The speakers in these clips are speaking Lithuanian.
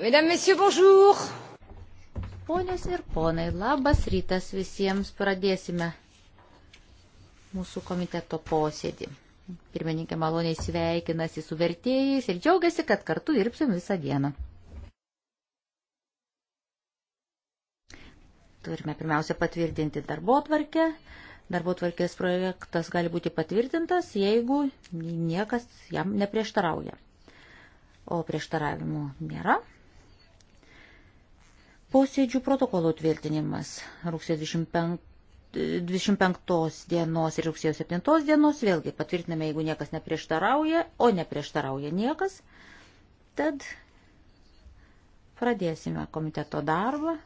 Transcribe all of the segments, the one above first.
Mesdames, Messieurs, bonjour. Ponios ir ponai, labas rytas visiems. Pradėsime mūsų komiteto posėdį. Pirmininkė maloniai sveikinasi su vertėjais ir džiaugiasi, kad kartu dirbsim visą dieną. Turime pirmiausia patvirtinti darbo tvarkę. Darbo tvarkės projektas gali būti patvirtintas, jeigu niekas jam neprieštarauja o prieštaravimų nėra. Posėdžių protokolo tvirtinimas rugsėjo 25, 25 dienos ir rugsėjo 7 dienos, vėlgi patvirtiname, jeigu niekas neprieštarauja, o neprieštarauja niekas, tad pradėsime komiteto darbą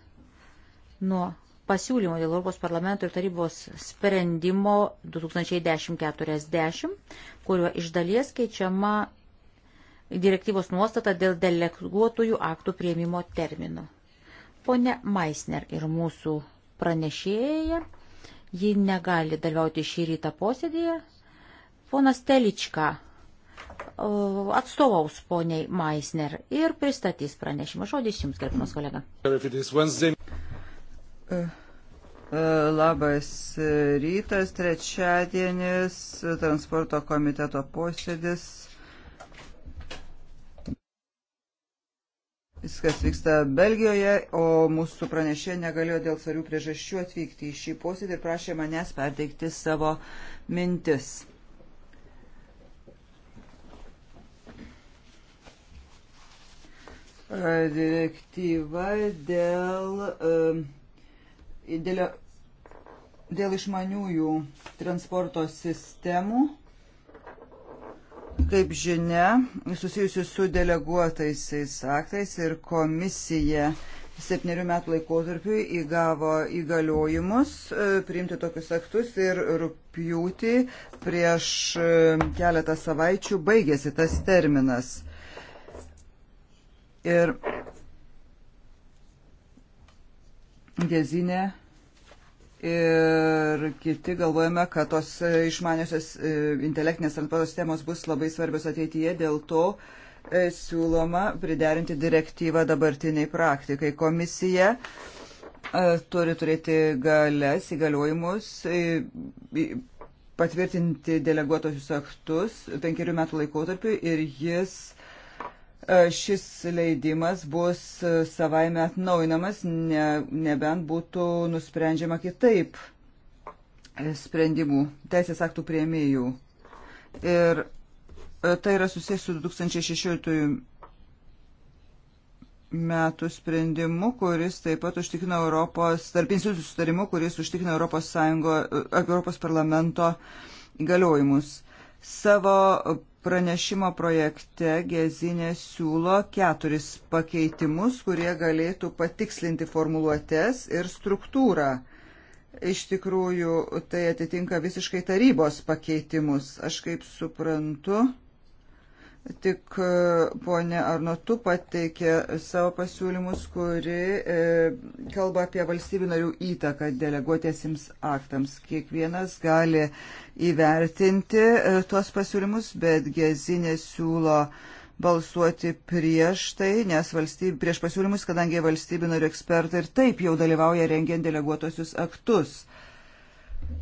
nuo pasiūlymo dėl Europos parlamento ir tarybos sprendimo 2010-40, kuriuo iš dalies keičiama direktyvos nuostatą dėl deleguotųjų aktų prieimimo terminų. Pone Maisner ir mūsų pranešėja, ji negali dalyvauti šį rytą posėdėje. Ponas Telička atstovaus poniai Maisner ir pristatys pranešimą. Žodis jums, gerbimas kolega. E, e, labas rytas, trečiadienis, transporto komiteto posėdis Viskas vyksta Belgijoje, o mūsų pranešė negalėjo dėl svarių priežasčių atvykti į šį posėdį ir prašė manęs perteikti savo mintis. Direktyva dėl, e, dėl, dėl išmaniųjų transporto sistemų Kaip žinia, susijusiu su deleguotaisiais aktais ir komisija septynerių metų laikotarpiu įgavo įgaliojimus e, priimti tokius aktus ir rūpjūtį prieš e, keletą savaičių baigėsi tas terminas. Ir Gezinė ir kiti galvojame, kad tos e, išmaniosios e, intelektinės transporto sistemos bus labai svarbios ateityje, dėl to e, siūloma priderinti direktyvą dabartiniai praktikai. Komisija turi turėti galės įgaliojimus patvirtinti deleguotosius aktus penkerių metų laikotarpiu ir jis E, šis leidimas bus e, savaime atnaujinamas, ne, nebent būtų nusprendžiama kitaip e, sprendimų teisės aktų prieimėjų. Ir tai yra susijęs su 2016 metų sprendimu, kuris taip pat užtikrina Europos, tarp institucijų sutarimu, kuris užtikrina Europos, Sąjungo, Europos parlamento įgaliojimus. Savo Pranešimo projekte Gezinė siūlo keturis pakeitimus, kurie galėtų patikslinti formuluotės ir struktūrą. Iš tikrųjų, tai atitinka visiškai tarybos pakeitimus. Aš kaip suprantu, Tik e, ponė Arnotu pateikė savo pasiūlymus, kuri e, kalba apie valstybių narių įtaką deleguotėsims aktams. Kiekvienas gali įvertinti e, tuos pasiūlymus, bet Gezinė siūlo balsuoti prieš tai, nes valstyb, prieš pasiūlymus, kadangi valstybių narių ekspertai ir taip jau dalyvauja rengiant deleguotosius aktus.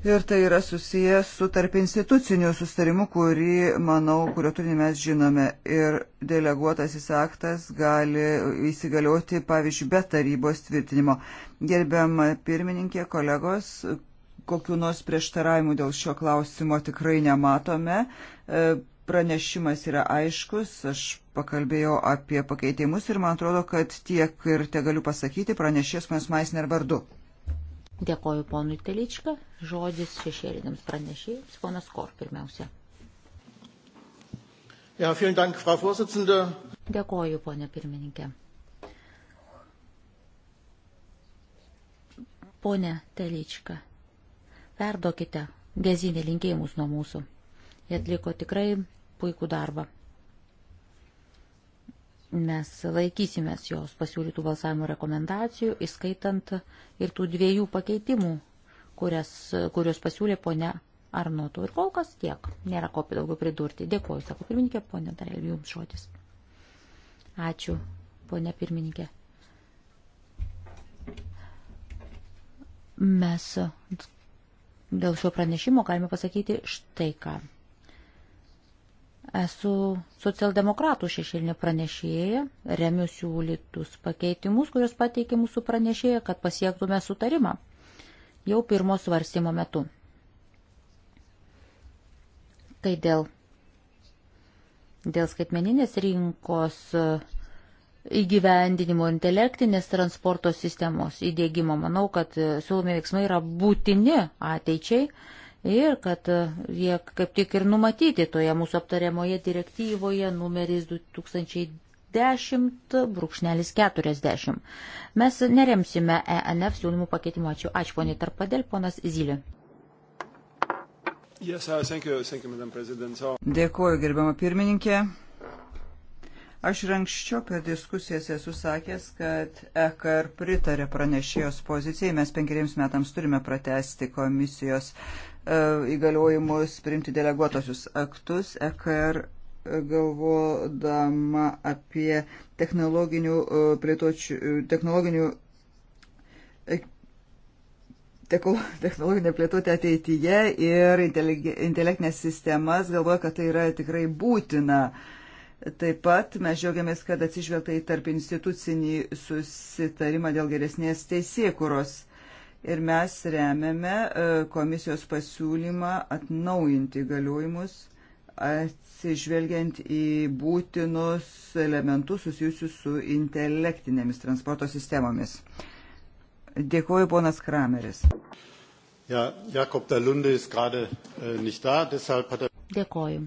Ir tai yra susijęs su tarp instituciniu sustarimu, kurį, manau, kurio turinį mes žinome. Ir deleguotasis aktas gali įsigalioti, pavyzdžiui, be tarybos tvirtinimo. Gerbiam pirmininkė, kolegos, kokiu nors prieštaravimu dėl šio klausimo tikrai nematome. E, pranešimas yra aiškus, aš pakalbėjau apie pakeitimus ir man atrodo, kad tiek ir te galiu pasakyti pranešės manęs Maisner vardu. Dėkoju ponui Teličką. Žodis šešėliniams pranešėjams. Ponas Kor pirmiausia. Ja, dank, Frau Dėkoju, ponė pirmininkė. Pone Teličką, perduokite gezinį linkėjimus nuo mūsų. Jie atliko tikrai puikų darbą mes laikysimės jos pasiūlytų balsavimo rekomendacijų, įskaitant ir tų dviejų pakeitimų, kurias, kurios pasiūlė ponia Arnotų. Ir kol kas tiek. Nėra ko daugiau pridurti. Dėkuoju, sako pirmininkė, ponia Darelė, jums žodis. Ačiū, ponia pirmininkė. Mes dėl šio pranešimo galime pasakyti štai ką. Esu socialdemokratų šešėlinė pranešėja, remiu siūlytus pakeitimus, kuriuos pateikė mūsų pranešėja, kad pasiektume sutarimą jau pirmo svarstymo metu. Tai dėl, dėl skaitmeninės rinkos e, įgyvendinimo intelektinės transporto sistemos įdėgymo. Manau, kad e, siūlomi veiksmai yra būtini ateičiai ir kad e, jie kaip tik ir numatyti toje mūsų aptariamoje direktyvoje numeris 2010-40. Mes neremsime ENF siūlymų pakeitimo. Ačiū. Ačiū, poniai Tarpadėl, ponas Zylė. Yes, uh, thank you, thank you, Dėkuoju, gerbiama pirmininkė. Aš ir anksčiau per diskusijas esu sakęs, kad EKR pritarė pranešėjos pozicijai. Mes penkeriems metams turime pratesti komisijos E, įgaliojimus priimti deleguotosius aktus. EKR galvodama apie technologinių, e, plėtočių, e, technologinių technologinę plėtotę ateityje ir intelektinės sistemas, galvoja, kad tai yra tikrai būtina. Taip pat mes džiaugiamės, kad atsižvelgta į tarp institucinį susitarimą dėl geresnės teisėkuros ir mes remiame e, komisijos pasiūlymą atnaujinti galiojimus atsižvelgiant į būtinus elementus susijusius su intelektinėmis transporto sistemomis. Dėkuoju, ponas Krameris. Ja, Jakob der Lunde ist gerade äh, nicht da, deshalb hat er. Dėkoju.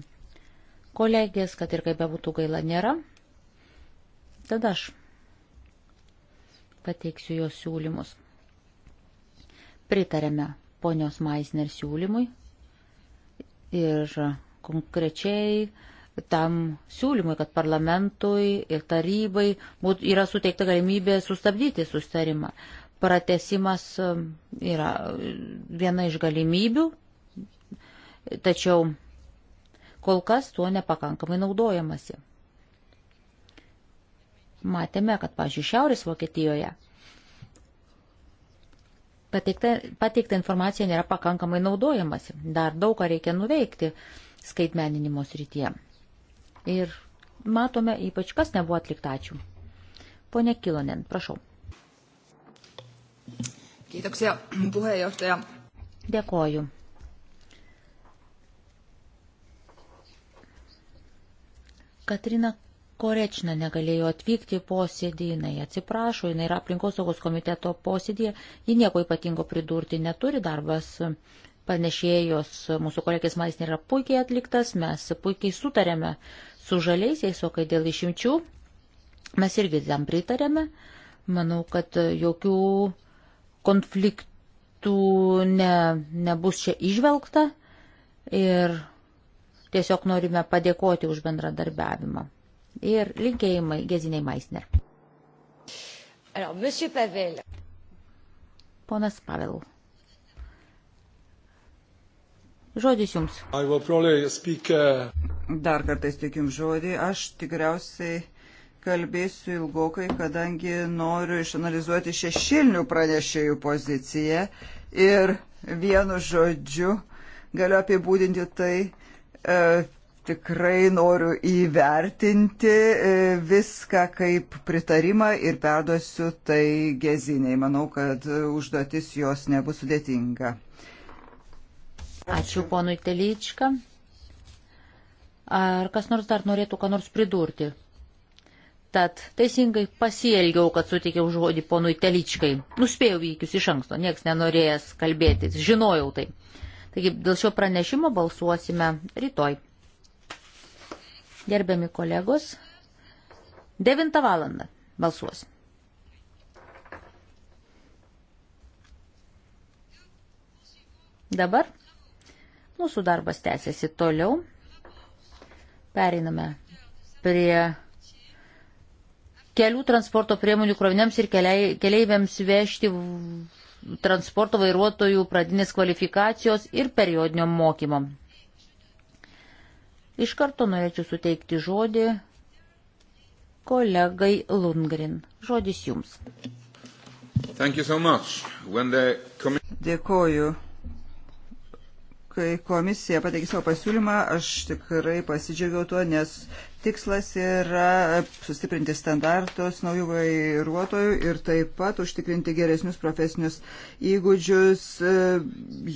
Kolegės, kad ir kaip bebūtų gaila, nėra. Tada aš pateiksiu jos siūlymus. Pritarėme ponios Maisner siūlymui ir konkrečiai tam siūlymui, kad parlamentui ir tarybai būt, yra suteikta galimybė sustabdyti sustarimą. Pratesimas um, yra viena iš galimybių, tačiau kol kas tuo nepakankamai naudojamasi. Matėme, kad, pažiūrėjau, Šiaurės Vokietijoje pateikta, pateikta informacija nėra pakankamai naudojamasi. Dar daug ką reikia nuveikti skaitmeninimo srityje. Ir matome ypač, kas nebuvo atlikta. Ačiū. Pone Kilonen, prašau. Kiitoksia puheenjohtaja. Dėkoju. Katrina Korečna negalėjo atvykti į posėdį, jinai atsiprašo, jinai yra aplinkosaugos komiteto posėdėje, ji nieko ypatingo pridurti neturi, darbas panešėjos mūsų kolegės Maisnė yra puikiai atliktas, mes puikiai sutarėme su žaliaisiais, o kai dėl išimčių, mes irgi tam pritarėme. Manau, kad jokių konfliktų ne, nebus čia išvelgta ir tiesiog norime padėkoti už bendradarbiavimą. Ir linkėjimai Geziniai Maisner. Alors, Pavel. Ponas Pavel. Žodis jums. Speak, uh... Dar kartais tikim žodį. Aš tikriausiai kalbėsiu ilgokai, kadangi noriu išanalizuoti šešilnių pranešėjų poziciją ir vienu žodžiu galiu apibūdinti tai, e, tikrai noriu įvertinti e, viską kaip pritarimą ir perduosiu tai geziniai. Manau, kad užduotis jos nebus sudėtinga. Ačiū ponui Telyčką. Ar kas nors dar norėtų ką nors pridurti? Tad teisingai pasielgiau, kad suteikiau žodį ponui Telyčkai. Nuspėjau įvykius iš anksto, nieks nenorėjęs kalbėtis, žinojau tai. Taigi dėl šio pranešimo balsuosime rytoj. Gerbiami kolegos, 9 valandą balsuosim. Dabar mūsų darbas tęsiasi toliau. Pereiname prie kelių transporto priemonių kroviniams ir keleiviams vežti transporto vairuotojų pradinės kvalifikacijos ir periodinio mokymo. Iš karto norėčiau suteikti žodį kolegai Lundgren. Žodis jums. So the... Dėkoju. Kai komisija pateikė savo pasiūlymą, aš tikrai pasidžiaugiau tuo, nes tikslas yra sustiprinti standartus naujų vairuotojų ir taip pat užtikrinti geresnius profesinius įgūdžius e,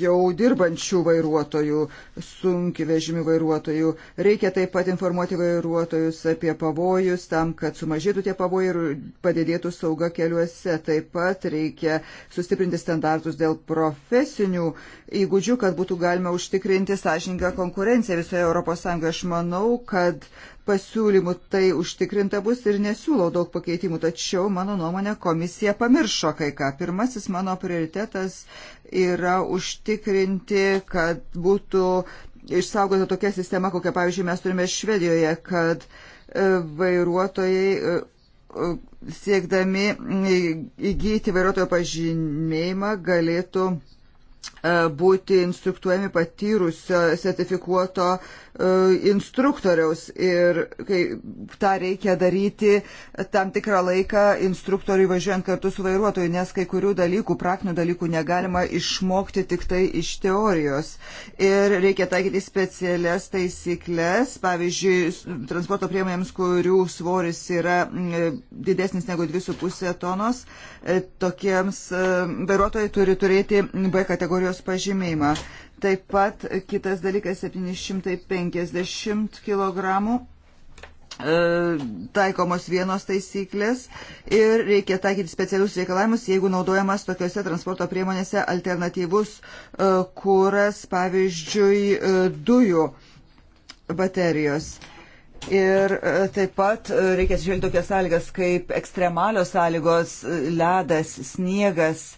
jau dirbančių vairuotojų, sunkiai vežimių vairuotojų. Reikia taip pat informuoti vairuotojus apie pavojus tam, kad sumažėtų tie pavojai ir padidėtų sauga keliuose. Taip pat reikia sustiprinti standartus dėl profesinių įgūdžių, kad būtų galima užtikrinti sąžininką konkurenciją visoje ES. Aš manau, kad pasiūlymų tai užtikrinta bus ir nesiūlau daug pakeitimų, tačiau mano nuomonė komisija pamiršo kai ką. Pirmasis mano prioritetas yra užtikrinti, kad būtų išsaugota tokia sistema, kokią pavyzdžiui mes turime Švedijoje, kad e, vairuotojai e, e, siekdami įgyti vairuotojo pažymėjimą galėtų E, būti instruktuojami patyrusio sertifikuoto e, instruktoriaus ir kai tą reikia daryti tam tikrą laiką instruktoriui važiuojant kartu su vairuotoju, nes kai kurių dalykų, praktinių dalykų negalima išmokti tik tai iš teorijos. Ir reikia taikyti specialias taisyklės, pavyzdžiui, transporto priemonėms, kurių svoris yra didesnis negu 2,5 tonos, e, tokiems vairuotojai turi turėti B kategoriją kategorijos pažymėjimą. Taip pat kitas dalykas 750 kg e, taikomos vienos taisyklės ir reikia taikyti specialius reikalavimus, jeigu naudojamas tokiuose transporto priemonėse alternatyvus e, kūras, pavyzdžiui, e, dujų baterijos. Ir taip pat reikia žiūrėti tokias sąlygas kaip ekstremalios sąlygos, ledas, sniegas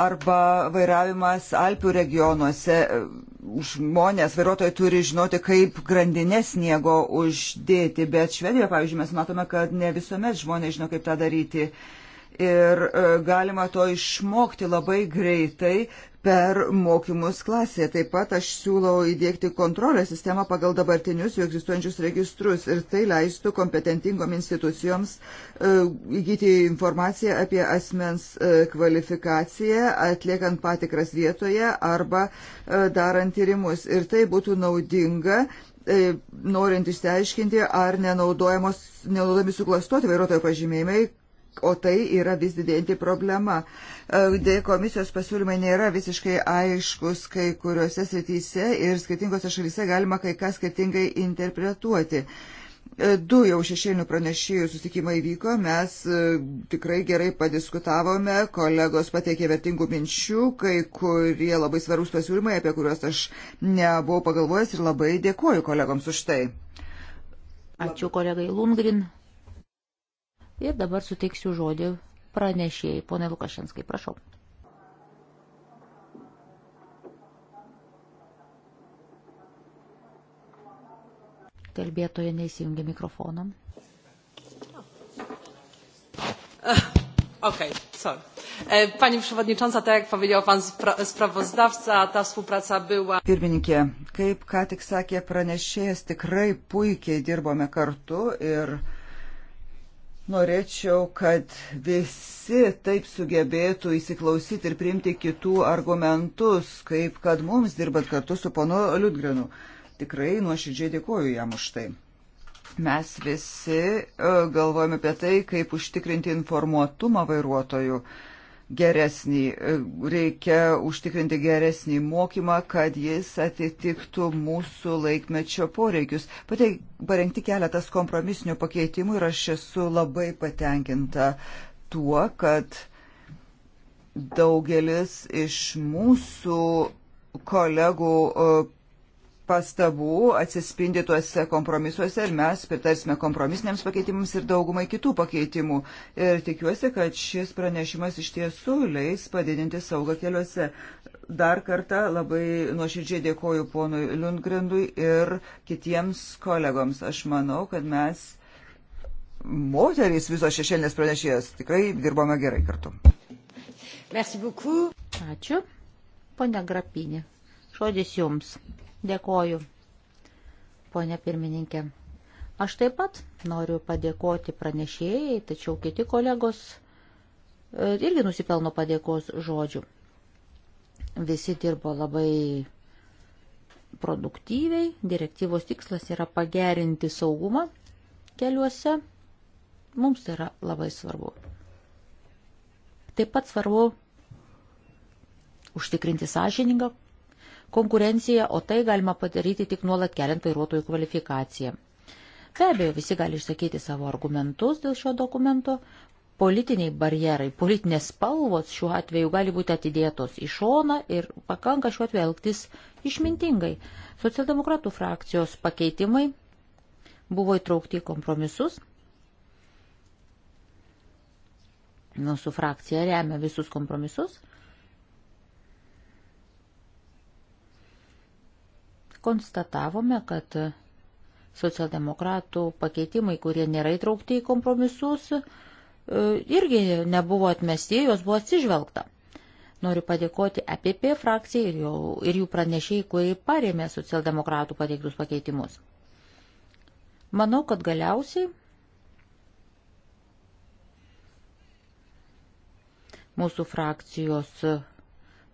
arba vairavimas Alpių regionuose. Žmonės, vairuotojai turi žinoti, kaip grandinės sniego uždėti, bet Švedijoje, pavyzdžiui, mes matome, kad ne visuomet žmonės žino, kaip tą daryti. Ir e, galima to išmokti labai greitai, per mokymus klasėje. Taip pat aš siūlau įdėkti kontrolės sistemą pagal dabartinius jau egzistuojančius registrus ir tai leistų kompetentingom institucijoms e, įgyti informaciją apie asmens e, kvalifikaciją, atliekant patikras vietoje arba e, darant tyrimus. Ir tai būtų naudinga norint išsiaiškinti, ar nenaudojami suklastoti vairuotojo pažymėjimai, o tai yra vis didėjanti problema. E, Dėl komisijos pasiūlymai nėra visiškai aiškus kai kuriuose srityse ir skirtingose šalyse galima kai ką skirtingai interpretuoti. E, du jau šešėlinių pranešėjų susitikimai vyko, mes e, tikrai gerai padiskutavome, kolegos pateikė vertingų minčių, kai kurie labai svarbus pasiūlymai, apie kuriuos aš nebuvau pagalvojęs ir labai dėkuoju kolegoms už tai. Ačiū kolegai Lungrin. Ir dabar suteiksiu žodį pranešėjai. Pone Lukašenskai, prašau. Kalbėtoje neįsijungia mikrofoną. Ah, okay, sorry. E, pani Przewodnicząca, tak jak powiedział Pan spra sprawozdawca, ta współpraca była. Pirmininkė, kaip ką tik sakė pranešėjas, tikrai puikiai dirbome kartu ir uh, Norėčiau, kad visi taip sugebėtų įsiklausyti ir priimti kitų argumentus, kaip kad mums dirbat kartu su ponu Liudgrinu. Tikrai nuoširdžiai dėkoju jam už tai. Mes visi e, galvojame apie tai, kaip užtikrinti informuotumą vairuotojų. Uh, geresnį, e, reikia užtikrinti geresnį mokymą, kad jis atitiktų mūsų laikmečio poreikius. Patai parengti keletas kompromisinių pakeitimų ir aš esu labai patenkinta tuo, kad daugelis iš mūsų kolegų e, pastabų atsispindi tuose kompromisuose ir mes pritarsime kompromisiniams pakeitimams ir daugumai kitų pakeitimų. Ir tikiuosi, kad šis pranešimas iš tiesų leis padidinti saugą keliuose. Dar kartą labai nuoširdžiai dėkoju ponui Lundgrendui ir kitiems kolegoms. Aš manau, kad mes, moterys visos šešėlės pranešėjas, tikrai dirbome gerai kartu. Ačiū. Pone Grapinė, žodis jums. Dėkoju, ponė pirmininkė. Aš taip pat noriu padėkoti pranešėjai, tačiau kiti kolegos e, irgi nusipelno padėkos žodžių. Visi dirbo labai produktyviai, direktyvos tikslas yra pagerinti saugumą keliuose, mums tai yra labai svarbu. Taip pat svarbu užtikrinti sąžiningą konkurenciją, o tai galima padaryti tik nuolat keliant vairuotojų kvalifikaciją. Be abejo, visi gali išsakyti savo argumentus dėl šio dokumento. Politiniai barjerai, politinės spalvos šiuo atveju gali būti atidėtos į šoną ir pakanka šiuo atveju elgtis išmintingai. Socialdemokratų frakcijos pakeitimai buvo įtraukti į kompromisus. Mūsų frakcija remia visus kompromisus konstatavome, kad socialdemokratų pakeitimai, kurie nėra įtraukti į kompromisus, e, irgi nebuvo atmesti, jos buvo atsižvelgta. Noriu padėkoti APP e frakcijai ir, jau, ir jų pranešėjai, kurie parėmė socialdemokratų pateiktus pakeitimus. Manau, kad galiausiai mūsų frakcijos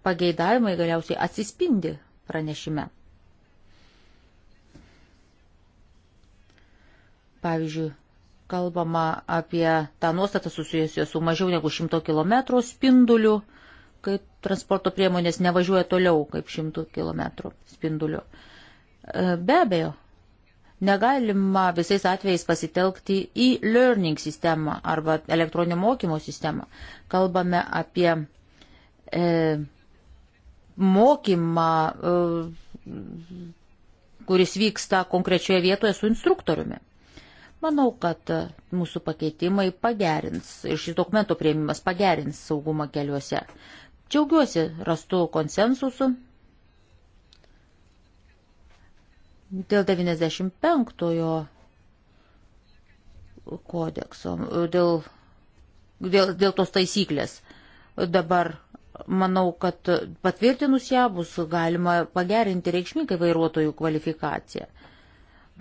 pageidavimai galiausiai atsispindi pranešime. Pavyzdžiui, kalbama apie tą nuostatą susijusią su mažiau negu 100 km spinduliu, kai transporto priemonės nevažiuoja toliau kaip 100 km spinduliu. E, be abejo, negalima visais atvejais pasitelkti į e learning sistemą arba elektroninio mokymo sistemą. Kalbame apie e, mokymą, e, kuris vyksta konkrečioje vietoje su instruktoriumi. Manau, kad mūsų pakeitimai pagerins ir šis dokumento prieimimas pagerins saugumą keliuose. Džiaugiuosi rastu konsensusu. Dėl 95-ojo kodekso, dėl, dėl, dėl tos taisyklės. Dabar manau, kad patvirtinus ją bus galima pagerinti reikšmingai vairuotojų kvalifikaciją.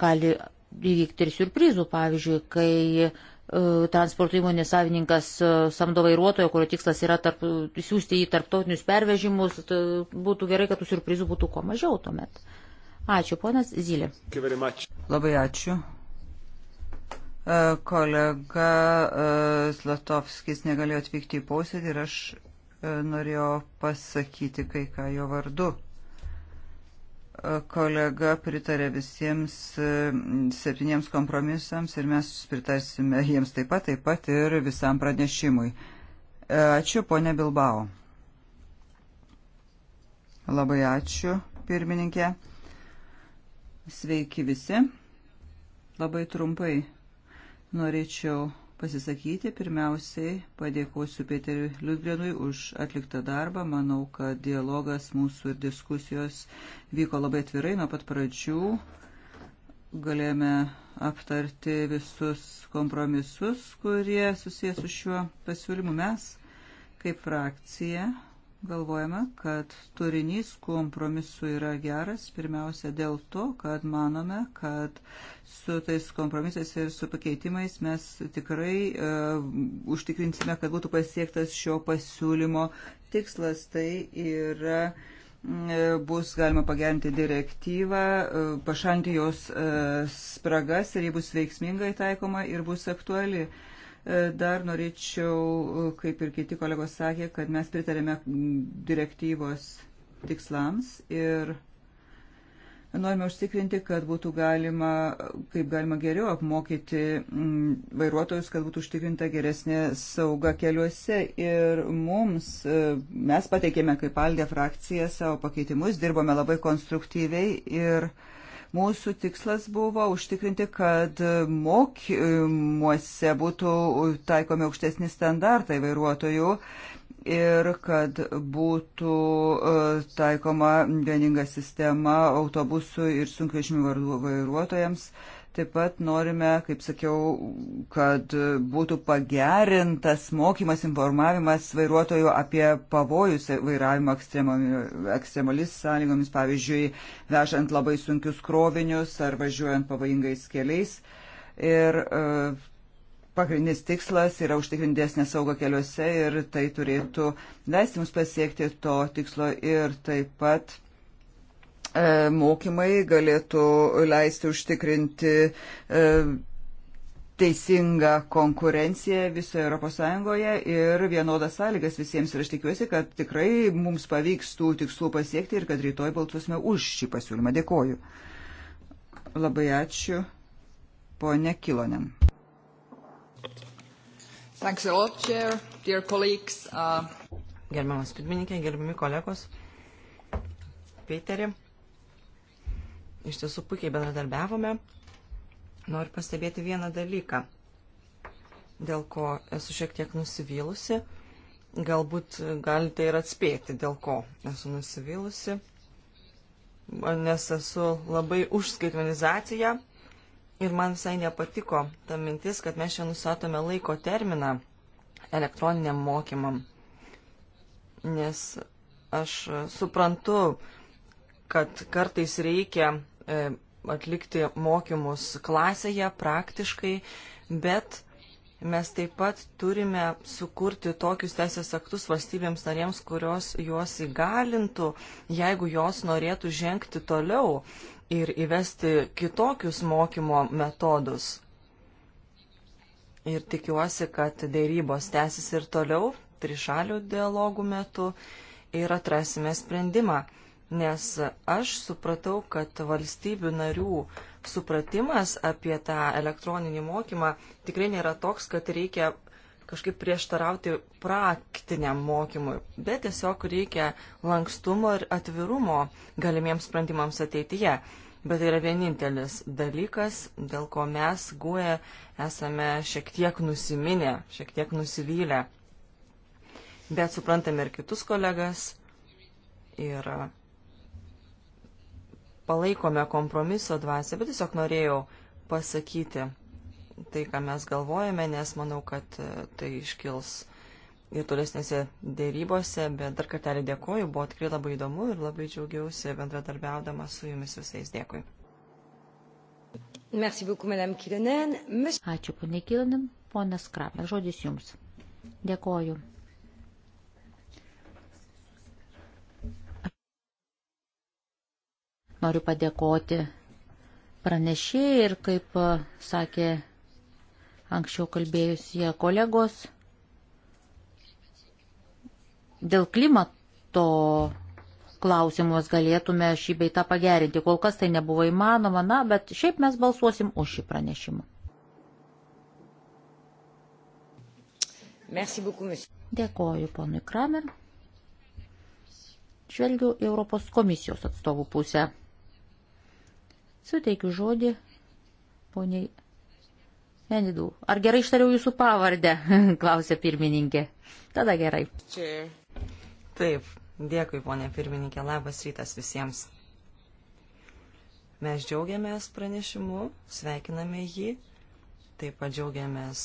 Gali įvykti ir surprizų, pavyzdžiui, kai e, transporto įmonės savininkas e, samdo vairuotojo, kurio tikslas yra tarp, siūsti į tarptautinius pervežimus, būtų gerai, kad tų surprizų būtų kuo mažiau tuomet. Ačiū, ponas Zylė. Labai ačiū. E, kolega Slatovskis negalėjo atvykti į posėdį ir aš norėjau pasakyti kai ką jo vardu kolega pritarė visiems e, septyniems kompromisams ir mes pritarsime jiems taip pat, taip pat ir visam pranešimui. E, ačiū, ponė Bilbao. Labai ačiū, pirmininkė. Sveiki visi. Labai trumpai norėčiau pasisakyti. Pirmiausiai padėkosiu Peteriu Liudgrenui už atliktą darbą. Manau, kad dialogas mūsų ir diskusijos vyko labai atvirai nuo pat pradžių. Galėjome aptarti visus kompromisus, kurie susijęs su šiuo pasiūlymu mes kaip frakcija Galvojame, kad turinys kompromisų yra geras, pirmiausia dėl to, kad manome, kad su tais kompromisais ir su pakeitimais mes tikrai uh, užtikrinsime, kad būtų pasiektas šio pasiūlymo tikslas. Tai yra e, bus galima pagerinti direktyvą, e, pašalinti jos spragas ir ji bus veiksmingai taikoma ir bus aktuali. Uh, E, dar norėčiau, e, kaip ir kiti kolegos sakė, kad mes pritarėme direktyvos tikslams ir norime užtikrinti, kad būtų galima, kaip galima geriau apmokyti mm, vairuotojus, kad būtų užtikrinta geresnė sauga keliuose. Ir mums, e, mes pateikėme kaip aldė frakcija savo pakeitimus, dirbome labai konstruktyviai ir uh, Mūsų tikslas buvo užtikrinti, kad mokymuose būtų taikomi aukštesni standartai vairuotojų ir kad būtų e, taikoma vieninga sistema autobusų ir sunkvežimių vairuotojams. Taip pat norime, kaip sakiau, kad būtų pagerintas mokymas, informavimas vairuotojų apie pavojus vairavimo ekstremalis sąlygomis, pavyzdžiui, vežant labai sunkius krovinius ar važiuojant pavojingais keliais. Ir uh, pagrindinis tikslas yra užtikrindesnė sauga keliuose ir tai turėtų leisti mums pasiekti to tikslo ir taip pat e, mokymai galėtų leisti užtikrinti e, teisingą konkurenciją visoje ES ir vienodas sąlygas visiems. Ir aš tikiuosi, kad tikrai mums pavyks tų tikslų pasiekti ir kad rytoj baltuosime už šį pasiūlymą. Dėkoju. Labai ačiū. Pone Kilonėm. Thanks a lot, Chair, dear colleagues. Uh... Gerbiamas pirmininkė, gerbiami kolegos, Peterį, iš tiesų puikiai bendradarbiavome. Noriu pastebėti vieną dalyką, dėl ko esu šiek tiek nusivylusi. Galbūt galite ir atspėti, dėl ko esu nusivylusi, nes esu labai už skaitmenizaciją Ir man visai nepatiko ta mintis, kad mes čia nusatome laiko terminą elektroniniam mokymam. Nes aš suprantu, kad kartais reikia e, atlikti mokymus klasėje praktiškai, bet mes taip pat turime sukurti tokius teisės aktus valstybėms narėms, kurios juos įgalintų, jeigu jos norėtų žengti toliau ir įvesti kitokius mokymo metodus. Ir tikiuosi, kad dėrybos tęsis ir toliau, trišalių dialogų metu, ir atrasime sprendimą. Nes aš supratau, kad valstybių narių supratimas apie tą elektroninį mokymą tikrai nėra toks, kad reikia kažkaip prieštarauti praktiniam mokymui, bet tiesiog reikia lankstumo ir atvirumo galimiems sprendimams ateityje. Bet tai yra vienintelis dalykas, dėl ko mes guoja esame šiek tiek nusiminę, šiek tiek nusivylę. Bet suprantame ir kitus kolegas ir palaikome kompromiso dvasę, bet tiesiog norėjau pasakyti tai, ką mes galvojame, nes manau, kad e, tai iškils ir tolesnėse dėrybose, bet dar kartelį dėkoju, buvo tikrai labai įdomu ir labai džiaugiausi bendradarbiaudama su jumis visais. Dėkui. Merci beaucoup, Madame Kilonen. Mes... Ačiū, ponė Kilonen. Ponas Kramer, žodis jums. Dėkoju. Noriu padėkoti pranešėjai ir kaip e, sakė anksčiau kalbėjusie kolegos dėl klimato klausimus galėtume šį beitą pagerinti. Kol kas tai nebuvo įmanoma, na, bet šiaip mes balsuosim už šį pranešimą. Dėkoju ponui Kramer. Žvelgiu Europos komisijos atstovų pusę. Suteikiu žodį poniai Lenidų. Ar gerai ištariau jūsų pavardę? Klausė pirmininkė. Tada gerai. Čia. Taip, dėkui, ponė pirmininkė. Labas rytas visiems. Mes džiaugiamės pranešimu, sveikiname jį, taip pat džiaugiamės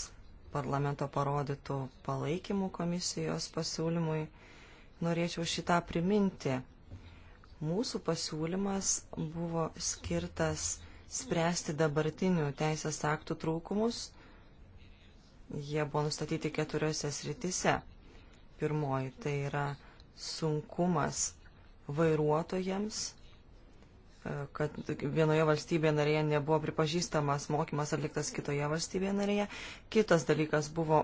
parlamento parodytų palaikymų komisijos pasiūlymui. Norėčiau šitą priminti. Mūsų pasiūlymas buvo skirtas spręsti dabartinių teisės aktų trūkumus. Jie buvo nustatyti keturiose sritise. Pirmoji tai yra sunkumas vairuotojams kad vienoje valstybėje narėje nebuvo pripažįstamas mokymas atliktas kitoje valstybėje narėje. Kitas dalykas buvo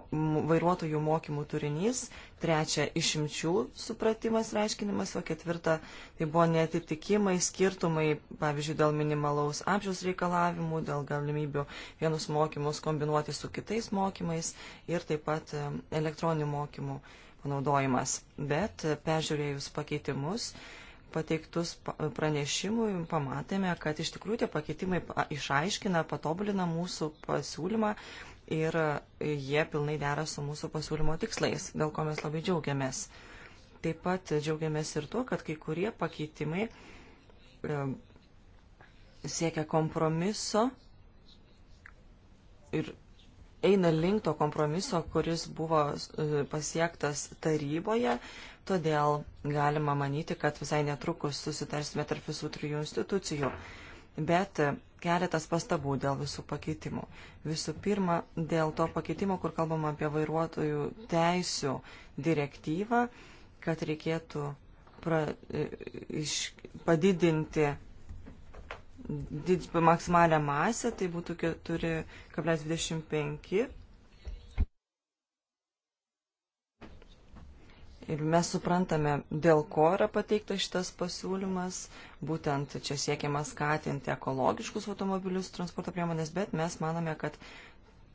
vairuotojų mokymų turinys. Trečia, išimčių supratimas, reiškinimas. O ketvirta, tai buvo netitikimai, skirtumai, pavyzdžiui, dėl minimalaus amžiaus reikalavimų, dėl galimybių vienus mokymus kombinuoti su kitais mokymais ir taip pat e, elektroninių mokymų panaudojimas. Bet e, peržiūrėjus pakeitimus, uh, pateiktus pranešimui pamatėme, kad iš tikrųjų tie pakeitimai išaiškina, patobulina mūsų pasiūlymą ir jie pilnai dera su mūsų pasiūlymo tikslais, dėl ko mes labai džiaugiamės. Taip pat džiaugiamės ir tuo, kad kai kurie pakeitimai e, siekia kompromiso ir eina link to kompromiso, kuris buvo e, pasiektas taryboje todėl galima manyti, kad visai netrukus susitarsime tarp visų trijų institucijų. Bet keletas pastabų dėl visų pakeitimų. Visų pirma, dėl to pakeitimo, kur kalbama apie vairuotojų teisų direktyvą, kad reikėtų pra, e, iš, padidinti did, maksimalę masę, tai būtų 4,25 Ir mes suprantame, dėl ko yra pateiktas šitas pasiūlymas. Būtent čia siekiama skatinti ekologiškus automobilius transporto priemonės, bet mes manome, kad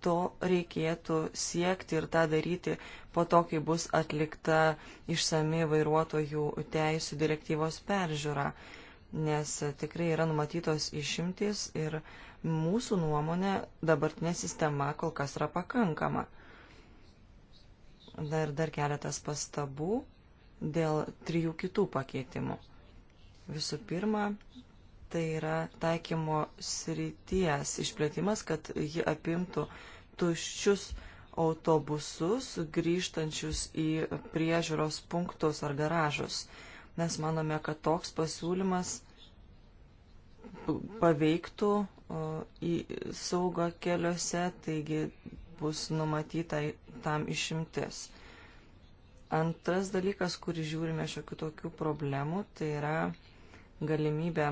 to reikėtų siekti ir tą daryti po to, kai bus atlikta išsami vairuotojų teisų direktyvos peržiūra. Nes tikrai yra numatytos išimtis ir mūsų nuomonė dabartinė sistema kol kas yra pakankama. Dar, dar keletas pastabų dėl trijų kitų pakeitimų. Visų pirma, tai yra taikymo srities išplėtimas, kad ji apimtų tuščius autobusus grįžtančius į priežiūros punktus ar garažus. Mes manome, kad toks pasiūlymas paveiktų į saugą keliuose, taigi bus numatyta tam išimtis. Antras dalykas, kurį žiūrime šiokių tokių problemų, tai yra galimybė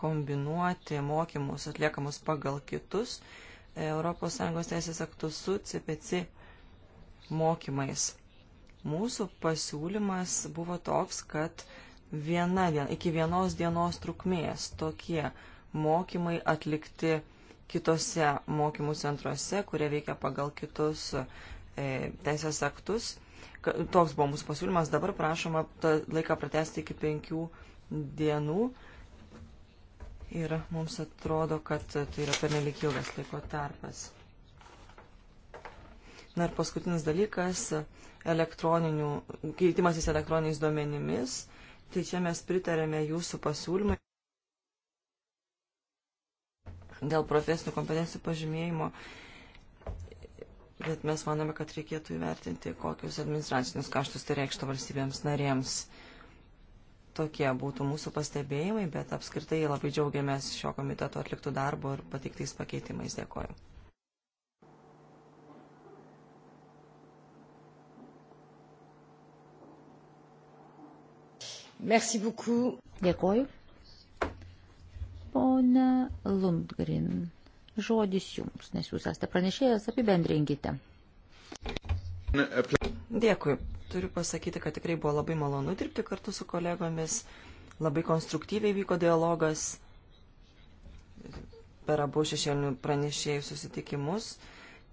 kombinuoti mokymus atliekamus pagal kitus ES teisės aktus su CPC mokymais. Mūsų pasiūlymas buvo toks, kad viena, iki vienos dienos trukmės tokie mokymai atlikti kitose mokymų centruose, kurie veikia pagal kitus e, teisės aktus. Toks buvo mūsų pasiūlymas, dabar prašoma tą laiką pratesti iki penkių dienų. Ir mums atrodo, kad tai yra pernelik ilgas laiko tarpas. Na ir paskutinis dalykas - keitimasis elektroniniais duomenimis. Tai čia mes pritarėme jūsų pasiūlymai dėl profesinių kompetencijų pažymėjimo, bet mes manome, kad reikėtų įvertinti, kokius administracinius kaštus tai reikštų valstybėms narėms. Tokie būtų mūsų pastebėjimai, bet apskritai labai džiaugiamės šio komiteto atliktų darbo ir pateiktais pakeitimais. Dėkoju. Merci beaucoup. Dėkoju. Pone Lundgren, žodis jums, nes jūs esate pranešėjas, apibendrinkite. Dėkui. Turiu pasakyti, kad tikrai buvo labai malonu dirbti kartu su kolegomis. Labai konstruktyviai vyko dialogas per abu šešėlinių pranešėjų susitikimus.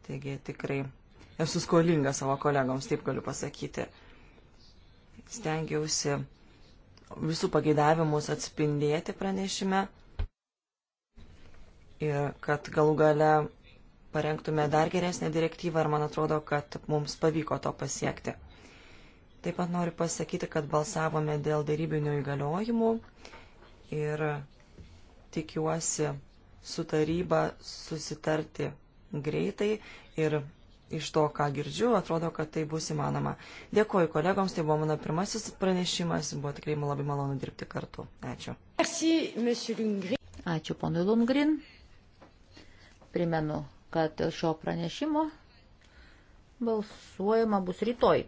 Taigi tikrai esu skolinga savo kolegoms, taip galiu pasakyti. Stengiausi visų pageidavimus atspindėti pranešime ir kad galų gale parengtume dar geresnę direktyvą ir man atrodo, kad mums pavyko to pasiekti. Taip pat noriu pasakyti, kad balsavome dėl darybinių įgaliojimų ir tikiuosi su taryba susitarti greitai ir iš to, ką girdžiu, atrodo, kad tai bus įmanoma. Dėkuoju kolegoms, tai buvo mano pirmasis pranešimas, buvo tikrai labai malonu dirbti kartu. Ačiū. Merci, Ačiū ponui Lungrin. Primenu, kad dėl šio pranešimo balsuojama bus rytoj.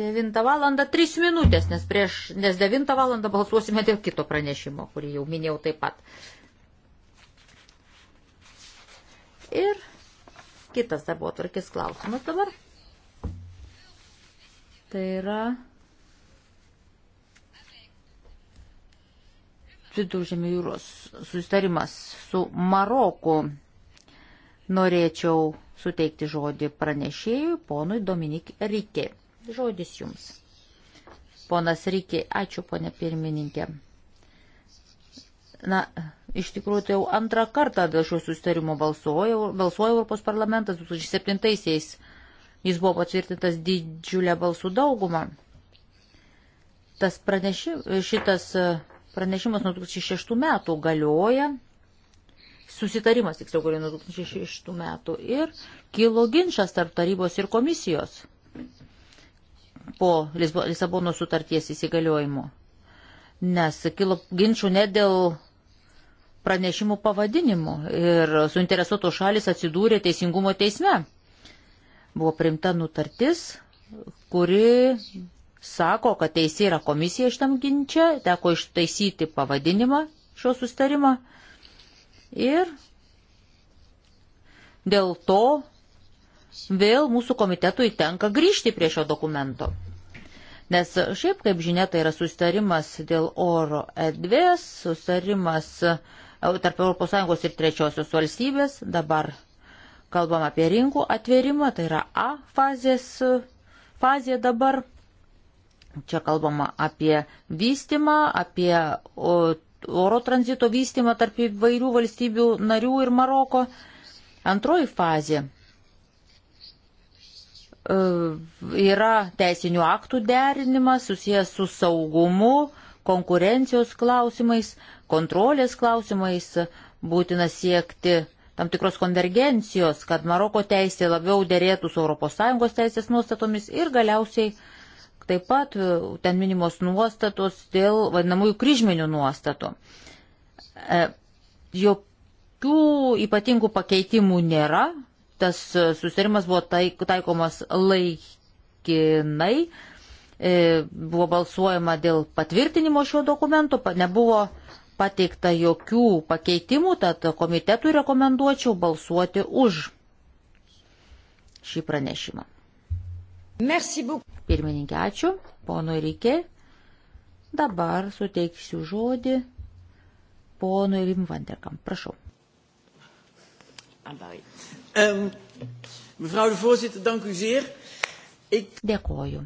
9 val. 3 minutės, nes, prieš, nes 9 val. balsuosime dėl kito pranešimo, kurį jau minėjau taip pat. Ir kitas darbo tvarkės klausimas dabar. Tai yra viduržėmio jūros sustarimas su Maroku. Norėčiau suteikti žodį pranešėjui, ponui Dominik Rikė. Žodis jums. Ponas Rikė, ačiū, ponė pirmininkė. Na, iš tikrųjų, tai jau antrą kartą dėl šio sustarimo balsuoja, balsuoja Europos parlamentas 2007-aisiais. Jis buvo patvirtintas didžiulę balsų daugumą. Tas pranešim, šitas Pranešimas nuo 2006 metų galioja, susitarimas tiksliau galioja nuo 2006 metų ir kilo ginčas tarp tarybos ir komisijos po Lisabono sutarties įsigaliojimo. Nes kilo ginčių ne dėl pranešimų pavadinimų ir suinteresuotos šalis atsidūrė teisingumo teisme. Buvo primta nutartis, kuri sako, kad teisė yra komisija šitam ginčia, teko ištaisyti pavadinimą šio sustarimo. Ir dėl to vėl mūsų komitetui tenka grįžti prie šio dokumento. Nes šiaip, kaip žinia, tai yra sustarimas dėl oro erdvės, sustarimas e, tarp ES ir trečiosios valstybės. Dabar kalbam apie rinkų atvėrimą, tai yra A fazės, fazė dabar. Čia kalbama apie vystimą, apie oro tranzito vystimą tarp įvairių valstybių narių ir Maroko. Antroji fazė e, yra teisinių aktų derinimas susijęs su saugumu, konkurencijos klausimais, kontrolės klausimais, būtina siekti tam tikros konvergencijos, kad Maroko teisė labiau dėrėtų su ES teisės nuostatomis ir galiausiai Taip pat e, ten minimos nuostatos dėl vadinamųjų kryžminių nuostatų. E, jokių ypatingų pakeitimų nėra. Tas e, susitarimas buvo taik, taikomas laikinai. Buvo balsuojama dėl patvirtinimo šio dokumento, nebuvo pateikta jokių pakeitimų, tad komitetui rekomenduočiau balsuoti už šį pranešimą. Pirmininkė, ačiū, pono Rikė. Dabar suteiksiu žodį ponui Rim Vanderkam. Prašau. Um, mevrouw de voorzitter, dank u zeer. Ik... Dėkoju.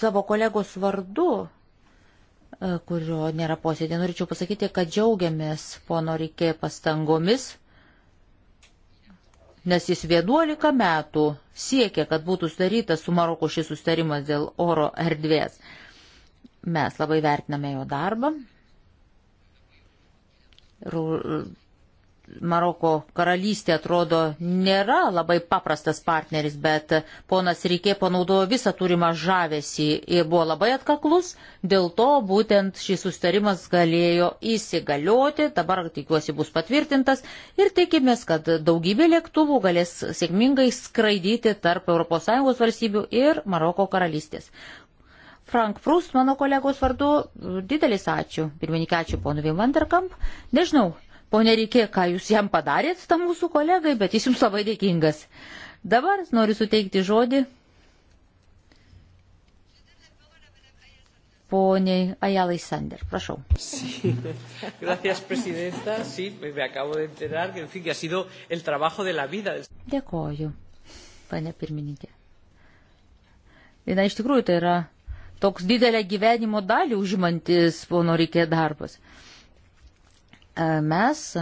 Savo kolegos vardu, e, kurio nėra posėdė, norėčiau pasakyti, kad džiaugiamės pono Rikė pastangomis nes jis 11 metų siekia, kad būtų sudarytas su Maroku šis sustarimas dėl oro erdvės. Mes labai vertiname jo darbą. Maroko karalystė atrodo nėra labai paprastas partneris, bet ponas Rykė panaudojo visą turimą žavesį ir buvo labai atkaklus, dėl to būtent šis sustarimas galėjo įsigalioti, dabar tikiuosi bus patvirtintas ir tikimės, kad daugybė lėktuvų galės sėkmingai skraidyti tarp ES valstybių ir Maroko karalystės. Frank Prus, mano kolegos vardu, didelis ačiū. Pirmininkė, ačiū ponui Vimanderkamp. Nežinau, Pone Reikė, ką jūs jam padarėt tam mūsų kolegai, bet jis jums labai dėkingas. Dabar noriu suteikti žodį poniai Ajalai Sander. Prašau. Sí. Gracias, presidenta. Sí, me acabo de enterar que, en fin, que ha sido el trabajo de la vida. Dėkoju, pane pirmininkė. Na, iš tikrųjų, tai yra toks didelę gyvenimo dalį užimantis pono reikė darbas. Uh, E, mes,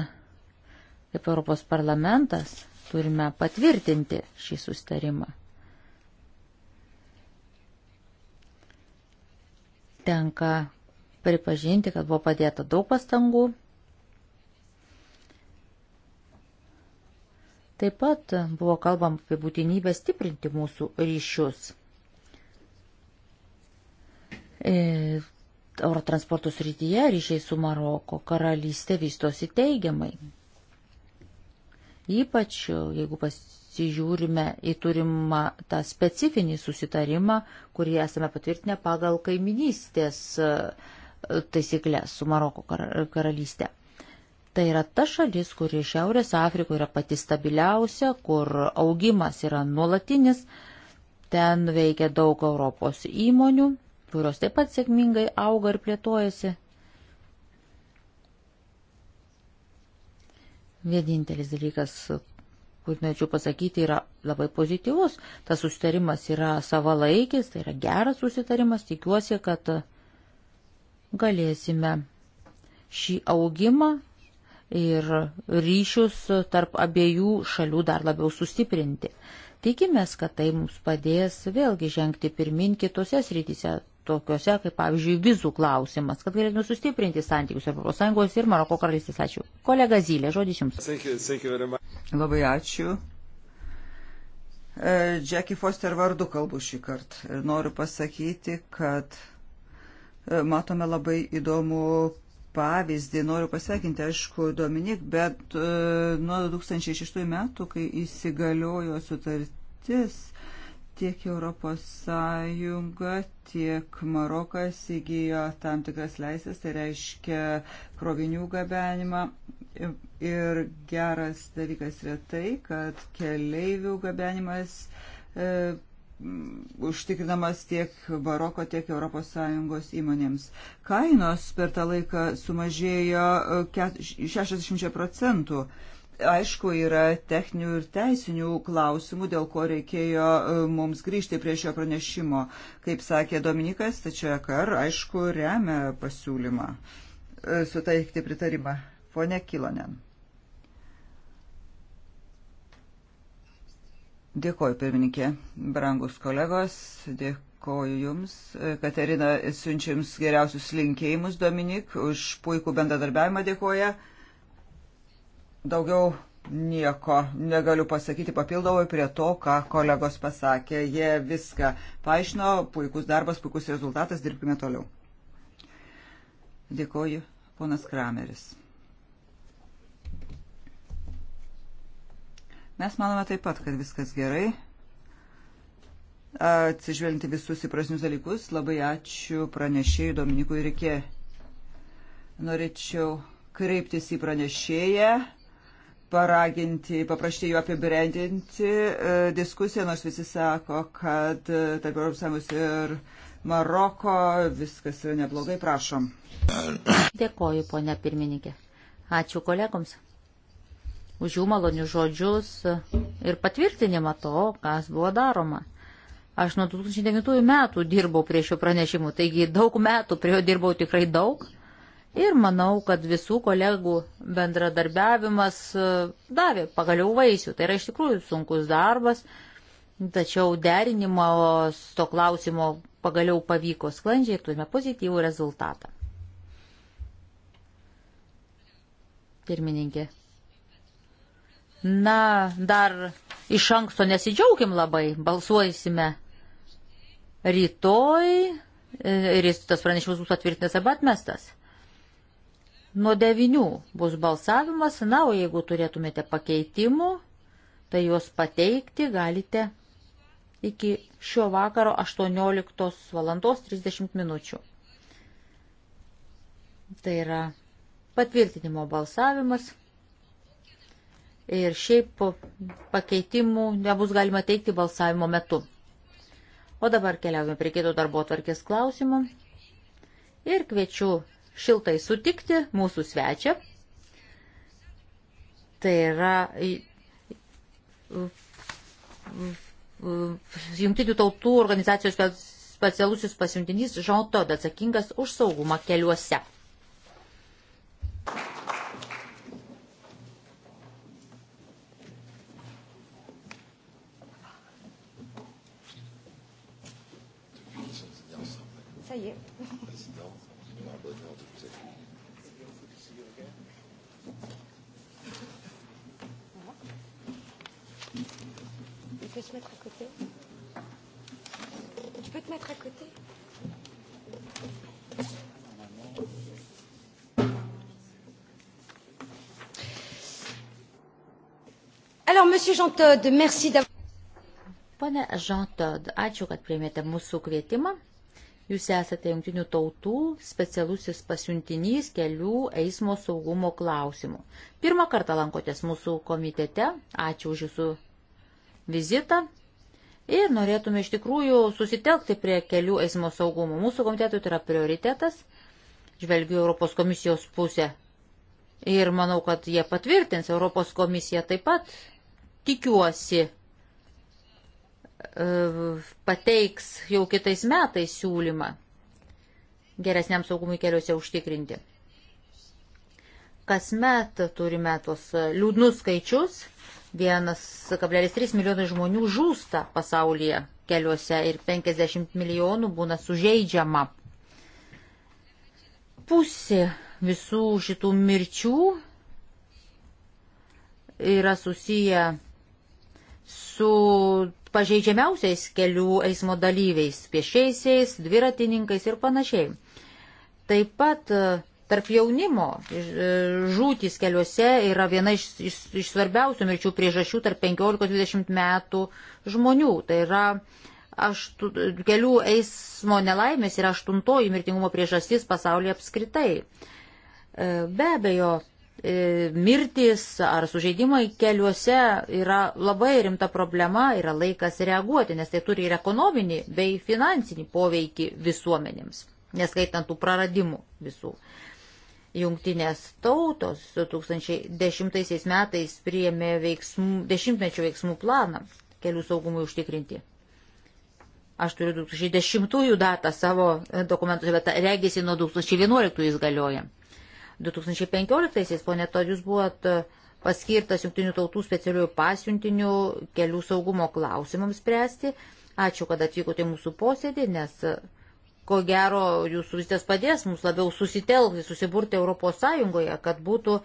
kaip Europos parlamentas, turime patvirtinti šį sustarimą. Tenka pripažinti, kad buvo padėta daug pastangų. Taip pat buvo kalbam apie būtinybę stiprinti mūsų ryšius. E, oro transporto srityje ryšiai su Maroko karalystė vystosi teigiamai. Ypač jeigu pasižiūrime į turimą tą specifinį susitarimą, kurį esame patvirtinę pagal kaiminystės e, taisyklės su Maroko karalystė. Tai yra ta šalis, kuri Šiaurės Afrikoje yra pati stabiliausia, kur augimas yra nuolatinis, ten veikia daug Europos įmonių, kurios taip pat sėkmingai auga ir plėtojasi. Vienintelis dalykas, kurį norėčiau pasakyti, yra labai pozityvus. Tas susitarimas yra savalaikis, tai yra geras susitarimas. Tikiuosi, kad galėsime šį augimą ir ryšius tarp abiejų šalių dar labiau sustiprinti. Tikimės, kad tai mums padės vėlgi žengti pirmin kitose srityse, tokiuose, kaip pavyzdžiui, vizų klausimas, kad galėtume sustiprinti santykius Europos Sąjungos ir Maroko karalystės. Ačiū. Kolega Zylė, žodis jums. Labai ačiū. E, Jackie Foster vardu kalbu šį kartą. Ir noriu pasakyti, kad e, matome labai įdomų pavyzdį. Noriu pasveikinti, aišku, Dominik, bet e, nuo 2006 metų, kai įsigaliojo sutartis, tiek Europos Sąjunga, tiek Marokas įgyjo tam tikras leisės, tai reiškia krovinių gabenimą. Ir geras dalykas yra tai, kad keleivių gabenimas e, užtikrinamas tiek baroko, tiek ES įmonėms. Kainos per tą laiką sumažėjo 60 e, procentų. E, Aišku, yra techninių ir teisinių klausimų, dėl ko reikėjo e, mums grįžti prie šio pranešimo. Kaip sakė Dominikas, tačiau EKR, aišku, remia pasiūlymą e, suteikti pritarimą. Pone Kilonen. Dėkoju, pirmininkė, brangus kolegos, dėkoju Jums. E, Katerina siunčia Jums geriausius linkėjimus, Dominik, už puikų bendradarbiavimą dėkoja. Daugiau nieko negaliu pasakyti papildomai prie to, ką kolegos pasakė. Jie viską paaiškino, puikus darbas, puikus rezultatas, dirbkime toliau. Dėkoju, ponas Krameris. Mes manome taip pat, kad viskas gerai. Atsižvelginti visus įprasnius dalykus, labai ačiū pranešėjai Dominikui Rikė. Norėčiau kreiptis į pranešėją paraginti, paprašyti jų apibendrinti e, diskusiją, nors visi sako, kad e, tarp Europos Sąjungos ir Maroko viskas yra neblogai, prašom. Dėkoju, ponia pirmininkė. Ačiū kolegoms už jų malonius žodžius ir patvirtinimą to, kas buvo daroma. Aš nuo 2009 metų dirbau prie šio pranešimų, taigi daug metų prie jo dirbau tikrai daug Ir manau, kad visų kolegų bendradarbiavimas e, davė pagaliau vaisių. Tai yra iš tikrųjų sunkus darbas, tačiau derinimo to klausimo pagaliau pavyko sklandžiai ir turime pozityvų rezultatą. Pirmininkė. Na, dar iš anksto nesidžiaugim labai, balsuosime rytoj e, ir tas pranešimas bus patvirtintas arba atmestas. Nuo devinių bus balsavimas, na, o jeigu turėtumėte pakeitimų, tai juos pateikti galite iki šio vakaro 18 valandos 30 minučių. Tai yra patvirtinimo balsavimas ir šiaip pakeitimų nebus galima teikti balsavimo metu. O dabar keliaujame prie kito darbo tvarkės klausimų ir kviečiu šiltai sutikti mūsų svečią. Tai yra Jungtinių tautų organizacijos specialusis pasiuntinys Žautoda atsakingas už saugumą keliuose. te mettre à côté. Alors, Monsieur Jean Todd, merci d'avoir. Pane Jean Todd, ačiū, kad priėmėte mūsų kvietimą. Jūs esate Junktinių tautų specialusis pasiuntinys kelių eismo saugumo klausimų. Pirmą kartą lankotės mūsų komitete. Ačiū už Jūsų vizitą ir norėtume iš tikrųjų susitelkti prie kelių eismo saugumo. Mūsų komitetui tai yra prioritetas, žvelgiu Europos komisijos pusę ir manau, kad jie patvirtins, Europos komisija taip pat tikiuosi e, pateiks jau kitais metais siūlymą geresniam saugumui keliuose užtikrinti. Kasmet turime tos liūdnus skaičius. 1,3 milijonai žmonių žūsta pasaulyje keliuose ir 50 milijonų būna sužeidžiama. Pusė visų šitų mirčių yra susiję su pažeidžiamiausiais kelių eismo dalyviais - piešiaisiais, dviratininkais ir panašiai. Taip pat Tarp jaunimo e, žūtis keliuose yra viena iš, iš, iš svarbiausių mirčių priežasčių tarp 15-20 metų žmonių. Tai yra aštu, kelių eismo nelaimės yra aštuntoji mirtingumo priežastis pasaulyje apskritai. E, be abejo, e, mirtis ar sužeidimai keliuose yra labai rimta problema, yra laikas reaguoti, nes tai turi ir ekonominį bei finansinį poveikį visuomenėms, neskaitant tų praradimų visų. Jungtinės tautos 2010 metais priėmė veiksmų, dešimtmečio veiksmų planą kelių saugumui užtikrinti. Aš turiu 2010 datą savo dokumentuose, bet regisi nuo 2011 jis galioja. 2015-aisiais, ponė Todžius, buvot paskirtas Junktinių tautų specialiųjų pasiuntinių kelių saugumo klausimams spręsti. Ačiū, kad atvykote į mūsų posėdį, nes Ko gero, jūsų vizitės padės mums labiau susitelkti, susiburti Europos Sąjungoje, kad būtų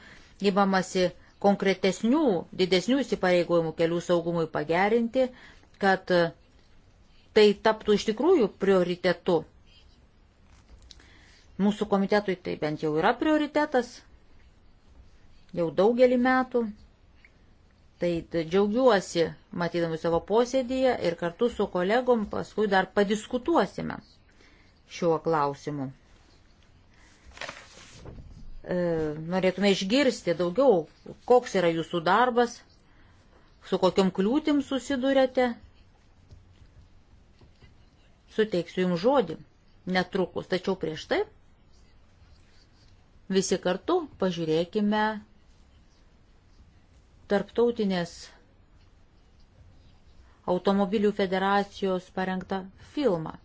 įmamasi konkretesnių, didesnių įsipareigojimų kelių saugumui pagerinti, kad tai taptų iš tikrųjų prioritetu. Mūsų komitetui tai bent jau yra prioritetas, jau daugelį metų. Tai džiaugiuosi, matydami savo posėdėje ir kartu su kolegom paskui dar padiskutuosime šiuo klausimu. E, norėtume išgirsti daugiau, koks yra jūsų darbas, su kokiam kliūtim susidurėte. Suteiksiu jums žodį netrukus, tačiau prieš tai visi kartu pažiūrėkime tarptautinės automobilių federacijos parengtą filmą.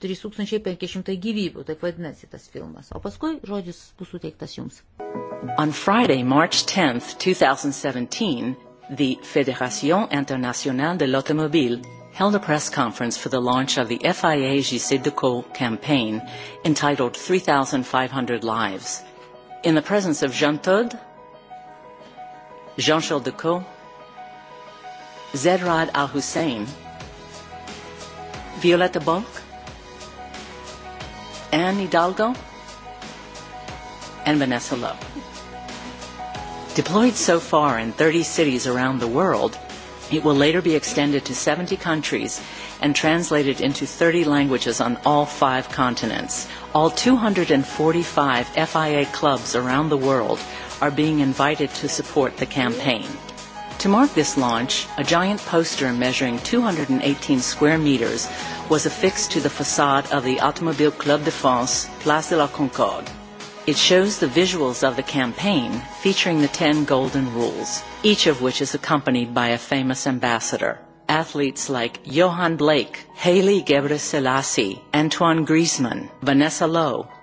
3500 gyvybių, taip vadinasi tas filmas. O paskui žodis bus suteiktas jums. On Friday, March 10, 2017, the Fédération Internationale de l'Automobile held a press conference for the launch of the FIA JC Decaux campaign entitled 3,500 Lives. In the presence of Jean Todt, Jean-Charles Decaux, Zedrad Al-Hussein, Violetta Balk, Anne Hidalgo, and Vanessa Lowe. Deployed so far in 30 cities around the world, it will later be extended to 70 countries and translated into 30 languages on all five continents. All 245 FIA clubs around the world are being invited to support the campaign. To mark this launch, a giant poster measuring 218 square meters was affixed to the facade of the Automobile Club de France, Place de la Concorde. It shows the visuals of the campaign featuring the 10 golden rules, each of which is accompanied by a famous ambassador. Athletes like Johan Blake, Haley Gebre Selassie, Antoine Griezmann, Vanessa Lowe,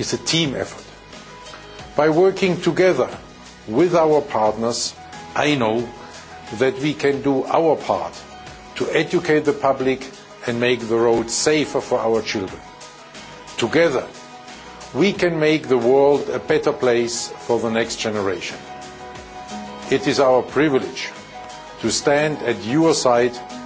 is a team effort. By working together with our partners, I know that we can do our part to educate the public and make the roads safer for our children. Together, we can make the world a better place for the next generation. It is our privilege to stand at your side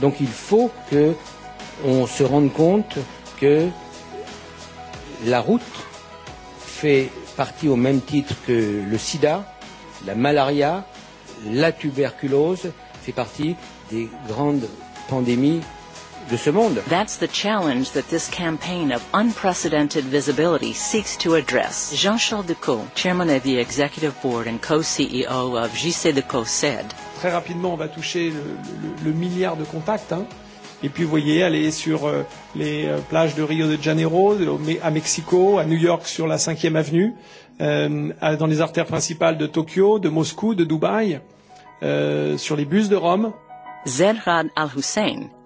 Donc il faut que on se rende compte que la route fait partie au même titre que le sida, la malaria, la tuberculose, fait partie des grandes pandémies de ce monde. That's the challenge that this campaign of unprecedented visibility seeks to address. Jean-Charles Decaux, chairman of the executive board and co-CEO of JC Decaux said. Très rapidement, on va toucher le, le, le milliard de contacts. Hein. Et puis vous voyez, aller sur euh, les euh, plages de Rio de Janeiro, de, à Mexico, à New York sur la 5e avenue, euh, à, dans les artères principales de Tokyo, de Moscou, de Dubaï, euh, sur les bus de Rome. Zerhad Al-Hussein,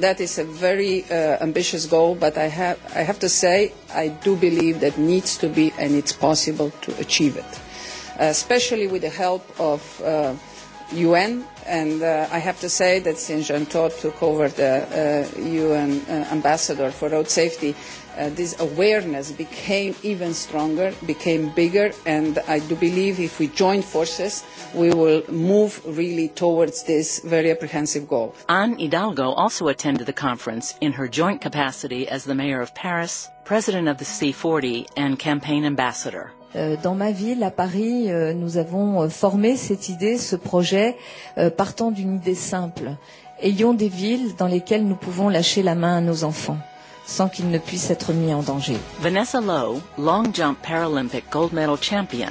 that is a very uh, ambitious goal, but I have, I have to say I do believe that needs to be and it's possible to achieve it, uh, especially with the help of uh, UN, and uh, I have to say that since Jean Todt took over the uh, UN uh, ambassador for road safety, uh, this awareness became even stronger, became bigger, and I do believe if we join forces, we will move really towards this very apprehensive goal. Anne Hidalgo also attended the conference in her joint capacity as the mayor of Paris, president of the C40, and campaign ambassador. Euh, dans ma ville, à Paris, euh, nous avons euh, formé cette idée, ce projet, partant d'une idée simple. Ayons des villes dans lesquelles nous pouvons lâcher la main à nos enfants sans qu'ils ne puissent être mis en danger. Vanessa Lowe, long jump Paralympic gold medal champion,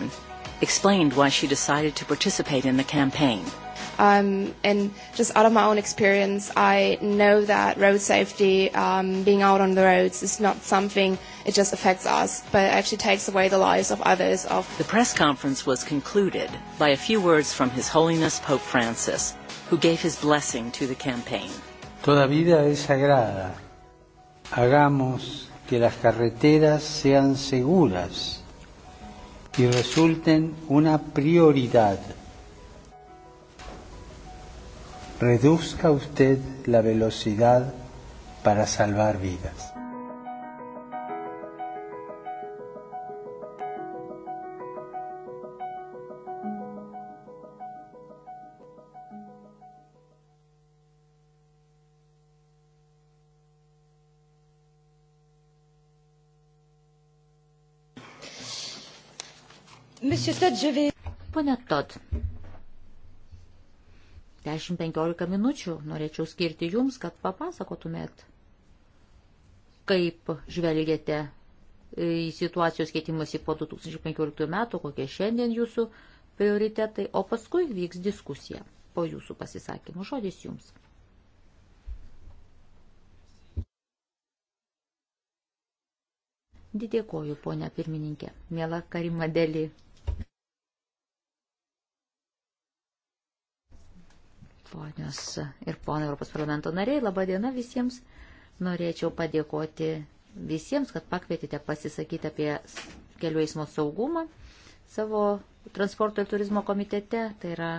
explained why she decided to participate in the campaign. Um, and just out of my own experience, I know that road safety, um, being out on the roads, is not something it just affects us, but it actually takes away the lives of others. Of the press conference was concluded by a few words from His Holiness Pope Francis, who gave his blessing to the campaign. Toda vida es sagrada. Hagamos que las carreteras sean seguras y resulten una prioridad reduzca usted la velocidad para salvar vidas. Monsieur Todd, je vais... Pone Todd, 10-15 minučių norėčiau skirti jums, kad papasakotumėt, kaip žvelgiate į situacijos keitimąsi po 2015 metų, kokie šiandien jūsų prioritetai, o paskui vyks diskusija po jūsų pasisakymų. Žodis jums. Didėkoju, ponia pirmininkė, mėla Karimadėlį. Ponios ir ponai Europos parlamento nariai, laba diena visiems. Norėčiau padėkoti visiems, kad pakvietėte pasisakyti apie kelių eismo saugumą savo transporto ir turizmo komitete. Tai yra,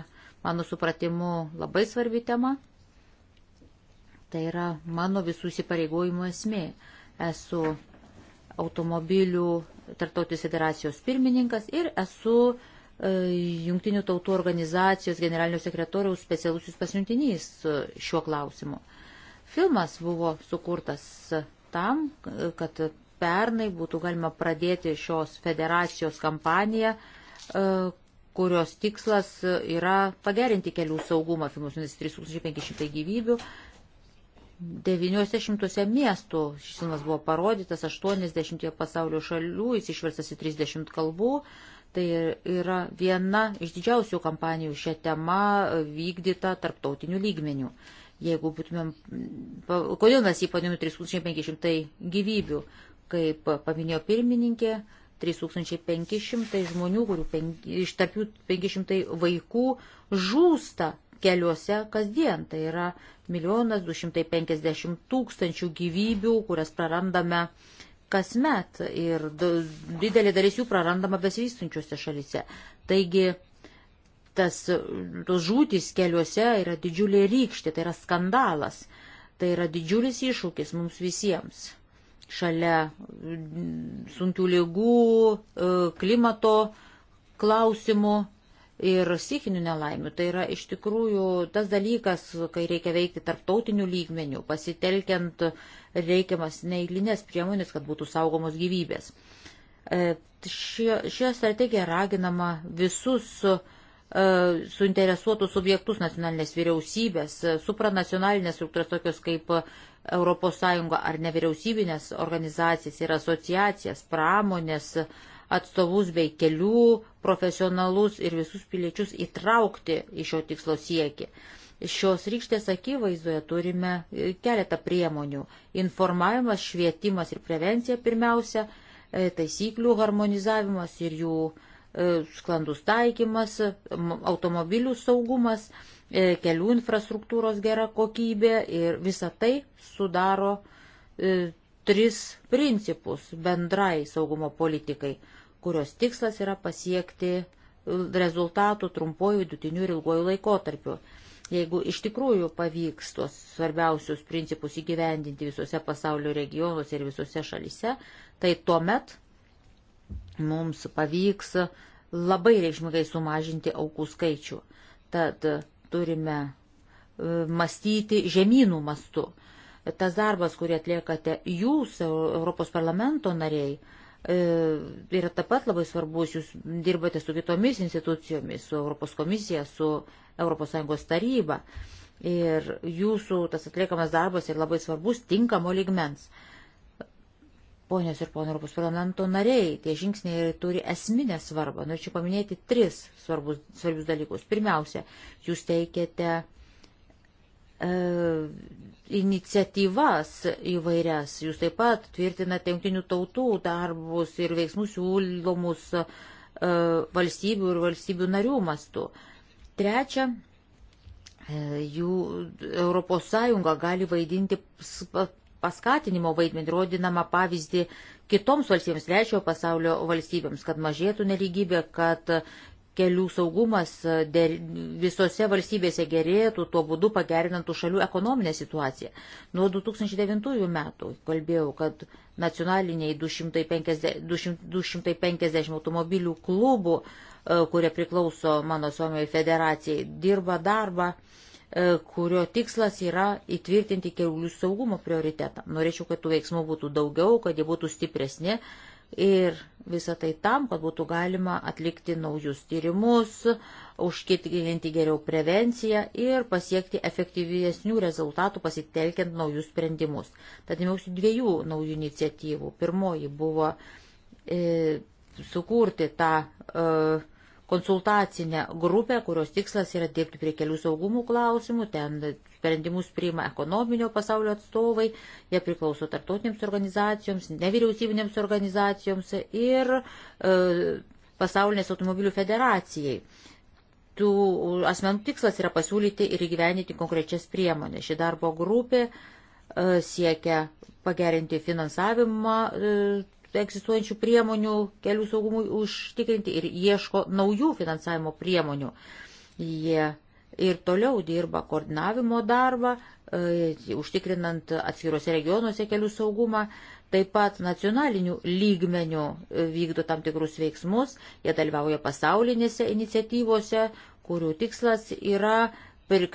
mano supratimu, labai svarbi tema. Tai yra mano visų įsipareigojimų esmė. Esu automobilių tarptautis federacijos pirmininkas ir esu uh, E, jungtinių tautų organizacijos generalinio sekretoriaus specialusis pasiuntinys e, šiuo klausimu. Filmas buvo sukurtas tam, kad pernai būtų galima pradėti šios federacijos kampaniją, e, kurios tikslas yra pagerinti kelių saugumą, filmus 3500 gyvybių. 900 miestų šis filmas buvo parodytas, 80 pasaulio šalių, jis išverstas į 30 kalbų. Uh, Tai yra viena iš didžiausių kampanijų šią temą vykdyta tarptautiniu lygmeniu. Jeigu būtumėm, kodėl mes jį padėjome 3500 gyvybių, kaip paminėjo pirmininkė, 3500 žmonių, kurių penki, iš tarp jų 500 vaikų žūsta keliuose kasdien. Tai yra milijonas 250 tūkstančių gyvybių, kurias prarandame uh, kasmet ir didelė dalis jų prarandama besivystančiuose šalise. Taigi tas žūtis keliuose yra didžiulė rykštė, tai yra skandalas, tai yra didžiulis iššūkis mums visiems. Šalia sunkių lygų, e, klimato klausimų ir stikinių nelaimių. Tai yra iš tikrųjų tas dalykas, kai reikia veikti tarptautinių lygmenių, pasitelkiant reikiamas neįlinės priemonės, kad būtų saugomos gyvybės. E, Šioje strategijoje raginama visus e, suinteresuotus subjektus nacionalinės vyriausybės, e, supranacionalinės struktūras tokios kaip ES ar nevyriausybinės organizacijas ir asociacijas, pramonės, uh, atstovus bei kelių profesionalus ir visus piliečius įtraukti į šio tikslo siekį. Šios rykštės akivaizdoje turime e, keletą priemonių. Informavimas, švietimas ir prevencija pirmiausia, e, taisyklių harmonizavimas ir jų e, sklandus taikymas, automobilių saugumas, kelių infrastruktūros gera kokybė ir visa tai sudaro tris principus bendrai saugumo politikai kurios tikslas yra pasiekti rezultatų trumpuoju, vidutiniu ir ilguoju laikotarpiu. Jeigu iš tikrųjų pavyks tuos svarbiausius principus įgyvendinti visose pasaulio regionuose ir visose šalise, tai tuomet mums pavyks labai reikšmingai sumažinti aukų skaičių. Tad turime e, mąstyti žemynų mastu. Tas darbas, kurį atliekate jūs, Europos parlamento nariai, E, yra taip pat labai svarbus, jūs dirbate su kitomis institucijomis, su Europos komisija, su ES taryba ir jūsų tas atliekamas darbas yra labai svarbus tinkamo ligmens. Ponios ir ponai Europos parlamento nariai, tie žingsniai turi esminę svarbą. Norėčiau paminėti tris svarbus, svarbius dalykus. Pirmiausia, jūs teikėte E, iniciatyvas įvairias. Jūs taip pat tvirtinate jungtinių tautų darbus ir veiksmus siūlomus e, valstybių ir valstybių narių mastu. Trečia, e, jų ES gali vaidinti paskatinimo vaidmenį, rodinamą pavyzdį kitoms valstybėms, trečiojo pasaulio valstybėms, kad mažėtų neligybė, kad kelių saugumas e, der, visose valstybėse gerėtų, tuo būdu pagerinantų šalių ekonominę situaciją. Nuo 2009 metų kalbėjau, kad nacionaliniai 250, 250 automobilių klubų, e, kurie priklauso mano Suomijoje federacijai, dirba darbą e, kurio tikslas yra įtvirtinti kelių saugumo prioritetą. Norėčiau, kad tų veiksmų būtų daugiau, kad jie būtų stipresni, Ir visą tai tam, kad būtų galima atlikti naujus tyrimus, užkitikrinti geriau prevenciją ir pasiekti efektyvesnių rezultatų pasitelkiant naujus sprendimus. Tad imiausi dviejų naujų iniciatyvų. Pirmoji buvo e, sukurti tą e, konsultacinę grupę, kurios tikslas yra dirbti prie kelių saugumų klausimų, ten sprendimus priima ekonominio pasaulio atstovai, jie priklauso tarptautinėms organizacijoms, nevyriausybinėms organizacijoms ir e, pasaulinės automobilių federacijai. Tų asmenų tikslas yra pasiūlyti ir įgyveninti konkrečias priemonės. Ši darbo grupė e, siekia pagerinti finansavimą e, egzistuojančių priemonių kelių saugumui užtikrinti ir ieško naujų finansavimo priemonių. Jie ir toliau dirba koordinavimo darbą, e, užtikrinant atskiruose regionuose kelių saugumą, taip pat nacionalinių lygmenių vykdo tam tikrus veiksmus, jie dalyvauja pasaulinėse iniciatyvose, kurių tikslas yra,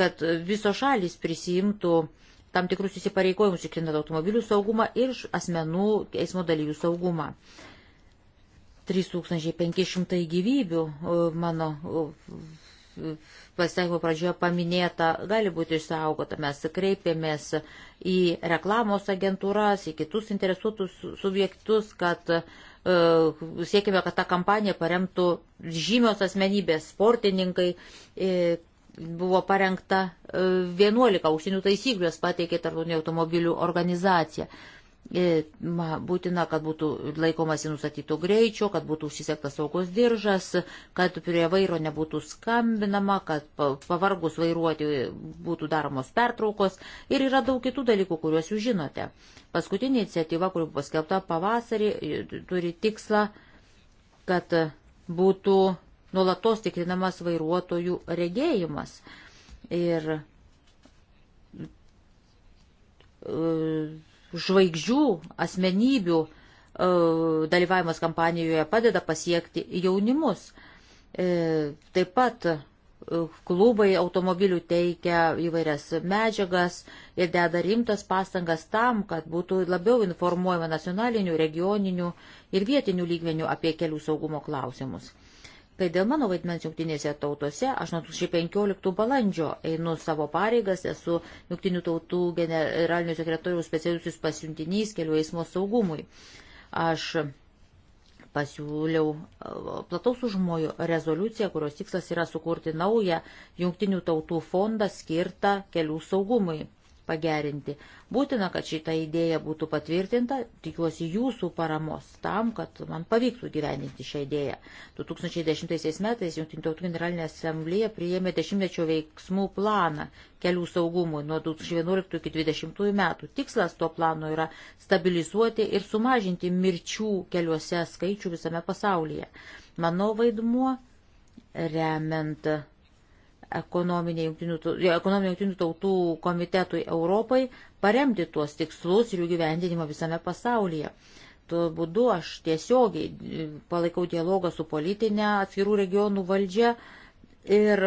kad visos šalis prisijimtų e, tam tikrus įsipareigojimus, užtikrinant automobilių saugumą ir asmenų eismo dalyvių saugumą. 3500 gyvybių e, mano e, pasisakymo pradžioje paminėta gali būti išsaugota. Mes kreipėmės į reklamos agentūras, į kitus interesuotus subjektus, kad uh, siekime, kad tą kampaniją paremtų žymios asmenybės, sportininkai, buvo parengta 11 e, auksinių taisyklių, jas pateikė tarptautinė automobilių organizacija. E, būtina, kad būtų laikomasi nustatyto greičio, kad būtų užsisektas saugos diržas, kad prie vairo nebūtų skambinama, kad pavargus vairuoti būtų daromos pertraukos ir yra daug kitų dalykų, kuriuos jūs žinote. Paskutinė iniciatyva, kuri paskelbta pavasarį, turi tikslą, kad būtų nuolatos tikrinamas vairuotojų regėjimas. Ir e, žvaigždžių asmenybių e, dalyvavimas kampanijoje padeda pasiekti jaunimus. E, taip pat klubai automobilių teikia įvairias medžiagas ir deda rimtas pastangas tam, kad būtų labiau informuojama nacionalinių, regioninių ir vietinių lygmenių apie kelių saugumo klausimus. Kai dėl mano vaidmens jungtinėse tautose, aš nuo 2015 balandžio einu savo pareigas, esu jungtinių tautų generalinio sekretoriaus specialiusis pasiuntinys kelių eismo saugumui. Aš pasiūliau e, plataus užmojų rezoliuciją, kurios tikslas yra sukurti naują jungtinių tautų fondą skirtą kelių saugumui pagerinti. Būtina, kad šita idėja būtų patvirtinta, tikiuosi jūsų paramos tam, kad man pavyktų gyveninti šią idėją. 2010 metais Junktinių tautų generalinė asamblėja priėmė dešimtmečio veiksmų planą kelių saugumui nuo 2011 iki 2020 metų. Tikslas to plano yra stabilizuoti ir sumažinti mirčių keliuose skaičių visame pasaulyje. Mano vaidmuo remiant ekonominė jungtinių tautų komitetui Europai paremti tuos tikslus ir jų gyvendinimą visame pasaulyje. Tuo būdu aš tiesiogiai palaikau dialogą su politinė atskirų regionų valdžia ir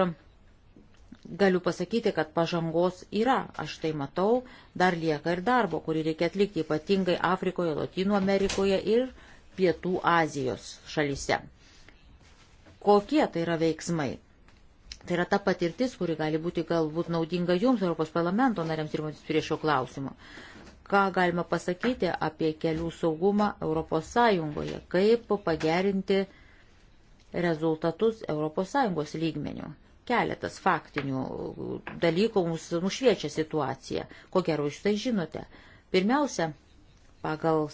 galiu pasakyti, kad pažangos yra. Aš tai matau, dar lieka ir darbo, kurį reikia atlikti ypatingai Afrikoje, Latino Amerikoje ir Pietų Azijos šalyse. Kokie tai yra veiksmai? Tai yra ta patirtis, kuri gali būti galbūt naudinga jums, Europos parlamento nariams dirbantis prie šio klausimo. Ką galima pasakyti apie kelių saugumą Europos Sąjungoje, kaip pagerinti rezultatus Europos Sąjungos lygmenių. Keletas faktinių dalykų mums nušviečia situaciją. Ko gero, jūs tai žinote. Pirmiausia, pagal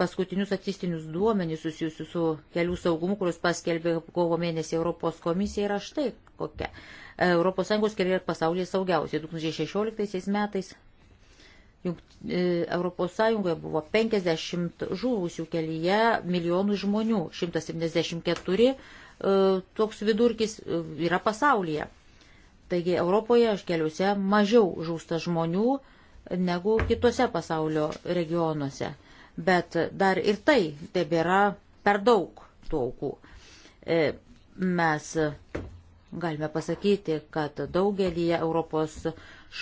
paskutinius statistinius duomenys susijusius su kelių saugumu, kuriuos paskelbė kovo mėnesį Europos komisija, yra štai kokia. ES keliai pasaulyje saugiausiai. 2016 metais ES buvo 50 žuvusių kelyje milijonų žmonių, 174 e, toks vidurkis e, yra pasaulyje. Taigi Europoje keliuose mažiau žūsta žmonių negu kitose pasaulio regionuose bet dar ir tai tebėra per daug tų aukų. E, mes galime pasakyti, kad daugelį Europos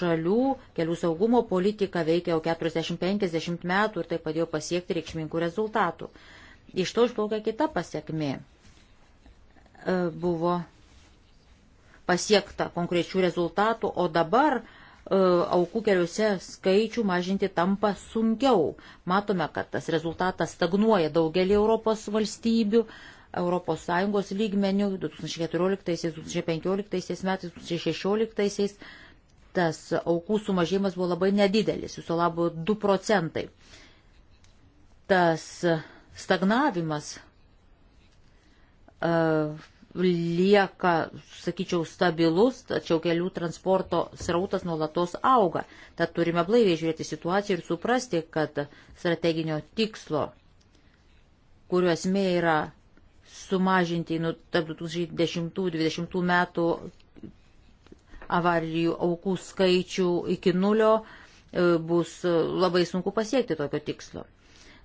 šalių kelių saugumo politika veikia jau 40-50 metų ir tai padėjo pasiekti reikšmingų rezultatų. Iš to išplaukia kita pasiekmė. E, buvo pasiekta konkrečių rezultatų, o dabar uh, E, aukų keliuose skaičių mažinti tampa sunkiau. Matome, kad tas rezultatas stagnuoja daugelį Europos valstybių. ES lygmenių 2014-2015 metais, 2016 tas aukų sumažėjimas buvo labai nedidelis, viso labo 2 procentai. Tas stagnavimas uh, lieka, sakyčiau, stabilus, tačiau kelių transporto srautas nuolatos auga. Tad turime blaiviai žiūrėti situaciją ir suprasti, kad strateginio tikslo, kurio esmė yra sumažinti nu, tarp 2010-2020 metų avarijų aukų skaičių iki nulio, e, bus e, labai sunku pasiekti tokio tikslo.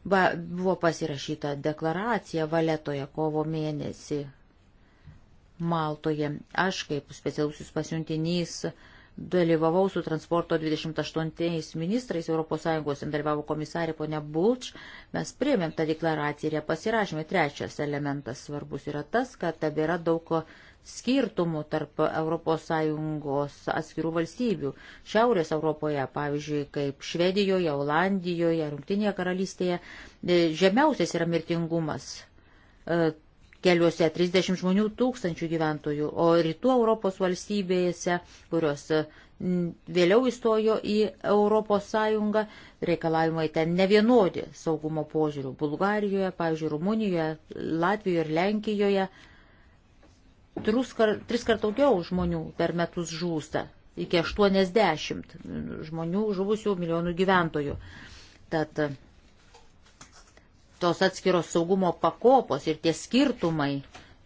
Ba, buvo pasirašyta deklaracija Valetoje kovo mėnesį Maltoje. Aš kaip specialusis pasiuntinys dalyvavau su transporto 28 ministrais ES, dalyvavo komisarė ponia Bulč, mes priemėm tą deklaraciją ir ją pasirašėme. Trečias elementas svarbus yra tas, kad tebėra daug skirtumų tarp ES atskirų valstybių. Šiaurės Europoje, pavyzdžiui, kaip Švedijoje, Olandijoje, Rungtinėje karalystėje, e, žemiausias yra mirtingumas e, keliuose 30 žmonių tūkstančių gyventojų, o rytų Europos valstybėse, kurios vėliau įstojo į Europos Sąjungą, reikalavimai ten nevienodi saugumo požiūrių. Bulgarijoje, pavyzdžiui, Rumunijoje, Latvijoje ir Lenkijoje tris kart, tris kart daugiau žmonių per metus žūsta, iki 80 žmonių žuvusių milijonų gyventojų. Tad tos atskiros saugumo pakopos ir tie skirtumai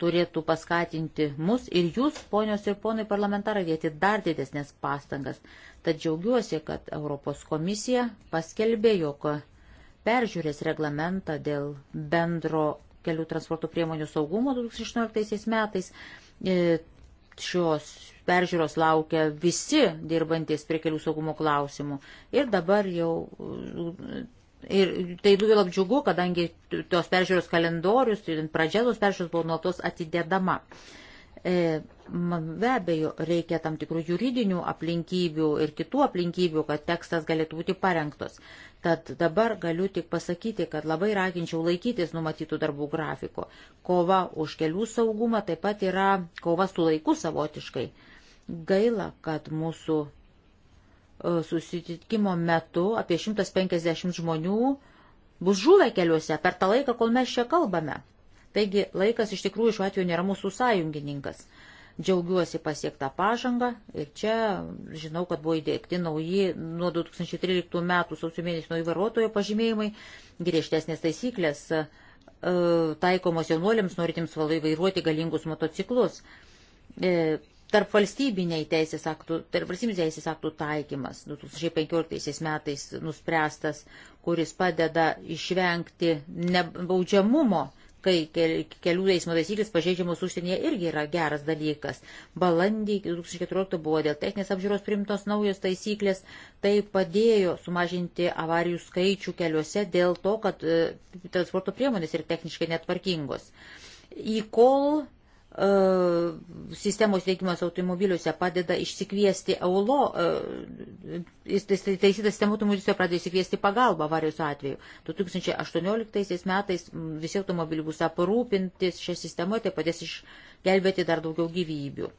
turėtų paskatinti mus ir jūs, ponios ir ponai parlamentarai, dėti dar didesnės pastangas. Tad džiaugiuosi, kad Europos komisija paskelbė, jog peržiūrės reglamentą dėl bendro kelių transporto priemonių saugumo 2018 metais. E, šios peržiūros laukia visi dirbantis prie kelių saugumo klausimų. Ir dabar jau Ir tai labai džiugu, kadangi tos peržiūros kalendorius, tai pradžia tos peržiūros buvo nuotos atidedama. E, be abejo, reikia tam tikrų juridinių aplinkybių ir kitų aplinkybių, kad tekstas galėtų būti parengtos. Tad dabar galiu tik pasakyti, kad labai raginčiau laikytis numatytų darbų grafiko. Kova už kelių saugumą taip pat yra kova su laiku savotiškai. Gaila, kad mūsų E, susitikimo metu apie 150 žmonių bus žuvę keliuose per tą laiką, kol mes čia kalbame. Taigi laikas iš tikrųjų šiuo atveju nėra mūsų sąjungininkas. Džiaugiuosi pasiektą pažangą ir čia žinau, kad buvo įdėkti nauji nuo 2013 metų sausio mėnesio nauji vairuotojo pažymėjimai, griežtesnės taisyklės e, taikomos jaunuoliams norintiems vairuoti galingus motociklus. E, tarp valstybiniai teisės aktų, tarp valstybinių teisės aktų taikymas 2015 metais nuspręstas, kuris padeda išvengti nebaudžiamumo, kai kelių eismo taisyklės pažeidžiamos užsienyje irgi yra geras dalykas. Balandį 2014 buvo dėl techninės apžiūros primtos naujos taisyklės, tai padėjo sumažinti avarijų skaičių keliuose dėl to, kad e, transporto priemonės yra techniškai netvarkingos. Į kol E, sistemos veikimas automobiliuose padeda išsikviesti aulo, e, taisytas sistema automobiliuose pradeda išsikviesti pagalbą avarijos atveju. 2018 metais visi automobiliai bus aprūpinti šią sistemą, tai padės išgelbėti dar daugiau gyvybių.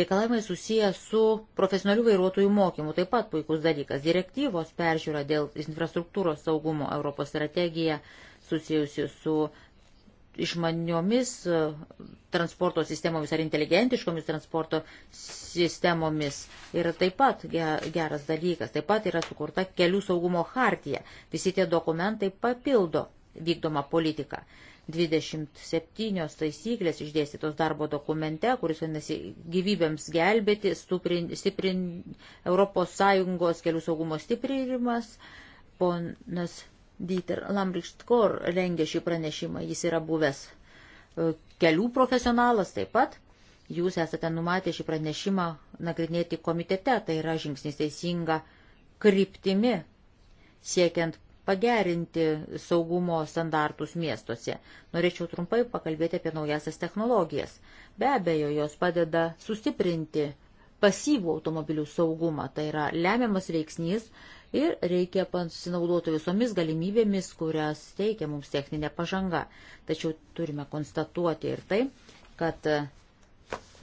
Reikalavimai susiję su profesionalių vairuotojų mokymu taip pat puikus dalykas. Direktyvos peržiūra dėl infrastruktūros saugumo Europos strategija susijusi su išmaniomis e, transporto sistemomis ar inteligentiškomis transporto sistemomis yra taip pat geras dalykas. Taip pat yra sukurta kelių saugumo hartija. Visi tie dokumentai papildo vykdomą politiką. 27 taisyklės išdėstytos darbo dokumente, kuris vadinasi gyvybėms gelbėti, stiprin, stiprin Europos Sąjungos kelių saugumo stiprinimas. Ponas Dieter Lambrichtkor rengė šį pranešimą. Jis yra buvęs e, kelių profesionalas taip pat. Jūs esate numatę šį pranešimą nagrinėti komitete, tai yra žingsnis teisinga kryptimi, siekiant pagerinti saugumo standartus miestuose. Norėčiau trumpai pakalbėti apie naujasias technologijas. Be abejo, jos padeda sustiprinti pasyvų automobilių saugumą. Tai yra lemiamas veiksnys, ir reikia pasinaudoti visomis galimybėmis, kurias teikia mums techninė pažanga. Tačiau turime konstatuoti ir tai, kad e,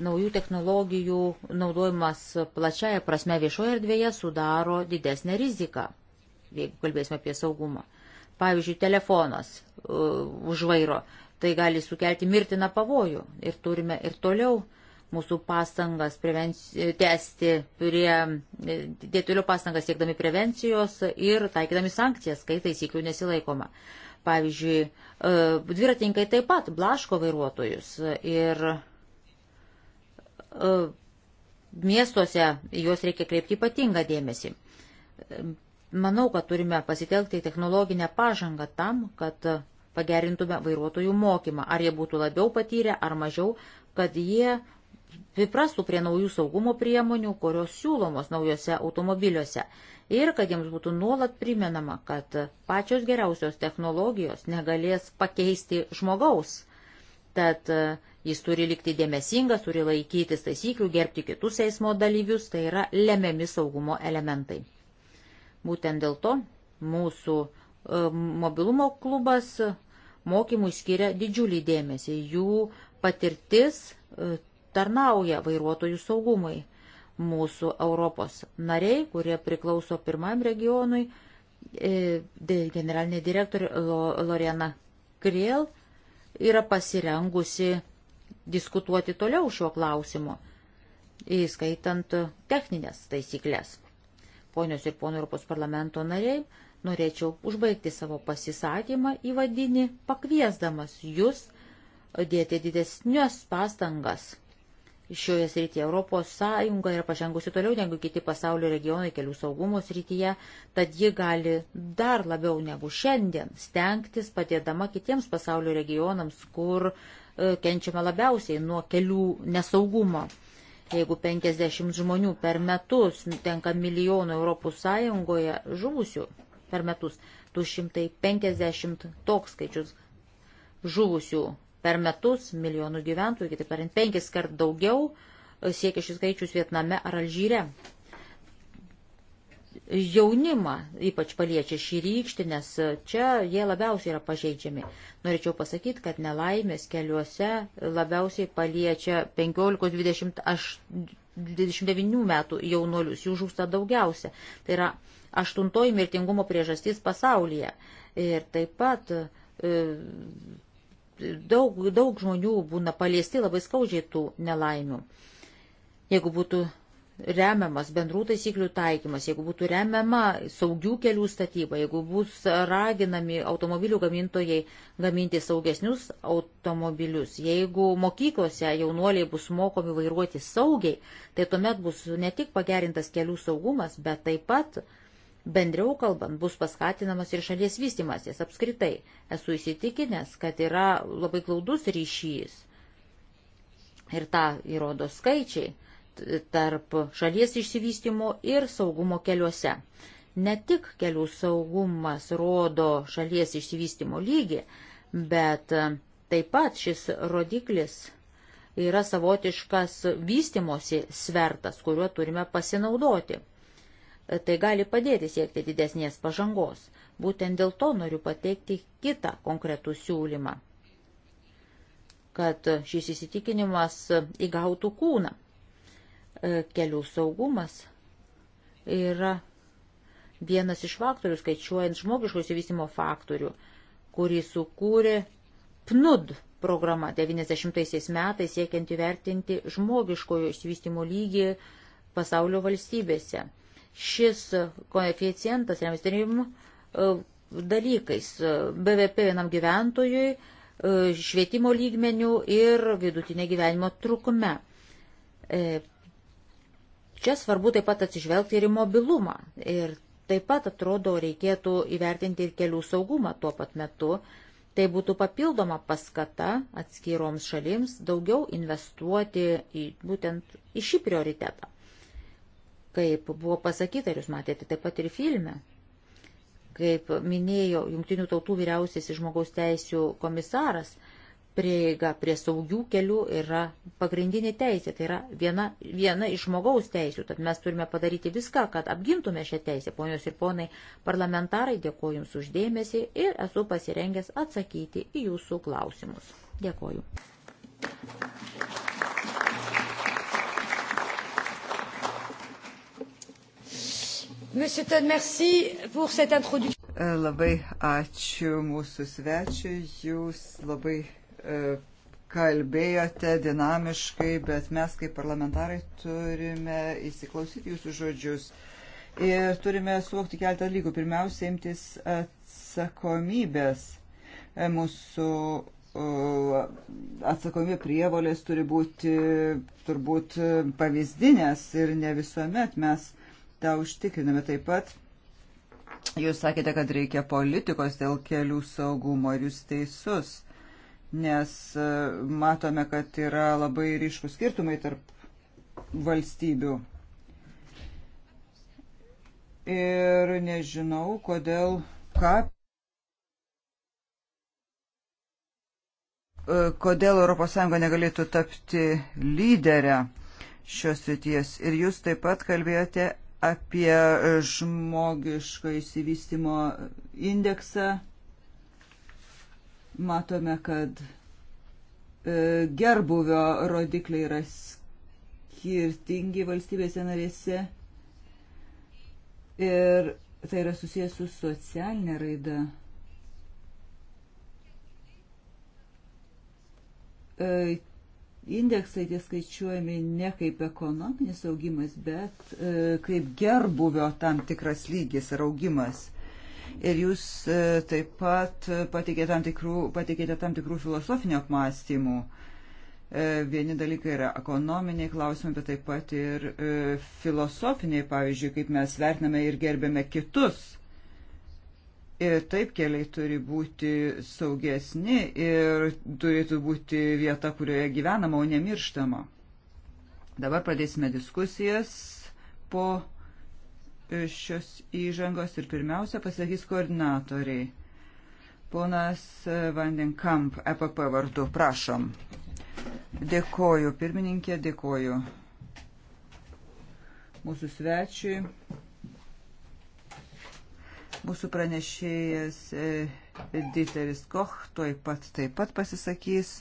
naujų technologijų naudojimas plačiaja prasme viešoje erdvėje sudaro didesnę riziką, jeigu kalbėsime apie saugumą. Pavyzdžiui, telefonas uh, už vairo tai gali sukelti mirtiną pavojų ir turime ir toliau uh, mūsų pastangas tęsti prie, dėtulių pastangas siekdami prevencijos ir taikydami sankcijas, kai taisyklių nesilaikoma. Pavyzdžiui, e, dviratinkai taip pat blaško vairuotojus ir e, miestuose juos reikia kreipti ypatingą dėmesį. Manau, kad turime pasitelkti technologinę pažangą tam, kad pagerintume vairuotojų mokymą, ar jie būtų labiau patyrę ar mažiau, kad jie priprastų prie naujų saugumo priemonių, kurios siūlomos naujose automobiliuose ir kad jiems būtų nuolat primenama, kad pačios geriausios technologijos negalės pakeisti žmogaus. Tad e, jis turi likti dėmesingas, turi laikytis taisyklių, gerbti kitus eismo dalyvius, tai yra lemiami saugumo elementai. Būtent dėl to mūsų e, mobilumo klubas mokymui skiria didžiulį dėmesį. Jų patirtis e, tarnauja vairuotojų saugumui. Mūsų Europos nariai, kurie priklauso pirmam regionui, e, generalinė direktorė Lorena Kriel yra pasirengusi diskutuoti toliau šiuo klausimu, įskaitant techninės taisyklės. Ponios ir ponų Europos parlamento nariai, norėčiau užbaigti savo pasisakymą įvadinį, pakviesdamas jūs dėti didesnius pastangas šioje srityje. Europos Sąjunga yra pažengusi toliau negu kiti pasaulio regionai kelių saugumo srityje, tad ji gali dar labiau negu šiandien stengtis padėdama kitiems pasaulio regionams, kur e, kenčiame labiausiai nuo kelių nesaugumo. Jeigu 50 žmonių per metus tenka milijonų Europos Sąjungoje žuvusių per metus, 250 toks skaičius žuvusių per metus milijonų gyventojų, kitaip tariant, penkis kart daugiau e, siekia šis skaičius Vietname ar Alžyre. Jaunimą ypač paliečia šį rykštį, nes čia jie labiausiai yra pažeidžiami. Norėčiau pasakyti, kad nelaimės keliuose labiausiai paliečia 15-29 metų jaunolius, jų žūsta daugiausia. Tai yra aštuntoji mirtingumo priežastis pasaulyje. Ir taip pat e, daug, daug žmonių būna paliesti labai skaudžiai tų nelaimių. Jeigu būtų remiamas bendrų taisyklių taikymas, jeigu būtų remiama saugių kelių statyba, jeigu bus raginami automobilių gamintojai gaminti saugesnius automobilius, jeigu mokyklose jaunuoliai bus mokomi vairuoti saugiai, tai tuomet bus ne tik pagerintas kelių saugumas, bet taip pat uh, Bendriau kalbant, bus paskatinamas ir šalies vystimasis apskritai. Esu įsitikinęs, kad yra labai glaudus ryšys. Ir tą įrodo skaičiai tarp šalies išsivystimo ir saugumo keliuose. Ne tik kelių saugumas rodo šalies išsivystimo lygį, bet taip pat šis rodiklis yra savotiškas vystimosi svertas, kuriuo turime pasinaudoti tai gali padėti siekti didesnės pažangos. Būtent dėl to noriu pateikti kitą konkretų siūlymą, kad šis įsitikinimas įgautų kūną. E, kelių saugumas yra vienas iš faktorių, skaičiuojant žmogiško įsivysimo faktorių, kurį sukūrė PNUD programa 90 metais siekiant įvertinti žmogiškojo įsivystymo lygį pasaulio valstybėse. Šis koeficientas remiasi trim e, dalykais - BVP vienam gyventojui, e, švietimo lygmenių ir vidutinė gyvenimo trukme. E, čia svarbu taip pat atsižvelgti ir į mobilumą. Ir taip pat atrodo reikėtų įvertinti ir kelių saugumą tuo pat metu. Tai būtų papildoma paskata atskiroms šalims daugiau investuoti į būtent į šį prioritetą kaip buvo pasakyta, ir jūs matėte taip pat ir filme, kaip minėjo Junktinių tautų vyriausiasis žmogaus teisų komisaras, prieiga prie saugių kelių yra pagrindinė teisė, tai yra viena, viena iš žmogaus teisų, tad mes turime padaryti viską, kad apgintume šią teisę. Ponios ir ponai parlamentarai, dėkoju Jums uždėmesi ir esu pasirengęs atsakyti į Jūsų klausimus. Dėkoju. E, labai ačiū mūsų svečiui, jūs labai e, kalbėjote dinamiškai, bet mes kaip parlamentarai turime įsiklausyti jūsų žodžius ir turime suvokti keletą dalykų. Pirmiausia, imtis atsakomybės e, mūsų atsakomybė prievolės turi būti turbūt pavyzdinės ir ne visuomet mes uh, tą užtikriname taip pat. Jūs sakėte, kad reikia politikos dėl kelių saugumo ir jūs teisus, nes e, matome, kad yra labai ryškus skirtumai tarp valstybių. Ir nežinau, kodėl ką. E, kodėl ES negalėtų tapti lyderę šios ryties. Ir jūs taip pat kalbėjote apie e, žmogiško įsivystimo indeksą. Matome, kad e, gerbuvio rodikliai yra skirtingi valstybėse narėse ir tai yra susijęs su socialinė raida. E, Indeksai tie skaičiuojami ne kaip ekonominis augimas, bet e, kaip gerbuvio tam tikras lygis ar augimas. Ir jūs e, taip pat pateikėte tam tikrų, pateikėte tam tikrų filosofinių apmąstymų. E, vieni dalykai yra ekonominiai klausimai, bet taip pat ir e, filosofiniai, pavyzdžiui, kaip mes vertiname ir gerbėme kitus Ir taip keliai turi būti saugesni ir turėtų būti vieta, kurioje gyvenama, o nemirštama. Dabar pradėsime diskusijas po e, šios įžangos ir pirmiausia pasakys koordinatoriai. Ponas e, Vandenkamp, EPP vardu, prašom. Dėkoju, pirmininkė, dėkoju mūsų svečiui. Mūsų pranešėjas e, Dieteris Koch toj pat taip pat pasisakys.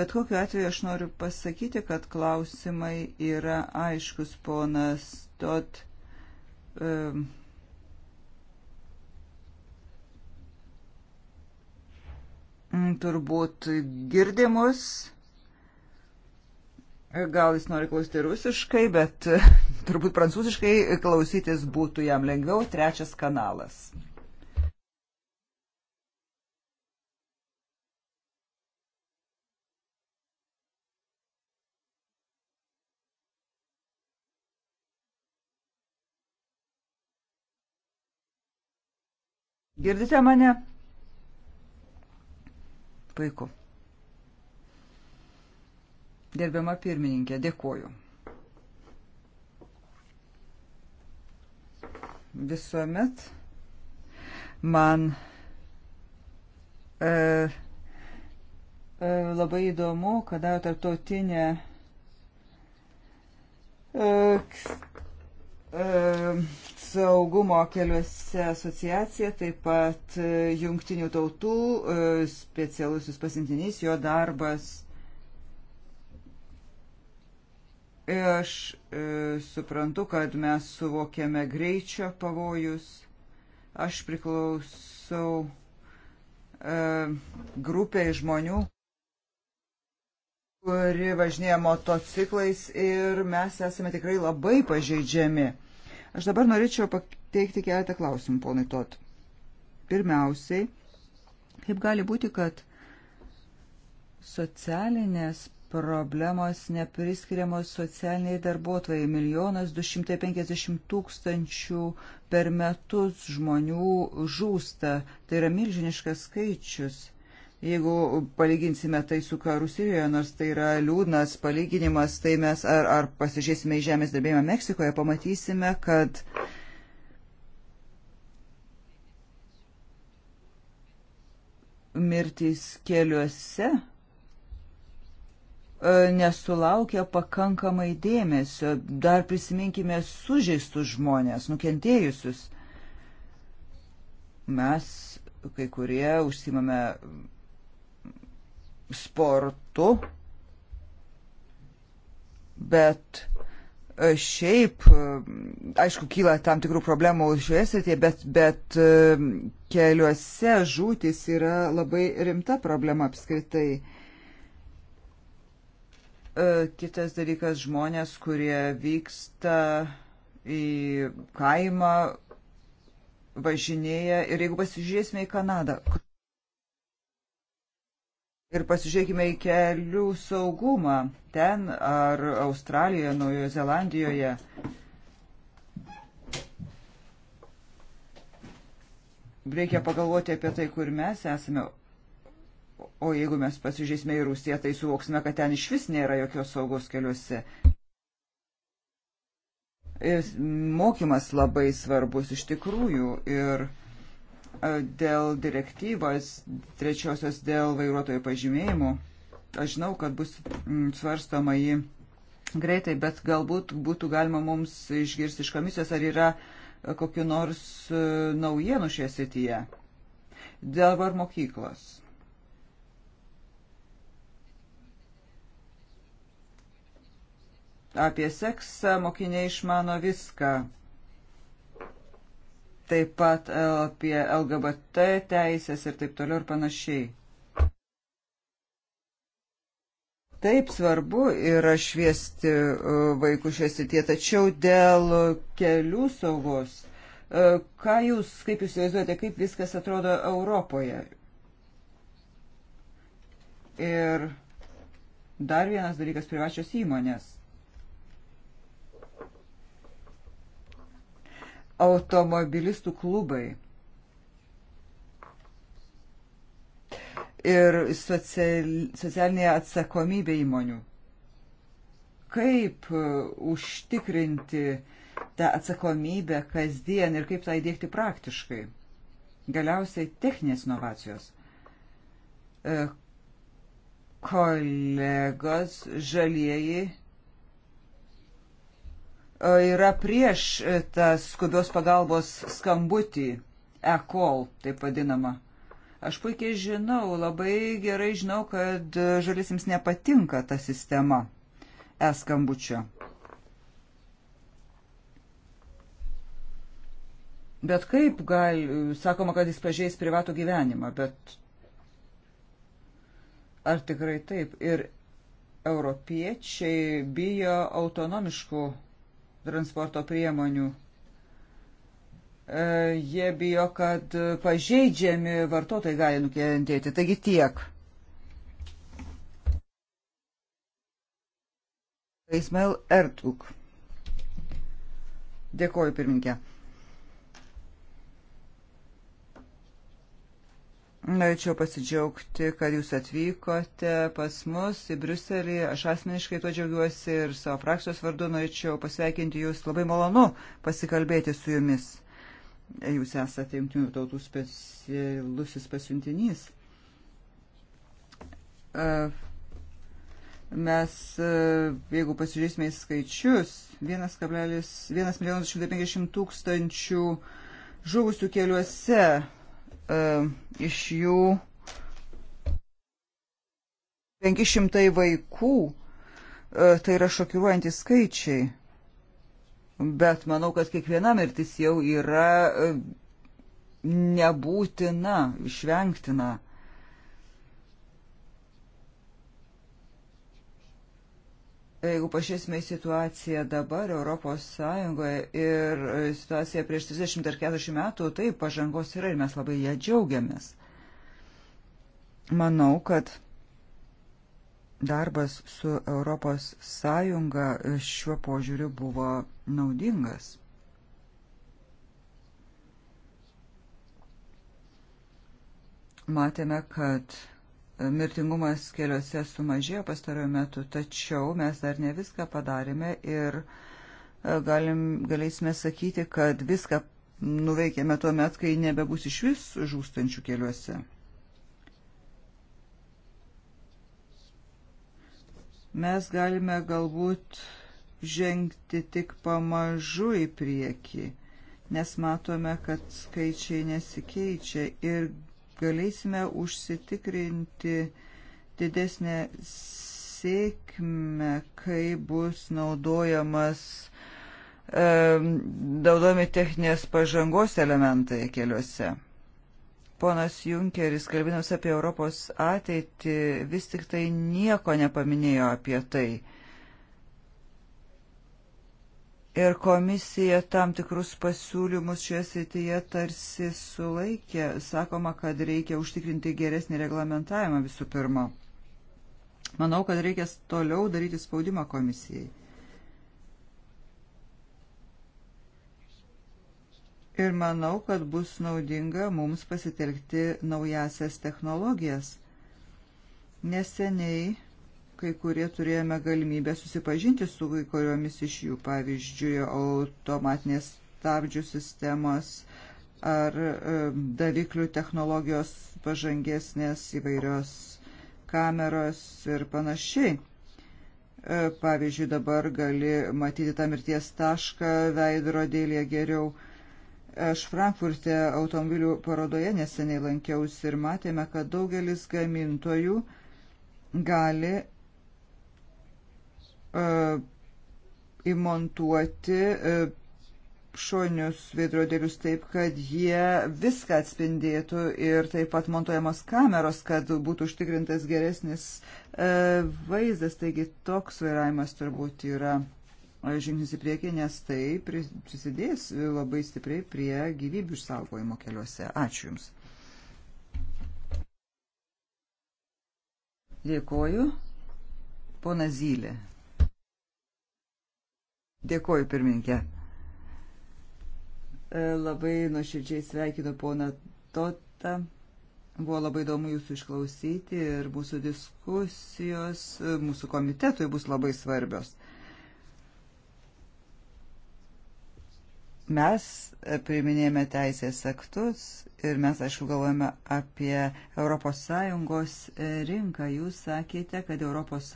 Bet kokiu atveju aš noriu pasakyti, kad klausimai yra aiškus ponas Tot. Um, turbūt girdimus. Gal jis nori klausyti rusiškai, bet turbūt prancūziškai klausytis būtų jam lengviau, trečias kanalas. Girdite mane? Puiku. Gerbiama pirmininkė, dėkuoju. visuomet man e, e, labai įdomu, kada tarptautinė e, e saugumo keliuose asociacija, taip pat e, jungtinių tautų e, specialusis pasintinys, jo darbas Aš e, suprantu, kad mes suvokiame greičio pavojus. Aš priklausau e, grupiai žmonių, kuri važinėja motociklais ir mes esame tikrai labai pažeidžiami. Aš dabar norėčiau pateikti keletą klausimų, ponai Tot. Pirmiausiai, kaip gali būti, kad socialinės problemos nepriskiriamos socialiniai darbuotojai. Milijonas 250 tūkstančių per metus žmonių žūsta. Tai yra milžiniškas skaičius. Jeigu palyginsime tai su karu Sirijoje, nors tai yra liūdnas palyginimas, tai mes ar, ar pasižiūrėsime į žemės darbėjimą Meksikoje, pamatysime, kad mirtys keliuose E, nesulaukia pakankamai dėmesio. Dar prisiminkime sužeistus žmonės, nukentėjusius. Mes, kai kurie, užsimame sportu, bet e, šiaip, e, aišku, kyla tam tikrų problemų šioje srityje, bet, bet keliuose žūtis yra labai rimta problema apskritai. E, kitas dalykas - žmonės, kurie vyksta į kaimą, važinėja. Ir jeigu pasižiūrėsime į Kanadą. Ir pasižiūrėkime į kelių saugumą ten ar Australijoje, Naujojo Zelandijoje. Reikia pagalvoti apie tai, kur mes esame, O jeigu mes pasižiūrėsime į Rusiją, tai suvoksime, kad ten iš vis nėra jokios saugos keliuose. Ir mokymas labai svarbus iš tikrųjų ir e, dėl direktyvos trečiosios dėl vairuotojo pažymėjimų. Aš žinau, kad bus mm, svarstama jį greitai, bet galbūt būtų galima mums išgirsti iš komisijos, ar yra e, kokiu nors e, naujienų šioje srityje. Dabar mokyklos. apie seksą mokiniai išmano viską. Taip pat e, apie LGBT teisės ir taip toliau ir panašiai. Taip svarbu yra šviesti e, vaikų šioje srityje, tačiau dėl kelių saugos, e, ką jūs, kaip jūs įsivaizduojate, kaip viskas atrodo Europoje? Ir dar vienas dalykas - privačios įmonės. automobilistų klubai. ir socialinė atsakomybė įmonių. Kaip uh, užtikrinti tą atsakomybę kasdien ir kaip tą įdėkti praktiškai. Galiausiai techninės inovacijos. Uh, kolegos žalieji yra prieš e, tą skubios pagalbos skambutį, e-call taip vadinama. Aš puikiai žinau, labai gerai žinau, kad e, žalisims nepatinka ta sistema e-skambučio. Bet kaip gali, sakoma, kad jis pažeis privatų gyvenimą, bet ar tikrai taip? Ir europiečiai bijo autonomiškų transporto priemonių. E, jie bijo, kad pažeidžiami vartotojai gali nukentėti. Taigi tiek. Ismail Ertuk. Dėkoju, pirminkė. Norėčiau pasidžiaugti, kad jūs atvykote pas mus į Briuselį. Aš asmeniškai tuo džiaugiuosi ir savo frakcijos vardu norėčiau pasveikinti jūs. Labai malonu pasikalbėti su jumis. Jūs esate Junktinių tautų specialusis pasiuntinys. Mes, jeigu pasižiūrėsime į skaičius, 1,1 milijonas 150 tūkstančių žuvusių keliuose E, iš jų 500 vaikų. E, tai yra šokiruojantys skaičiai. Bet manau, kad kiekviena mirtis jau yra e, nebūtina, išvengtina. Jeigu pažiūrėsime į situaciją dabar Europos Sąjungoje ir e, situaciją prieš 30 ar 40 metų, tai pažangos yra ir mes labai ją džiaugiamės. Manau, kad darbas su Europos Sąjunga e, šiuo požiūriu buvo naudingas. Matėme, kad mirtingumas keliuose sumažėjo pastarojo metu, tačiau mes dar ne viską padarėme ir e, galim, galėsime sakyti, kad viską nuveikėme tuo met, kai nebebus iš vis žūstančių keliuose. Mes galime galbūt žengti tik pamažu į priekį, nes matome, kad skaičiai nesikeičia ir galėsime užsitikrinti didesnę sėkmę, kai bus naudojamas naudojami techninės pažangos elementai keliuose. Ponas Junkeris, kalbėdamas apie Europos ateitį, vis tik tai nieko nepaminėjo apie tai ir komisija tam tikrus pasiūlymus šioje srityje tarsi sulaikė. Sakoma, kad reikia užtikrinti geresnį reglamentavimą visų pirma. Manau, kad reikia toliau daryti spaudimą komisijai. Ir manau, kad bus naudinga mums pasitelkti naujasias technologijas. Neseniai kai kurie turėjome galimybę susipažinti su kai kuriomis iš jų, pavyzdžiui, automatinės stabdžių sistemos ar e, daviklių technologijos pažangesnės įvairios kameros ir panašiai. E, pavyzdžiui, dabar gali matyti tą mirties tašką veidrodėlėje geriau. Aš Frankfurte automobilių parodoje neseniai lankiausi ir matėme, kad daugelis gamintojų gali E, įmontuoti e, šonius veidrodėlius taip, kad jie viską atspindėtų ir taip pat montuojamos kameros, kad būtų užtikrintas geresnis e, vaizdas. Taigi toks vairavimas turbūt yra žingsnis į priekį, nes tai prisidės labai stipriai prie gyvybių išsaugojimo keliuose. Ačiū Jums. Dėkoju. Pona Zylė. Dėkuoju, pirminkė. E, labai nuoširdžiai sveikinu poną Totą. Buvo labai įdomu jūsų išklausyti ir mūsų diskusijos e, mūsų komitetui bus labai svarbios. Mes e, priminėjame teisės aktus ir mes, aišku, galvojame apie ES e, rinką. Jūs sakėte, kad ES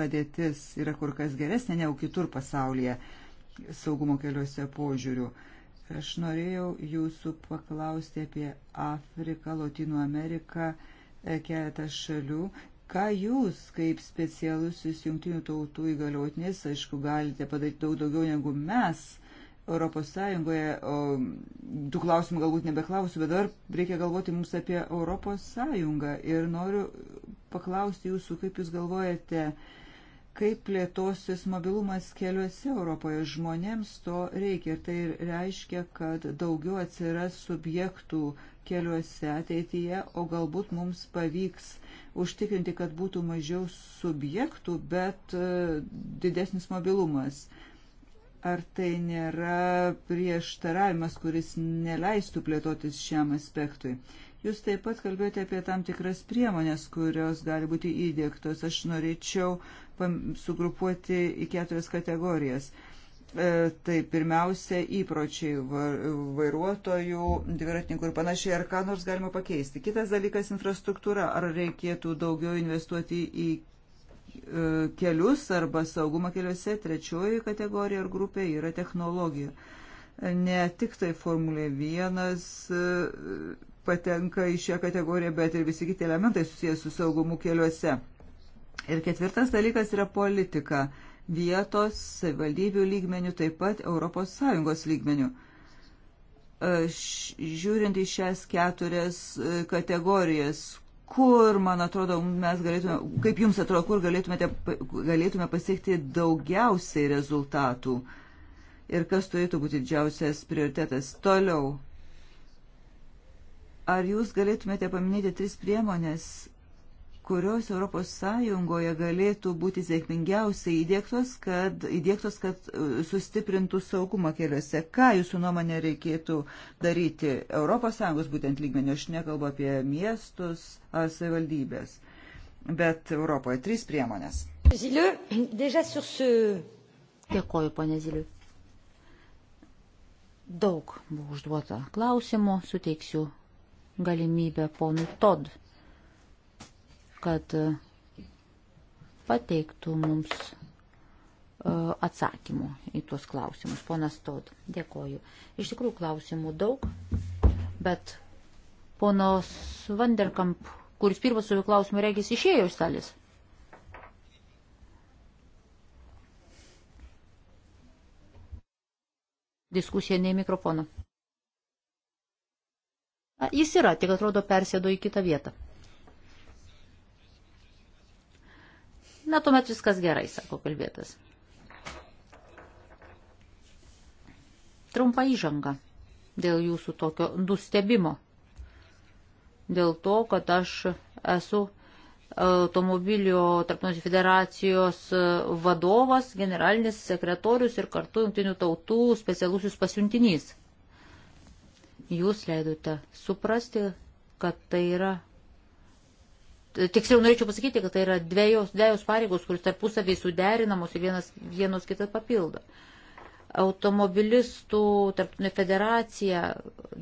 padėtis yra kur kas geresnė negu kitur pasaulyje saugumo keliuose požiūrių. Aš norėjau jūsų paklausti apie Afriką, Latino Ameriką, e, keletą šalių. Ką jūs, kaip specialusis jungtinių tautų įgaliotinis, aišku, galite padaryti daug daugiau negu mes, Europos Sąjungoje, o tų klausimų galbūt nebeklausiu, bet dabar reikia galvoti mums apie Europos Sąjungą ir noriu paklausti jūsų, kaip jūs galvojate, kaip plėtosis mobilumas keliuose Europoje. Žmonėms to reikia ir tai reiškia, kad daugiau atsiras subjektų keliuose ateityje, o galbūt mums pavyks užtikrinti, kad būtų mažiau subjektų, bet e, didesnis mobilumas. Ar tai nėra prieštaravimas, kuris neleistų plėtotis šiam aspektui? Jūs taip pat kalbėjote apie tam tikras priemonės, kurios gali būti įdėktos. Aš norėčiau sugrupuoti į keturias kategorijas. E, tai pirmiausia, įpročiai vairuotojų, dviratininkų ir panašiai, ar ką nors galima pakeisti. Kitas dalykas - infrastruktūra. Ar reikėtų daugiau investuoti į E, kelius arba saugumą keliuose. Trečioji kategorija ir grupė yra technologija. Ne tik tai Formulė 1 e, patenka į šią kategoriją, bet ir visi kiti elementai susijęs su saugumu keliuose. Ir ketvirtas dalykas yra politika vietos savivaldybių lygmenių, taip pat ES lygmenių. E, žiūrint į šias keturias kategorijas, kur, man atrodo, mes galėtume, kaip jums atrodo, kur galėtumėte, galėtume pasiekti daugiausiai rezultatų ir kas turėtų būti didžiausias prioritetas. Toliau, ar jūs galėtumėte paminėti tris priemonės, kurios ES galėtų būti sėkmingiausiai įdėktos, kad, įdėktos, kad e, sustiprintų saugumą keliuose. Ką jūsų nuomonė reikėtų daryti ES būtent lygmenio, aš nekalbu apie miestus ar savivaldybės, bet Europoje trys priemonės. Dėkoju, ponė Ziliu. Daug buvo užduota klausimų, suteiksiu galimybę ponui Todd kad e, pateiktų mums e, atsakymų į tuos klausimus. Ponas Tod, dėkoju. Iš tikrųjų klausimų daug, bet ponas Vanderkamp, kuris pirmas su klausimu regis, išėjo iš salės. Diskusija ne į mikrofoną. A, jis yra, tik atrodo persėdo į kitą vietą. Na, tuomet viskas gerai, sako kalbėtas. Trumpa įžanga dėl jūsų tokio nustebimo. Dėl to, kad aš esu automobilio tarptautinės federacijos vadovas, generalinis sekretorius ir kartu jungtinių tautų specialusis pasiuntinys. Jūs leidote suprasti, kad tai yra Tiksliau norėčiau pasakyti, kad tai yra dviejos, dviejos pareigos, kuris tarpusavį suderinamos ir vienas, vienos kitą papildo. Automobilistų tarptautinė federacija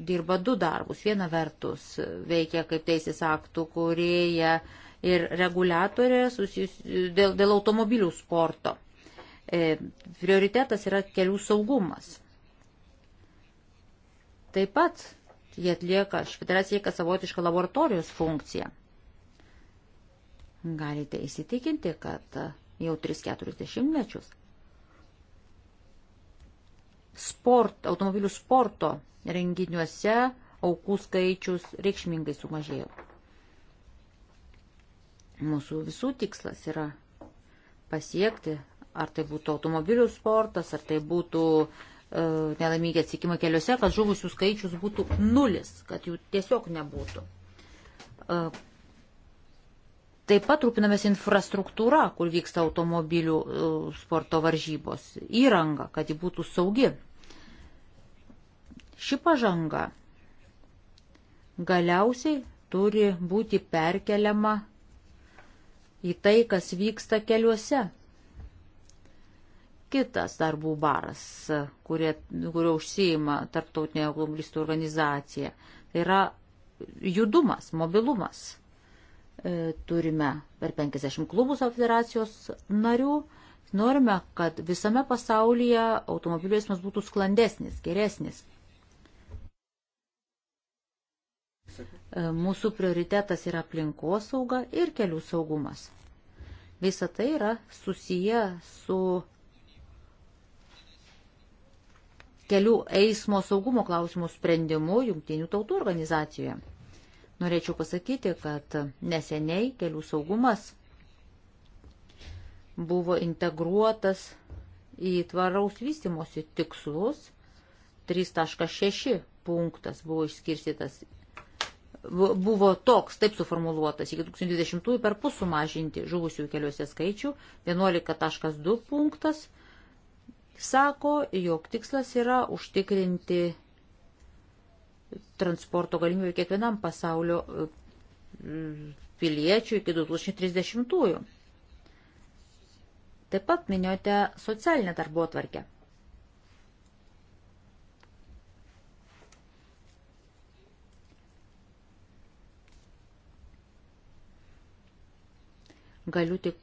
dirba du darbus. Viena vertus veikia kaip teisės aktų kurieja ir reguliatorė susijus, dėl, dėl automobilių sporto. E, prioritetas yra kelių saugumas. Taip pat jie atlieka, federacija atlieka savotišką laboratorijos funkciją galite įsitikinti, kad jau 3-40 mečius sport, automobilių sporto renginiuose aukų skaičius reikšmingai sumažėjo. Mūsų visų tikslas yra pasiekti, ar tai būtų automobilių sportas, ar tai būtų e, nelaimingi atsikimai keliuose, kad žuvusių skaičius būtų nulis, kad jų tiesiog nebūtų. E, Taip pat rūpinamės infrastruktūra, kur vyksta automobilių e, sporto varžybos, įranga, kad ji būtų saugi. Ši pažanga galiausiai turi būti perkeliama į tai, kas vyksta keliuose. Kitas darbų baras, kurie, kurio užsijima tarptautinė automobilistų organizacija, tai yra judumas, mobilumas E, turime per 50 klubų savo federacijos narių. Norime, kad visame pasaulyje automobilių eismas būtų sklandesnis, geresnis. E, mūsų prioritetas yra aplinkosauga ir kelių saugumas. Visa tai yra susiję su kelių eismo saugumo klausimų sprendimu Jungtinių tautų organizacijoje. Norėčiau pasakyti, kad neseniai kelių saugumas buvo integruotas į tvaraus vystimosi tikslus. 3.6 punktas buvo išskirstytas, buvo toks, taip suformuluotas, iki 2020 per pus sumažinti žuvusių keliuose skaičių. 11.2 punktas sako, jog tikslas yra užtikrinti transporto galimybių kiekvienam pasaulio e, piliečiui iki 2030-ųjų. Taip pat minėjote socialinę darbo atvarkę. Galiu tik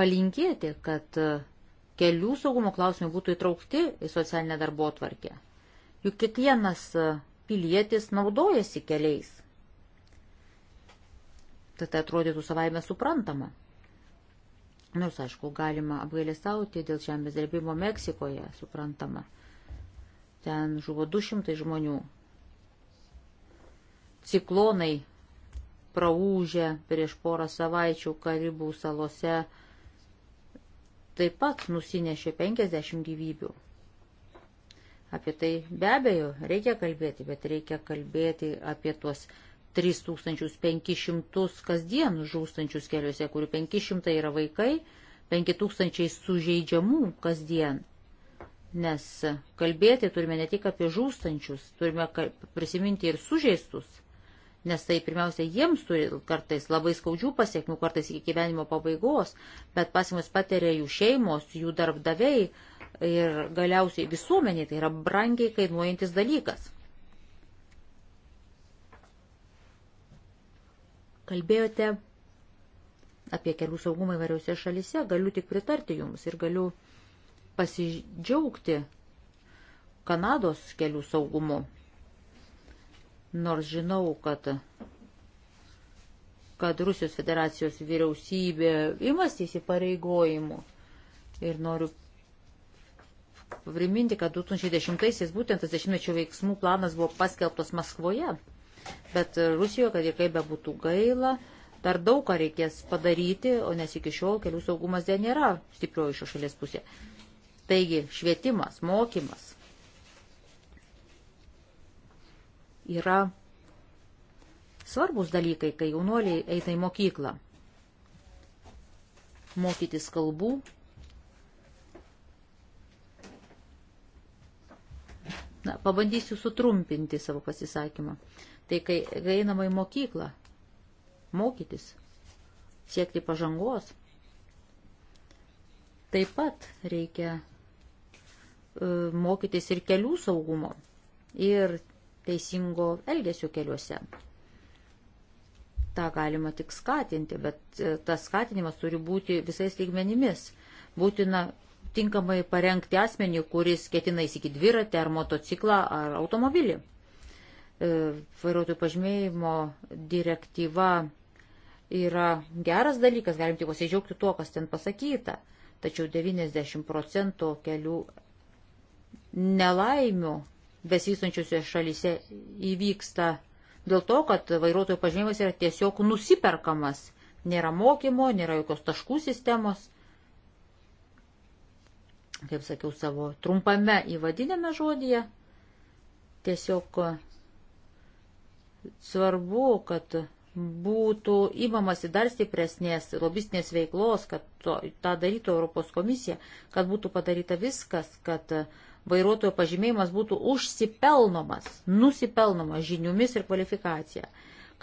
palinkėti, kad kelių saugumo klausimai būtų įtraukti į socialinę darbo atvarkę. Juk kiekvienas pilietis naudojasi keliais. Tad tai atrodytų savaime suprantama. Nors, aišku, galima apgailestauti dėl žemės drebimo Meksikoje, suprantama. Ten žuvo 200 žmonių. Ciklonai praūžė prieš porą savaičių Karibų salose taip pat nusinešė 50 gyvybių. Apie tai be abejo reikia kalbėti, bet reikia kalbėti apie tuos 3500 kasdien žūstančius keliuose, kurių 500 yra vaikai, 5000 sužeidžiamų kasdien. Nes kalbėti turime ne tik apie žūstančius, turime prisiminti ir sužeistus, nes tai pirmiausia jiems turi kartais labai skaudžių pasiekmių, kartais iki gyvenimo pabaigos, bet pasimus patiria jų šeimos, jų darbdaviai, ir galiausiai visuomeniai tai yra brangiai kainuojantis dalykas. Kalbėjote apie kelių saugumą įvairiausiose šalise, galiu tik pritarti jums ir galiu pasidžiaugti Kanados kelių saugumu. Nors žinau, kad, kad Rusijos federacijos vyriausybė imasi įsipareigojimų ir noriu priminti, kad 2010-aisiais būtent tas dešimtmečio veiksmų planas buvo paskelbtas Maskvoje. Bet Rusijoje, kad ir kaip bebūtų gaila, dar daug ką reikės padaryti, o nes iki šiol kelių saugumas dėl nėra stiprioji šios šalies pusė. Taigi švietimas, mokymas yra svarbus dalykai, kai jaunuoliai eina į mokyklą. Mokytis kalbų, Na, pabandysiu sutrumpinti savo pasisakymą. Tai kai einama į mokyklą, mokytis, siekti pažangos, taip pat reikia e, mokytis ir kelių saugumo, ir teisingo elgesio keliuose. Ta galima tik skatinti, bet e, tas skatinimas turi būti visais lygmenimis. Būtina tinkamai parengti asmenį, kuris ketina įsigyti dviratį ar motociklą ar automobilį. E, vairuotojų pažymėjimo direktyva yra geras dalykas, galim tik pasidžiaugti tuo, kas ten pasakyta, tačiau 90 procentų kelių nelaimių besivystančiuose šalyse įvyksta dėl to, kad vairuotojų pažymėjimas yra tiesiog nusiperkamas. Nėra mokymo, nėra jokios taškų sistemos kaip sakiau, savo trumpame įvadinėme žodyje. Tiesiog svarbu, kad būtų įmamasi dar stipresnės lobistinės veiklos, kad to, tą darytų Europos komisija, kad būtų padaryta viskas, kad vairuotojo pažymėjimas būtų užsipelnomas, nusipelnomas žiniomis ir kvalifikacija.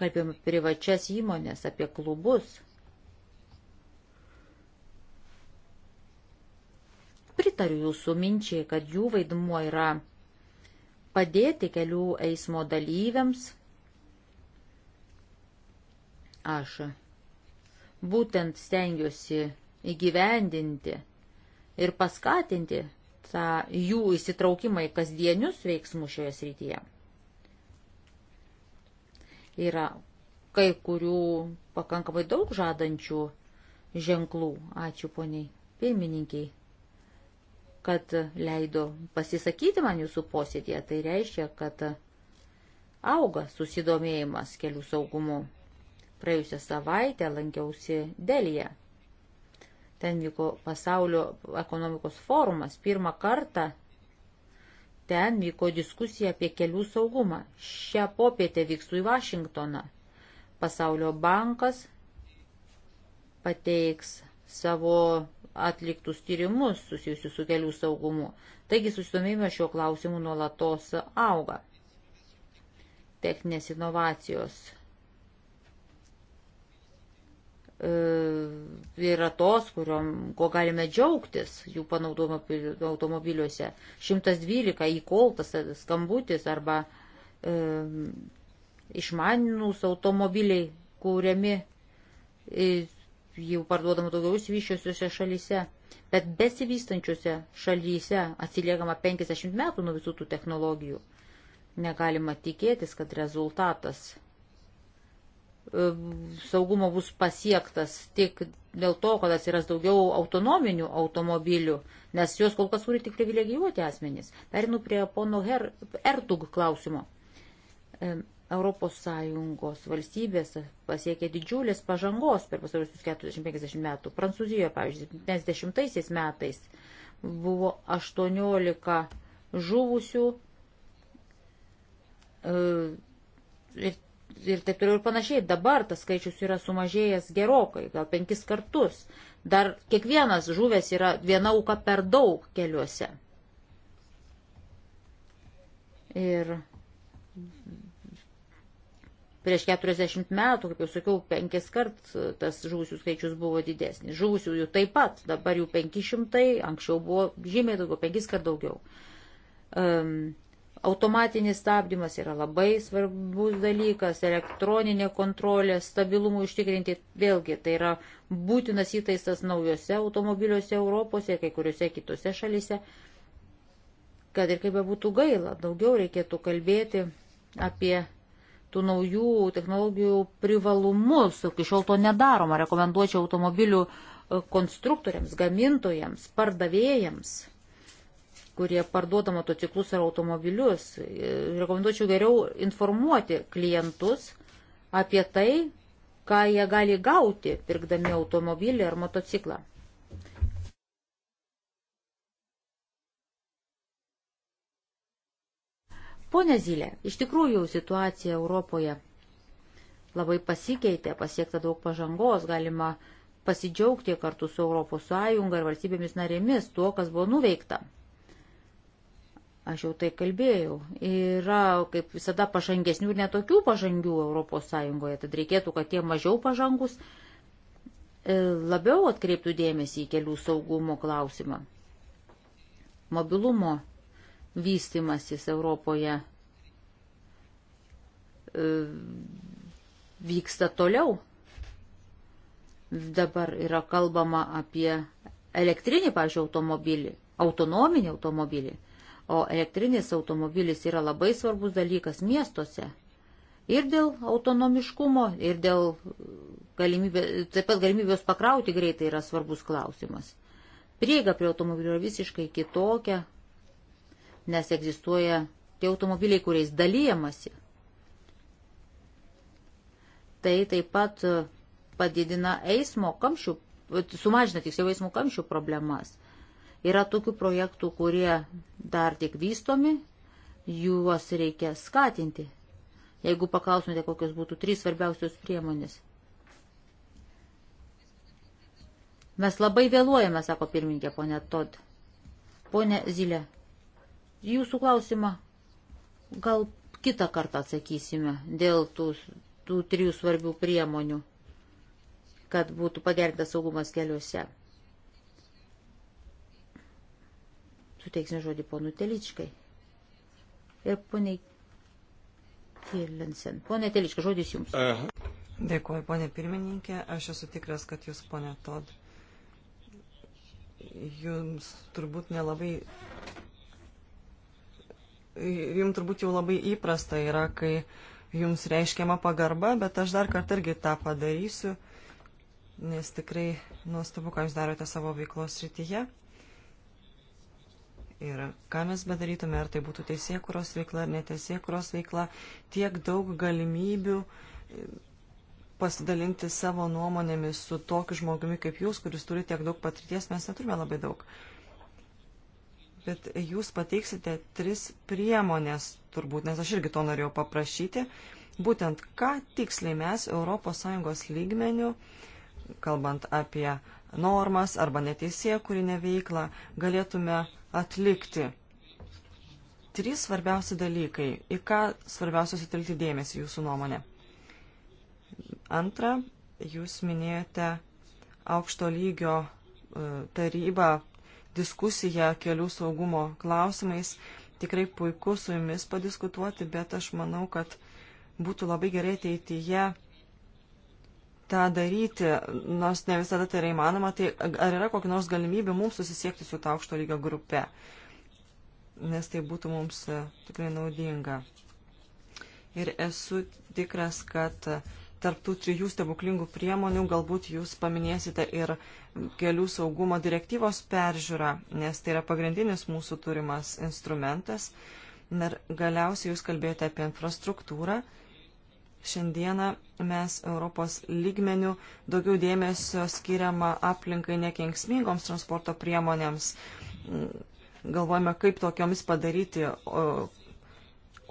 Kalbėjome privačias įmonės, apie klubus, pritariu jūsų minčiai, kad jų vaidmuo yra padėti kelių eismo dalyviams. Aš būtent stengiuosi įgyvendinti ir paskatinti tą jų įsitraukimą į kasdienius veiksmus šioje srityje. Yra kai kurių pakankamai daug žadančių ženklų. Ačiū poniai pirmininkiai kad leido pasisakyti man jūsų posėdėje. Tai reiškia, kad auga susidomėjimas kelių saugumu. Praėjusią savaitę lankiausi Delija. Ten vyko pasaulio ekonomikos forumas. Pirmą kartą ten vyko diskusija apie kelių saugumą. Šią popietę vyksiu į Vašingtoną. Pasaulio bankas pateiks savo atliktus tyrimus susijusius su kelių saugumu. Taigi susidomėjimas šiuo klausimu nuolatos auga. Techninės inovacijos e, yra tos, kuriom, ko galime džiaugtis jų panaudojimo automobiliuose. 112 įkoltas skambutis arba e, išmaninus automobiliai kūriami jų parduodama daugiau išsivyščiusiuose šalyse, bet besivystančiuose šalyse atsiliekama 50 metų nuo visų tų technologijų. Negalima tikėtis, kad rezultatas e, saugumo bus pasiektas tik dėl to, kad atsiras daugiau autonominių automobilių, nes juos kol kas turi tik privilegijuoti asmenys. Perinu prie pono Her, Ertug klausimo. E, ES valstybės pasiekė didžiulės pažangos per pasarusius 40-50 metų. Prancūzijoje, pavyzdžiui, 70 metais buvo 18 žuvusių e, ir, ir taip toliau ir panašiai. Dabar tas skaičius yra sumažėjęs gerokai, gal penkis kartus. Dar kiekvienas žuvęs yra viena auka per daug keliuose. Ir Prieš 40 metų, kaip jau sakiau, penkis kart e, tas žuvusių skaičius buvo didesnis. Žuvusių jų taip pat, dabar jų 500, anksčiau buvo žymiai daugiau, penkis kart daugiau. Um, automatinis stabdymas yra labai svarbus dalykas, elektroninė kontrolė, stabilumų užtikrinti, vėlgi tai yra būtinas įtaisas naujose automobiliuose Europose, kai kuriuose kitose šalise. Kad ir kaip bebūtų gaila, daugiau reikėtų kalbėti apie tų naujų technologijų privalumus. Iki šiol to nedaroma. Rekomenduočiau automobilių e, konstruktoriams, gamintojams, pardavėjams, kurie parduoda motociklus ar automobilius. E, rekomenduočiau geriau informuoti klientus apie tai, ką jie gali gauti, pirkdami automobilį ar motociklą. Pone Zylė, iš tikrųjų situacija Europoje labai pasikeitė, pasiekta daug pažangos, galima pasidžiaugti kartu su Europos Sąjunga ir valstybėmis narėmis tuo, kas buvo nuveikta. Aš jau tai kalbėjau. Yra, kaip visada, pažangesnių ir netokių pažangių Europos Sąjungoje, tad reikėtų, kad tie mažiau pažangus e, labiau atkreiptų dėmesį į kelių saugumo klausimą. Mobilumo vystimasis Europoje e, vyksta toliau. Dabar yra kalbama apie elektrinį, pažiūrėjau, automobilį, autonominį automobilį. O elektrinis automobilis yra labai svarbus dalykas miestuose. Ir dėl autonomiškumo, ir dėl galimybės, taip pat galimybės pakrauti greitai yra svarbus klausimas. Prieiga prie automobilio yra visiškai kitokia, nes egzistuoja tie automobiliai, kuriais dalyjamasi. Tai taip pat padidina eismo kamščių, sumažina tiksliau eismo kamščių problemas. Yra tokių projektų, kurie dar tik vystomi, juos reikia skatinti. Jeigu paklausumėte, kokios būtų trys svarbiausios priemonės. Mes labai vėluojame, sako pirmininkė ponė Tod. Pone Zilė, Jūsų klausimą gal kitą kartą atsakysime dėl tų, tų trijų svarbių priemonių, kad būtų pagerintas saugumas keliuose. Suteiksime žodį ponų Teličkai. Ir poniai Kilinsen. Pone Telička, žodis jums. Aha. Dėkuoju, ponė pirmininkė. Aš esu tikras, kad jūs, ponė Tod, jums turbūt nelabai jums turbūt jau labai įprasta yra, kai jums reiškiama pagarba, bet aš dar kartą irgi tą padarysiu, nes tikrai nuostabu, ką jūs darote savo veiklos rytyje. Ir ką mes bedarytume, ar tai būtų teisėkuros veikla ar neteisėkuros veikla, tiek daug galimybių e, pasidalinti savo nuomonėmis su tokiu žmogumi kaip jūs, kuris turi tiek daug patirties, mes neturime labai daug. Uh, bet jūs pateiksite tris priemonės, turbūt, nes aš irgi to norėjau paprašyti. Būtent ką tiksliai mes ES lygmenių, kalbant apie normas arba neteisėje kūrinę veiklą, galėtume atlikti. Trys svarbiausi dalykai, į ką svarbiausia sutelkti dėmesį jūsų nuomonė. Antra, jūs minėjote aukšto lygio e, tarybą diskusiją kelių saugumo klausimais. Tikrai puiku su jumis padiskutuoti, bet aš manau, kad būtų labai gerai ateityje tą daryti, nors ne visada tai yra įmanoma. Tai ar yra kokia nors galimybė mums susisiekti su ta aukšto lygio grupe? Nes tai būtų mums e, tikrai naudinga. Ir esu tikras, kad uh, tarptų trijų stebuklingų priemonių galbūt jūs paminėsite ir kelių saugumo direktyvos peržiūrą, nes tai yra pagrindinis mūsų turimas instrumentas. Ir galiausiai jūs kalbėjote apie infrastruktūrą. Šiandieną mes Europos lygmenių daugiau dėmesio skiriama aplinkai nekenksmingoms transporto priemonėms. Galvojame, kaip tokiomis padaryti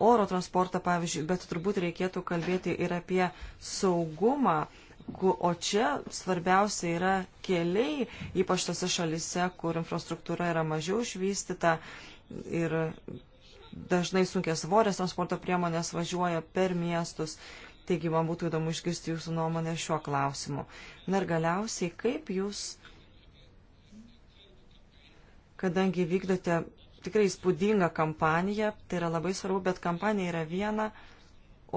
oro transportą, pavyzdžiui, bet turbūt reikėtų kalbėti ir apie saugumą. O čia svarbiausia yra keliai, ypač tose šalise, kur infrastruktūra yra mažiau išvystyta ir dažnai sunkia svorės transporto priemonės važiuoja per miestus. Taigi man būtų įdomu išgirsti jūsų nuomonę šiuo klausimu. Na ir galiausiai, kaip jūs kadangi vykdote tikrai įspūdinga kampanija, tai yra labai svarbu, bet kampanija yra viena,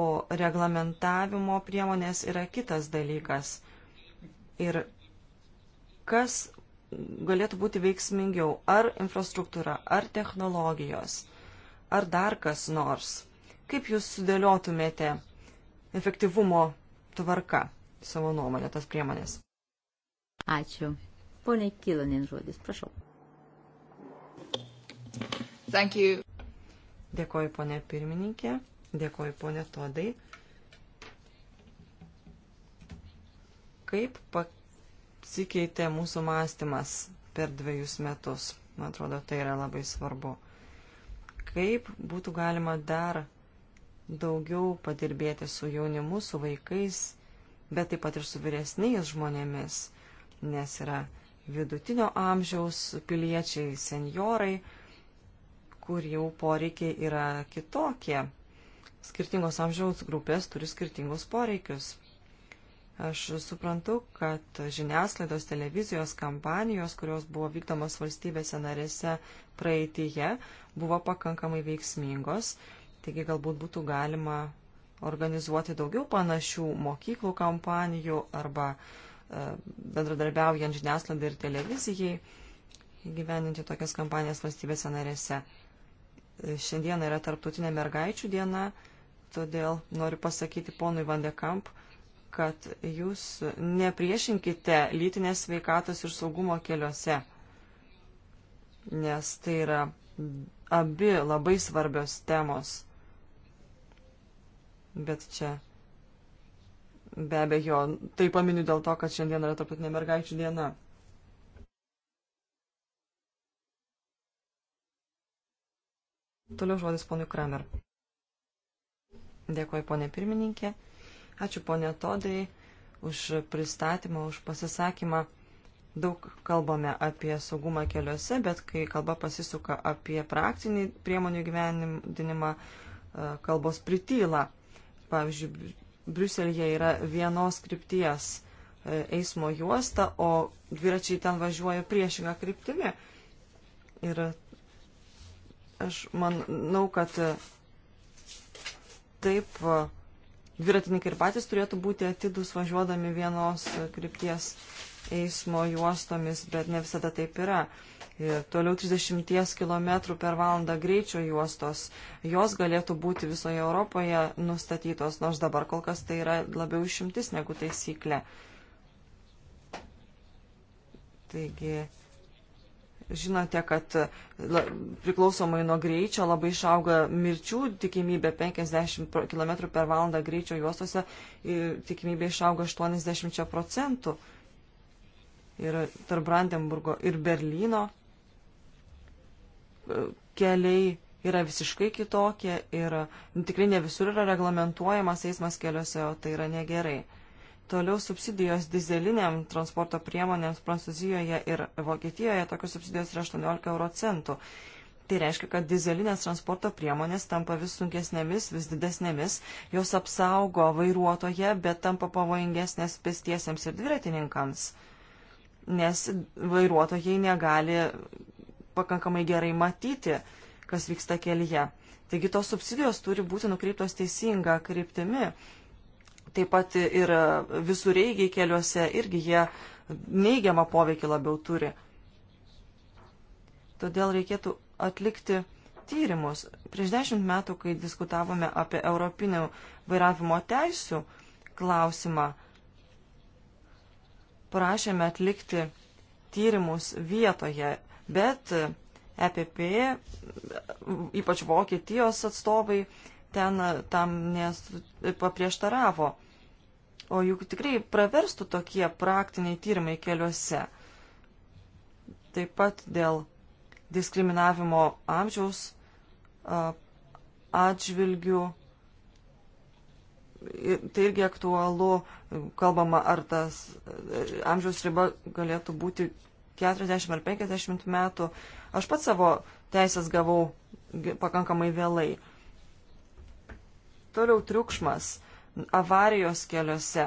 o reglamentavimo priemonės yra kitas dalykas. Ir kas galėtų būti veiksmingiau, ar infrastruktūra, ar technologijos, ar dar kas nors. Kaip jūs sudėliotumėte efektyvumo tvarka savo nuomonę tas priemonės? Ačiū. Pone Kilonin žodis, prašau. Thank you. Dėkoju, ponė pirmininkė. Dėkoju, ponė Todai. Kaip pasikeitė mūsų mąstymas per dviejus metus? Man atrodo, tai yra labai svarbu. Kaip būtų galima dar daugiau padirbėti su jaunimu, su vaikais, bet taip pat ir su vyresniais žmonėmis, nes yra vidutinio amžiaus piliečiai, seniorai, kur jau poreikiai yra kitokie. Skirtingos amžiaus grupės turi skirtingus poreikius. Aš suprantu, kad žiniasklaidos televizijos kampanijos, kurios buvo vykdomos valstybėse narėse praeitįje, buvo pakankamai veiksmingos, taigi galbūt būtų galima organizuoti daugiau panašių mokyklų kampanijų arba e, bendradarbiaujant žiniasklaidai ir televizijai įgyveninti tokias kampanijas valstybėse narėse šiandien yra tarptautinė mergaičių diena, todėl noriu pasakyti ponui Vandekamp, kad jūs nepriešinkite lytinės sveikatos ir saugumo keliuose, nes tai yra abi labai svarbios temos. Bet čia be abejo, tai paminiu dėl to, kad šiandien yra tarptautinė mergaičių diena. Toliau žodis ponui Kramer. Dėkuoju, ponė pirmininkė. Ačiū, ponė Todai, už pristatymą, už pasisakymą. Daug kalbame apie saugumą keliuose, bet kai kalba pasisuka apie praktinį priemonių gyvendinimą, e, kalbos prityla. Pavyzdžiui, Briuselėje yra vienos krypties e, eismo juosta, o dviračiai ten važiuoja priešingą kryptimį. Ir Aš manau, kad taip dviratininkai ir patys turėtų būti atidus važiuodami vienos krypties eismo juostomis, bet ne visada taip yra. Ir toliau 30 km per valandą greičio juostos, jos galėtų būti visoje Europoje nustatytos, nors dabar kol kas tai yra labiau išimtis negu taisyklė. Taigi, Žinote, kad priklausomai nuo greičio labai išauga mirčių tikimybė 50 km per valandą greičio juostose, tikimybė išauga 80 procentų. Ir tarp Brandenburgo ir Berlyno e, keliai yra visiškai kitokie ir nu, tikrai ne visur yra reglamentuojamas eismas keliuose, o tai yra negerai. Toliau subsidijos dizeliniam transporto priemonėms Prancūzijoje ir Vokietijoje tokios subsidijos yra 18 euro centų. Tai reiškia, kad dizelinės transporto priemonės tampa vis sunkesnėmis, vis didesnėmis, jos apsaugo vairuotoje, bet tampa pavojingesnės pėstiesiems ir dviratininkams, nes vairuotojai negali pakankamai gerai matyti, kas vyksta kelyje. Taigi tos subsidijos turi būti nukreiptos teisinga kryptimi taip pat ir visureigiai keliuose irgi jie neigiamą poveikį labiau turi. Todėl reikėtų atlikti tyrimus. Prieš dešimt metų, kai diskutavome apie europinių vairavimo teisų klausimą, prašėme atlikti tyrimus vietoje, bet EPP, ypač Vokietijos atstovai, ten tam nesu, paprieštaravo. O juk tikrai praverstų tokie praktiniai tyrimai keliuose. Taip pat dėl diskriminavimo amžiaus atžvilgių. Tai irgi aktualu, kalbama, ar tas e, amžiaus riba galėtų būti 40 ar 50 metų. Aš pat savo teisės gavau pakankamai vėlai. Toliau triukšmas avarijos keliuose.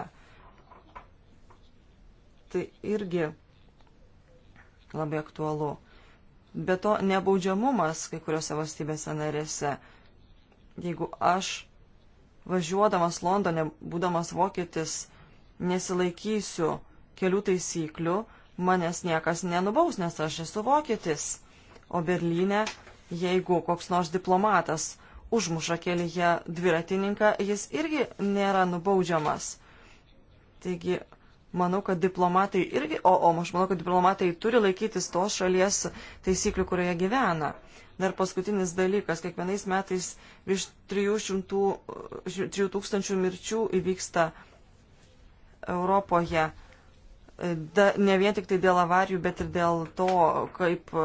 Tai irgi labai aktualu. Be to, nebaudžiamumas kai kuriuose valstybėse narėse. Jeigu aš važiuodamas Londone, būdamas vokietis, nesilaikysiu kelių taisyklių, manęs niekas nenubaus, nes aš esu vokietis. O Berlyne, jeigu koks nors diplomatas užmuša kelyje dviratininką, jis irgi nėra nubaudžiamas. Taigi, manau, kad diplomatai irgi, o, o aš manau, kad diplomatai turi laikytis tos šalies taisyklių, kurioje gyvena. Dar paskutinis dalykas, kiekvienais metais virš 300, 3000 mirčių įvyksta Europoje. Da, ne vien tik tai dėl avarijų, bet ir dėl to, kaip e,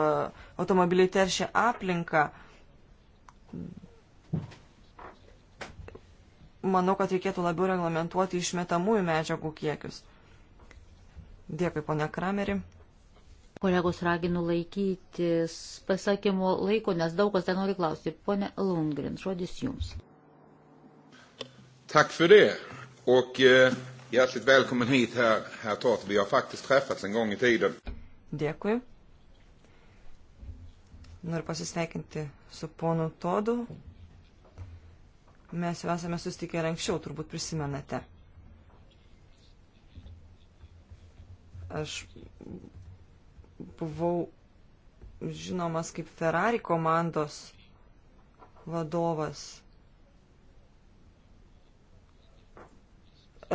automobiliai teršia aplinką manau, kad reikėtų labiau reglamentuoti išmetamųjų medžiagų kiekius. Dėkui, ponia Krameri. Kolegos raginu laikytis pasakymo laiko, nes daug kas ten nori klausti. Pone Lundgren, žodis jums. Tak för det. Och eh, hjärtligt välkommen hit, herr, herr Torp. Vi har faktiskt träffats en gång i tiden. Dėkui. Noriu pasisveikinti su ponu Todu. Mes jau esame sustikę ir anksčiau, turbūt prisimenate. Aš buvau žinomas kaip Ferrari komandos vadovas.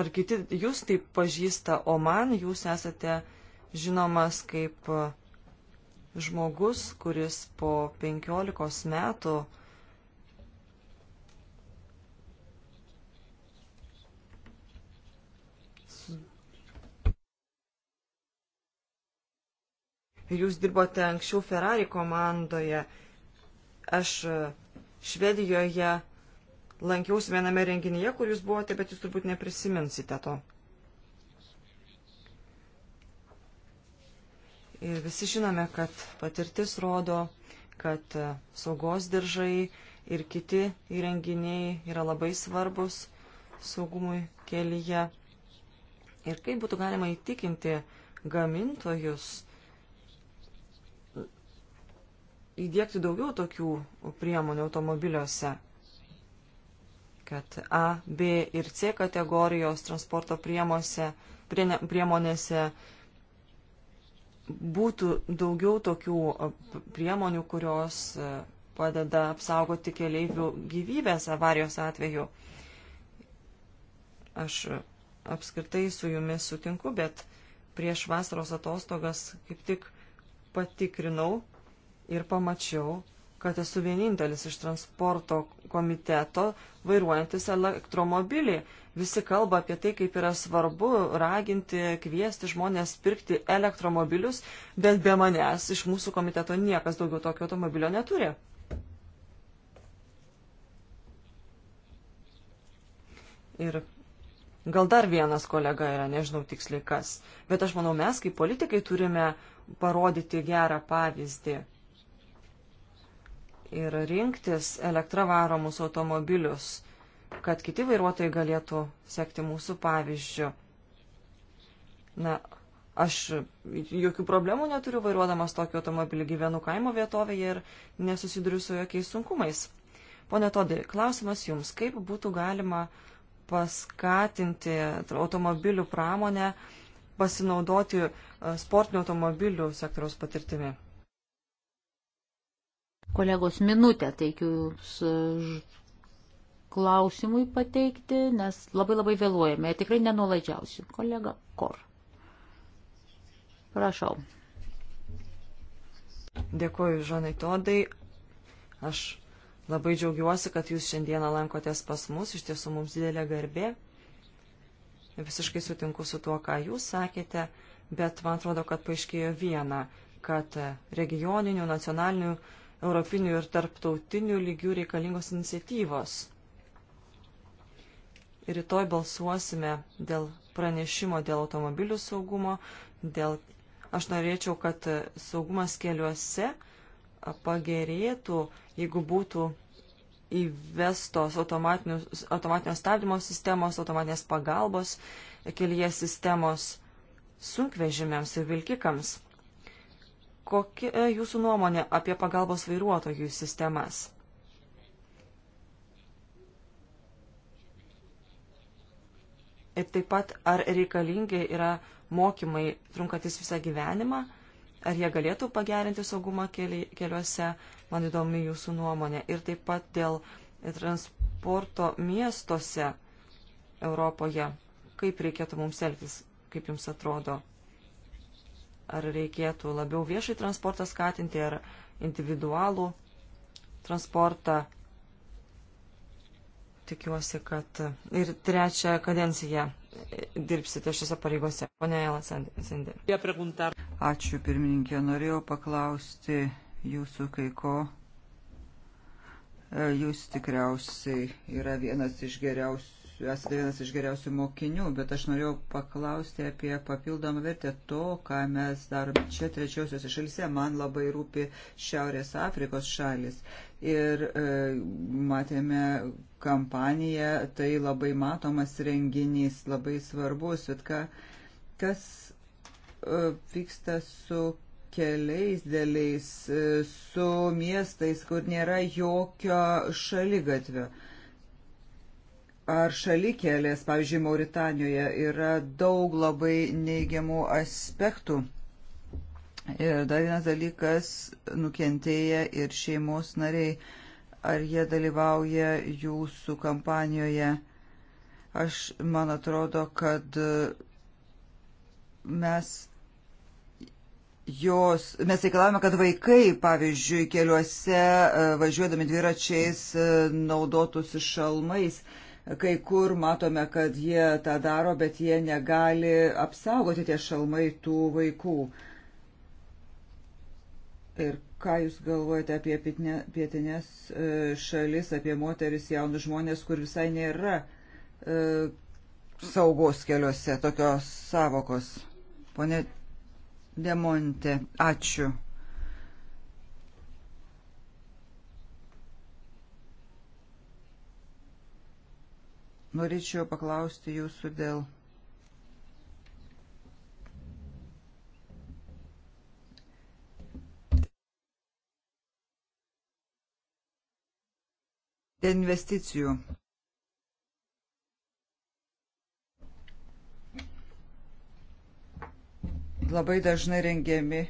Ar kiti jūs taip pažįsta, o man jūs esate žinomas kaip žmogus, kuris po 15 metų Jūs dirbote anksčiau Ferrari komandoje. Aš e, Švedijoje lankiausi viename renginyje, kur jūs buvote, bet jūs turbūt neprisiminsite to. Ir visi žinome, kad patirtis rodo, kad e, saugos diržai ir kiti įrenginiai yra labai svarbus saugumui kelyje. Ir kaip būtų galima įtikinti gamintojus, įdėkti daugiau tokių priemonių automobiliuose, kad A, B ir C kategorijos transporto priemose, prie, priemonėse būtų daugiau tokių priemonių, kurios padeda apsaugoti keleivių gyvybės avarijos atveju. Aš apskritai su jumis sutinku, bet prieš vasaros atostogas kaip tik patikrinau ir pamačiau, kad esu vienintelis iš transporto komiteto vairuojantis elektromobilį. Visi kalba apie tai, kaip yra svarbu raginti, kviesti žmonės pirkti elektromobilius, bet be manęs iš mūsų komiteto niekas daugiau tokio automobilio neturi. Ir gal dar vienas kolega yra, nežinau tiksliai kas, bet aš manau, mes kaip politikai turime parodyti gerą pavyzdį ir rinktis elektra varomus automobilius, kad kiti vairuotojai galėtų sekti mūsų pavyzdžių. Na, aš jokių problemų neturiu vairuodamas tokį automobilį, gyvenu kaimo vietovėje ir nesusiduriu su jokiais sunkumais. Pone Todai, klausimas jums, kaip būtų galima paskatinti automobilių pramonę pasinaudoti e, sportinių automobilių sektoriaus patirtimi? Kolegos minutę teikiu e, klausimui pateikti, nes labai labai vėluojame. Tikrai nenulaidžiausiu. Kolega Kor. Prašau. Dėkuoju, Žanai Todai. Aš labai džiaugiuosi, kad jūs šiandieną lankotės pas mus. Iš tiesų mums didelė garbė. Visiškai sutinku su tuo, ką jūs sakėte, bet man atrodo, kad paaiškėjo viena, kad regioninių, nacionalinių europinių ir tarptautinių lygių reikalingos iniciatyvos. Rytoj balsuosime dėl pranešimo dėl automobilių saugumo, dėl aš norėčiau, kad saugumas keliuose pagerėtų, jeigu būtų įvestos automatinio stabdymo sistemos, automatinės pagalbos kelyje sistemos sunkvežimiams ir vilkikams kokia e, jūsų nuomonė apie pagalbos vairuotojų sistemas? Ir taip pat, ar reikalingi yra mokymai trunkantis visą gyvenimą, ar jie galėtų pagerinti saugumą keliuose, man įdomi jūsų nuomonė. Ir taip pat dėl transporto miestuose Europoje, kaip reikėtų mums elgtis, kaip jums atrodo ar reikėtų labiau viešai transportą skatinti, ar individualų transportą. Tikiuosi, kad ir trečią kadenciją dirbsite šiose pareigose. Pone Jela Sendė. Ačiū pirmininkė, norėjau paklausti jūsų kai ko. E, jūs tikriausiai yra vienas iš geriausių esate vienas iš geriausių mokinių, bet aš norėjau paklausti apie papildomą vertę to, ką mes darome čia trečiosiuose šalise. Man labai rūpi Šiaurės Afrikos šalis. Ir e, matėme kampaniją, tai labai matomas renginys, labai svarbus, bet ką, kas e, vyksta su keliais dėliais, e, su miestais, kur nėra jokio šaligatvio. E, ar šalikelės, pavyzdžiui, Mauritanijoje yra daug labai neigiamų aspektų. Ir dar vienas dalykas - nukentėję ir šeimos nariai. Ar jie dalyvauja jūsų kampanijoje? Aš, man atrodo, kad mes jos, mes reikalavome, kad vaikai, pavyzdžiui, keliuose e, važiuodami dviračiais e, naudotųsi šalmais. Kai kur matome, kad jie tą daro, bet jie negali apsaugoti tie šalmai tų vaikų. Ir ką Jūs galvojate apie pietinės e, šalis, apie moteris, jaunus žmonės, kur visai nėra e, saugos keliuose tokios savokos? Pone Demonte, ačiū. Norėčiau paklausti jūsų dėl investicijų. Labai dažnai rengiami e,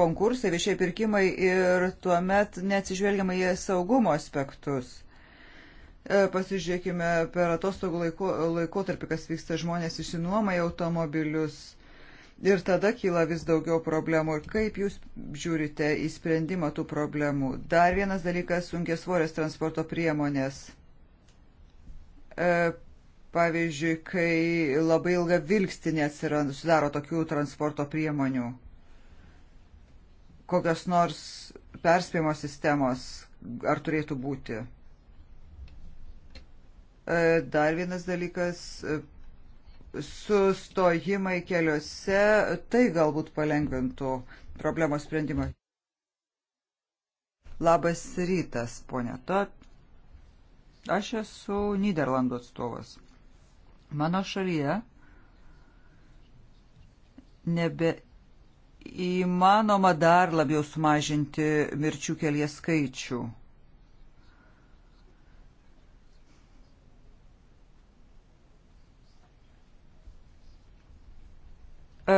konkursai, viešiai pirkimai ir tuomet neatsižvelgiama į saugumo aspektus. E, pasižiūrėkime per atostogų laiko, laikotarpį, kas vyksta, žmonės išsinuomoja automobilius. Ir tada kyla vis daugiau problemų. Ir kaip jūs žiūrite į sprendimą tų problemų? Dar vienas dalykas - sunkiasvorės transporto priemonės. E, pavyzdžiui, kai labai ilga vilkstinė atsiranda, sudaro tokių transporto priemonių. Kokios nors perspėjimo sistemos ar turėtų būti? E, dar vienas dalykas e, - sustojimai keliuose, tai galbūt palengvintų problemos sprendimą. Labas rytas, ponia Tot. Aš esu Niderlandų atstovas. Mano šalyje nebe įmanoma dar labiau sumažinti mirčių kelies skaičių. E,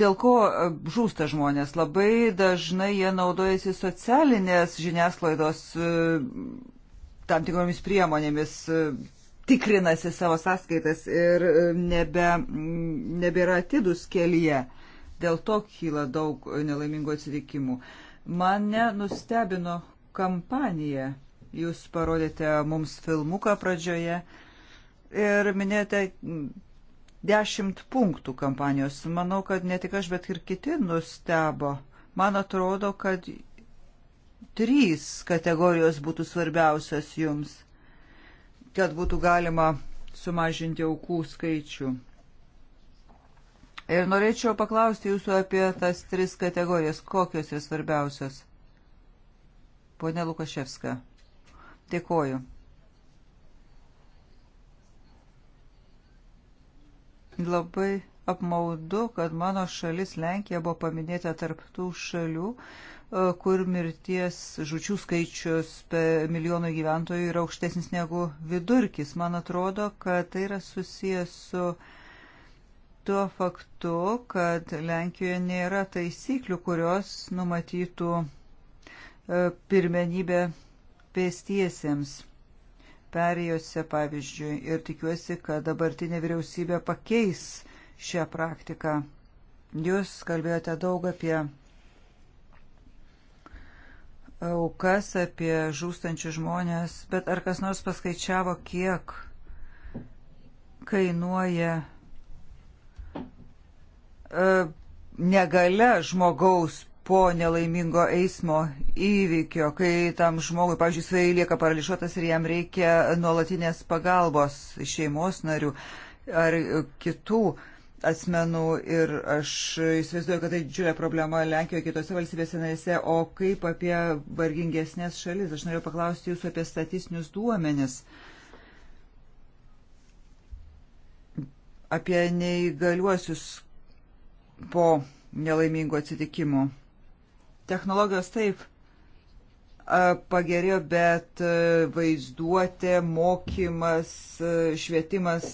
dėl ko e, žūsta žmonės. Labai dažnai jie naudojasi socialinės žiniasklaidos e, tam tikromis priemonėmis, tikrinasi savo sąskaitas ir nebe, nebėra atidus kelyje. Dėl to kyla daug nelaimingų atsitikimų. Mane nustebino kampanija. Jūs parodėte mums filmuką pradžioje ir minėjote dešimt punktų kampanijos. Manau, kad ne tik aš, bet ir kiti nustebo. Man atrodo, kad trys kategorijos būtų svarbiausias jums, kad būtų galima sumažinti aukų skaičių. Ir norėčiau paklausti jūsų apie tas tris kategorijas, kokios yra svarbiausios. Pone Lukaševska, dėkoju. Labai apmaudu, kad mano šalis Lenkija buvo paminėta tarptų šalių, e, kur mirties žučių skaičius per milijonų gyventojų yra aukštesnis negu vidurkis. Man atrodo, kad tai yra susijęs su tuo faktu, kad Lenkijoje nėra taisyklių, kurios numatytų e, pirmenybę pėstiesiems perėjose, pavyzdžiui, ir tikiuosi, kad dabartinė vyriausybė pakeis šią praktiką. Jūs kalbėjote daug apie aukas, apie žūstančius žmonės, bet ar kas nors paskaičiavo, kiek kainuoja e, negale žmogaus po nelaimingo eismo įvykio, kai tam žmogui, pavyzdžiui, jisai lieka paralyžiuotas ir jam reikia nuolatinės pagalbos šeimos narių ar kitų asmenų ir aš įsivaizduoju, kad tai didžiulė problema Lenkijoje, kitose valstybėse narėse, o kaip apie vargingesnės šalis? Aš noriu paklausti jūsų apie statistinius duomenis. Apie neįgaliuosius po nelaimingo atsitikimo. Technologijos taip pagerėjo, bet vaizduotė, mokymas, švietimas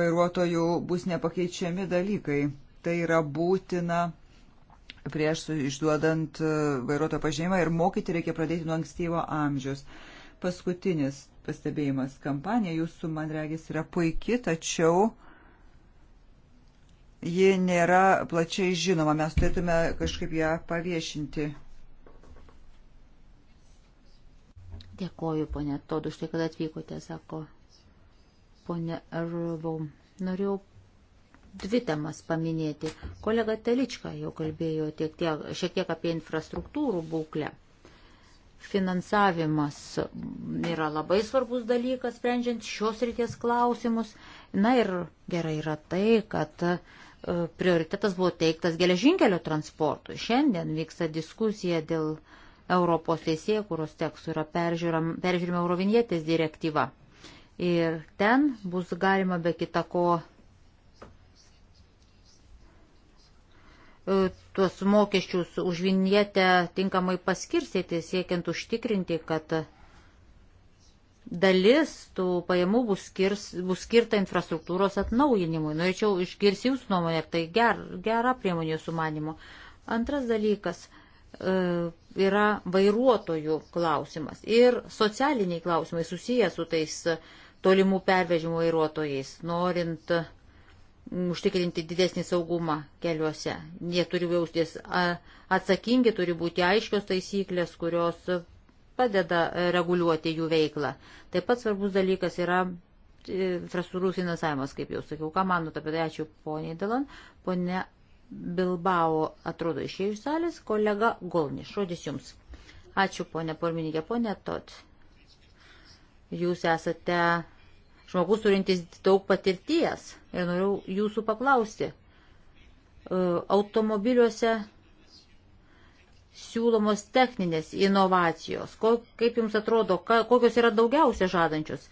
vairuotojų bus nepakeičiami dalykai. Tai yra būtina prieš išduodant vairuotojo pažymimą ir mokyti reikia pradėti nuo ankstyvo amžiaus. Paskutinis pastebėjimas. Kampanija jūsų, man regis, yra puikia, tačiau uh, ji nėra plačiai žinoma, mes turėtume kažkaip ją paviešinti. Dėkoju, ponė Todu, štai kad atvykote, sako ponė Ruvau. Norėjau dvi temas paminėti. Kolega Telička jau kalbėjo tiek, tiek, šiek tiek apie infrastruktūrų būklę. Finansavimas yra labai svarbus dalykas, sprendžiant šios ryties klausimus. Na ir gerai yra tai, kad uh, E, prioritetas buvo teiktas geležinkelio transportui. Šiandien vyksta diskusija dėl Europos teisėjų, kurios tekstų yra peržiūrima Eurovinietės direktyva. Ir ten bus galima be kita ko e, tuos mokesčius už vinietę tinkamai paskirstyti, siekiant užtikrinti, kad dalis tų pajamų bus, skirs, bus skirta infrastruktūros atnaujinimui. Norėčiau išgirsti jūsų nuomonę, ar tai ger, gera priemonė sumanimo. Antras dalykas e, yra vairuotojų klausimas ir socialiniai klausimai susiję su tais tolimų pervežimų vairuotojais, norint mm, užtikrinti didesnį saugumą keliuose. Jie turi jaustis atsakingi, turi būti aiškios taisyklės, kurios padeda e, reguliuoti jų veiklą. Taip pat svarbus dalykas yra e, infrastruktūrų finansavimas, kaip jau sakiau. Ką manote apie tai? Ačiū poniai Dalan. Pone Bilbao atrodo išėjo iš salės. Kolega Golnis, žodis jums. Ačiū ponė Pormininkė, ponė Tot. Jūs esate žmogus turintis daug patirties ir noriu jūsų paklausti. E, automobiliuose siūlomos techninės inovacijos? Ko, kaip jums atrodo, ka, kokios yra daugiausia žadančios?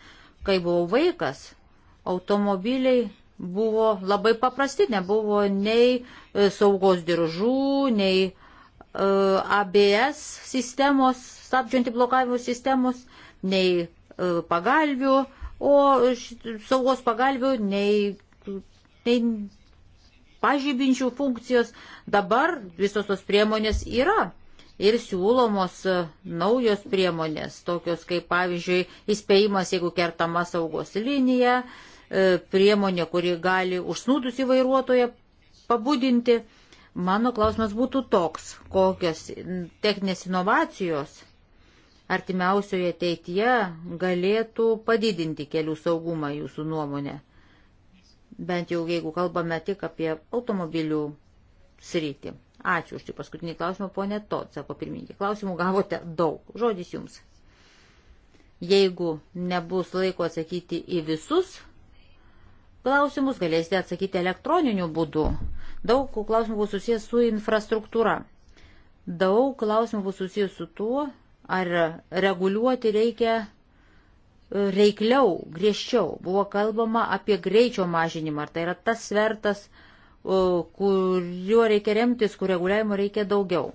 Kai buvau vaikas, automobiliai buvo labai paprasti, nebuvo nei e, saugos diržų, nei e, ABS sistemos, stabdžianti blokavimo sistemos, nei e, pagalvių, o saugos pagalvių, nei, nei pažybinčių funkcijos, dabar visos tos priemonės yra. Ir siūlomos e, naujos priemonės, tokios kaip pavyzdžiui įspėjimas, jeigu kertama saugos linija, e, priemonė, kuri gali užsnūdusi vairuotoją pabudinti. Mano klausimas būtų toks, kokios techninės inovacijos artimiausioje ateityje galėtų padidinti kelių saugumą jūsų nuomonė bent jau jeigu kalbame tik apie automobilių sritį. Ačiū už šį paskutinį klausimą, ponė Tod, sako pirmininkė. Klausimų gavote daug. Žodis jums. Jeigu nebus laiko atsakyti į visus klausimus, galėsite atsakyti elektroniniu būdu. Daug klausimų bus susijęs su infrastruktūra. Daug klausimų bus susijęs su tuo, ar reguliuoti reikia reikliau, griežčiau. Buvo kalbama apie greičio mažinimą, ar tai yra tas svertas, kuriuo reikia remtis, kur reguliavimo reikia daugiau.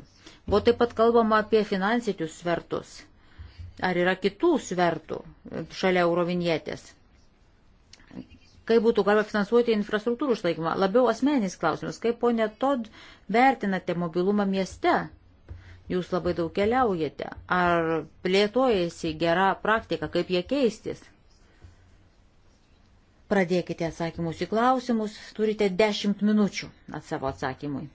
Buvo taip pat kalbama apie finansinius svertus. Ar yra kitų svertų šalia eurovinietės? Kaip būtų galima finansuoti infrastruktūrų išlaikymą? Labiau asmeninis klausimas. Kaip ponė Tod vertinate mobilumą mieste? Jūs labai daug keliaujate. Ar plėtojasi gera praktika, kaip jie keistis? Pradėkite atsakymus į klausimus, turite 10 minučių at savo atsakymui.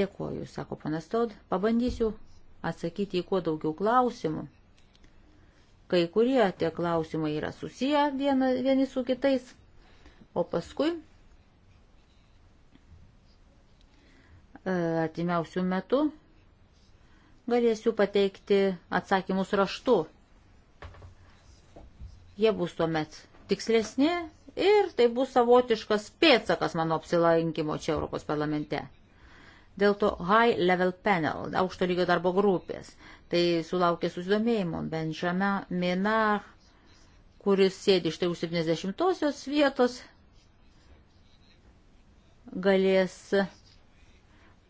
Dėkuoju, sako panas Tod, pabandysiu atsakyti į kuo daugiau klausimų. Kai kurie tie klausimai yra susiję viena, vieni su kitais, o paskui E, artimiausių metų galėsiu pateikti atsakymus raštu. Jie bus tuomet tikslesni ir tai bus savotiškas pėtsakas mano apsilankimo čia Europos parlamente. Dėl to High Level Panel, aukšto lygio darbo grupės, tai sulaukė susidomėjimo Benžame Minar, kuris sėdi štai už 70-osios vietos, galės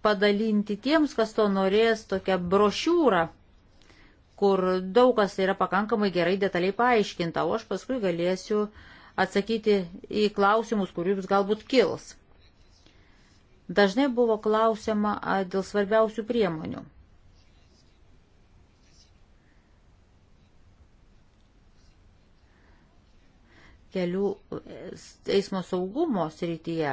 padalinti tiems, kas to norės, tokią brošiūrą, kur daug kas yra pakankamai gerai detaliai paaiškinta, o aš paskui galėsiu atsakyti į klausimus, kuriuos galbūt kils. Dažnai buvo klausima dėl svarbiausių priemonių. Kelių e, eismo saugumo srityje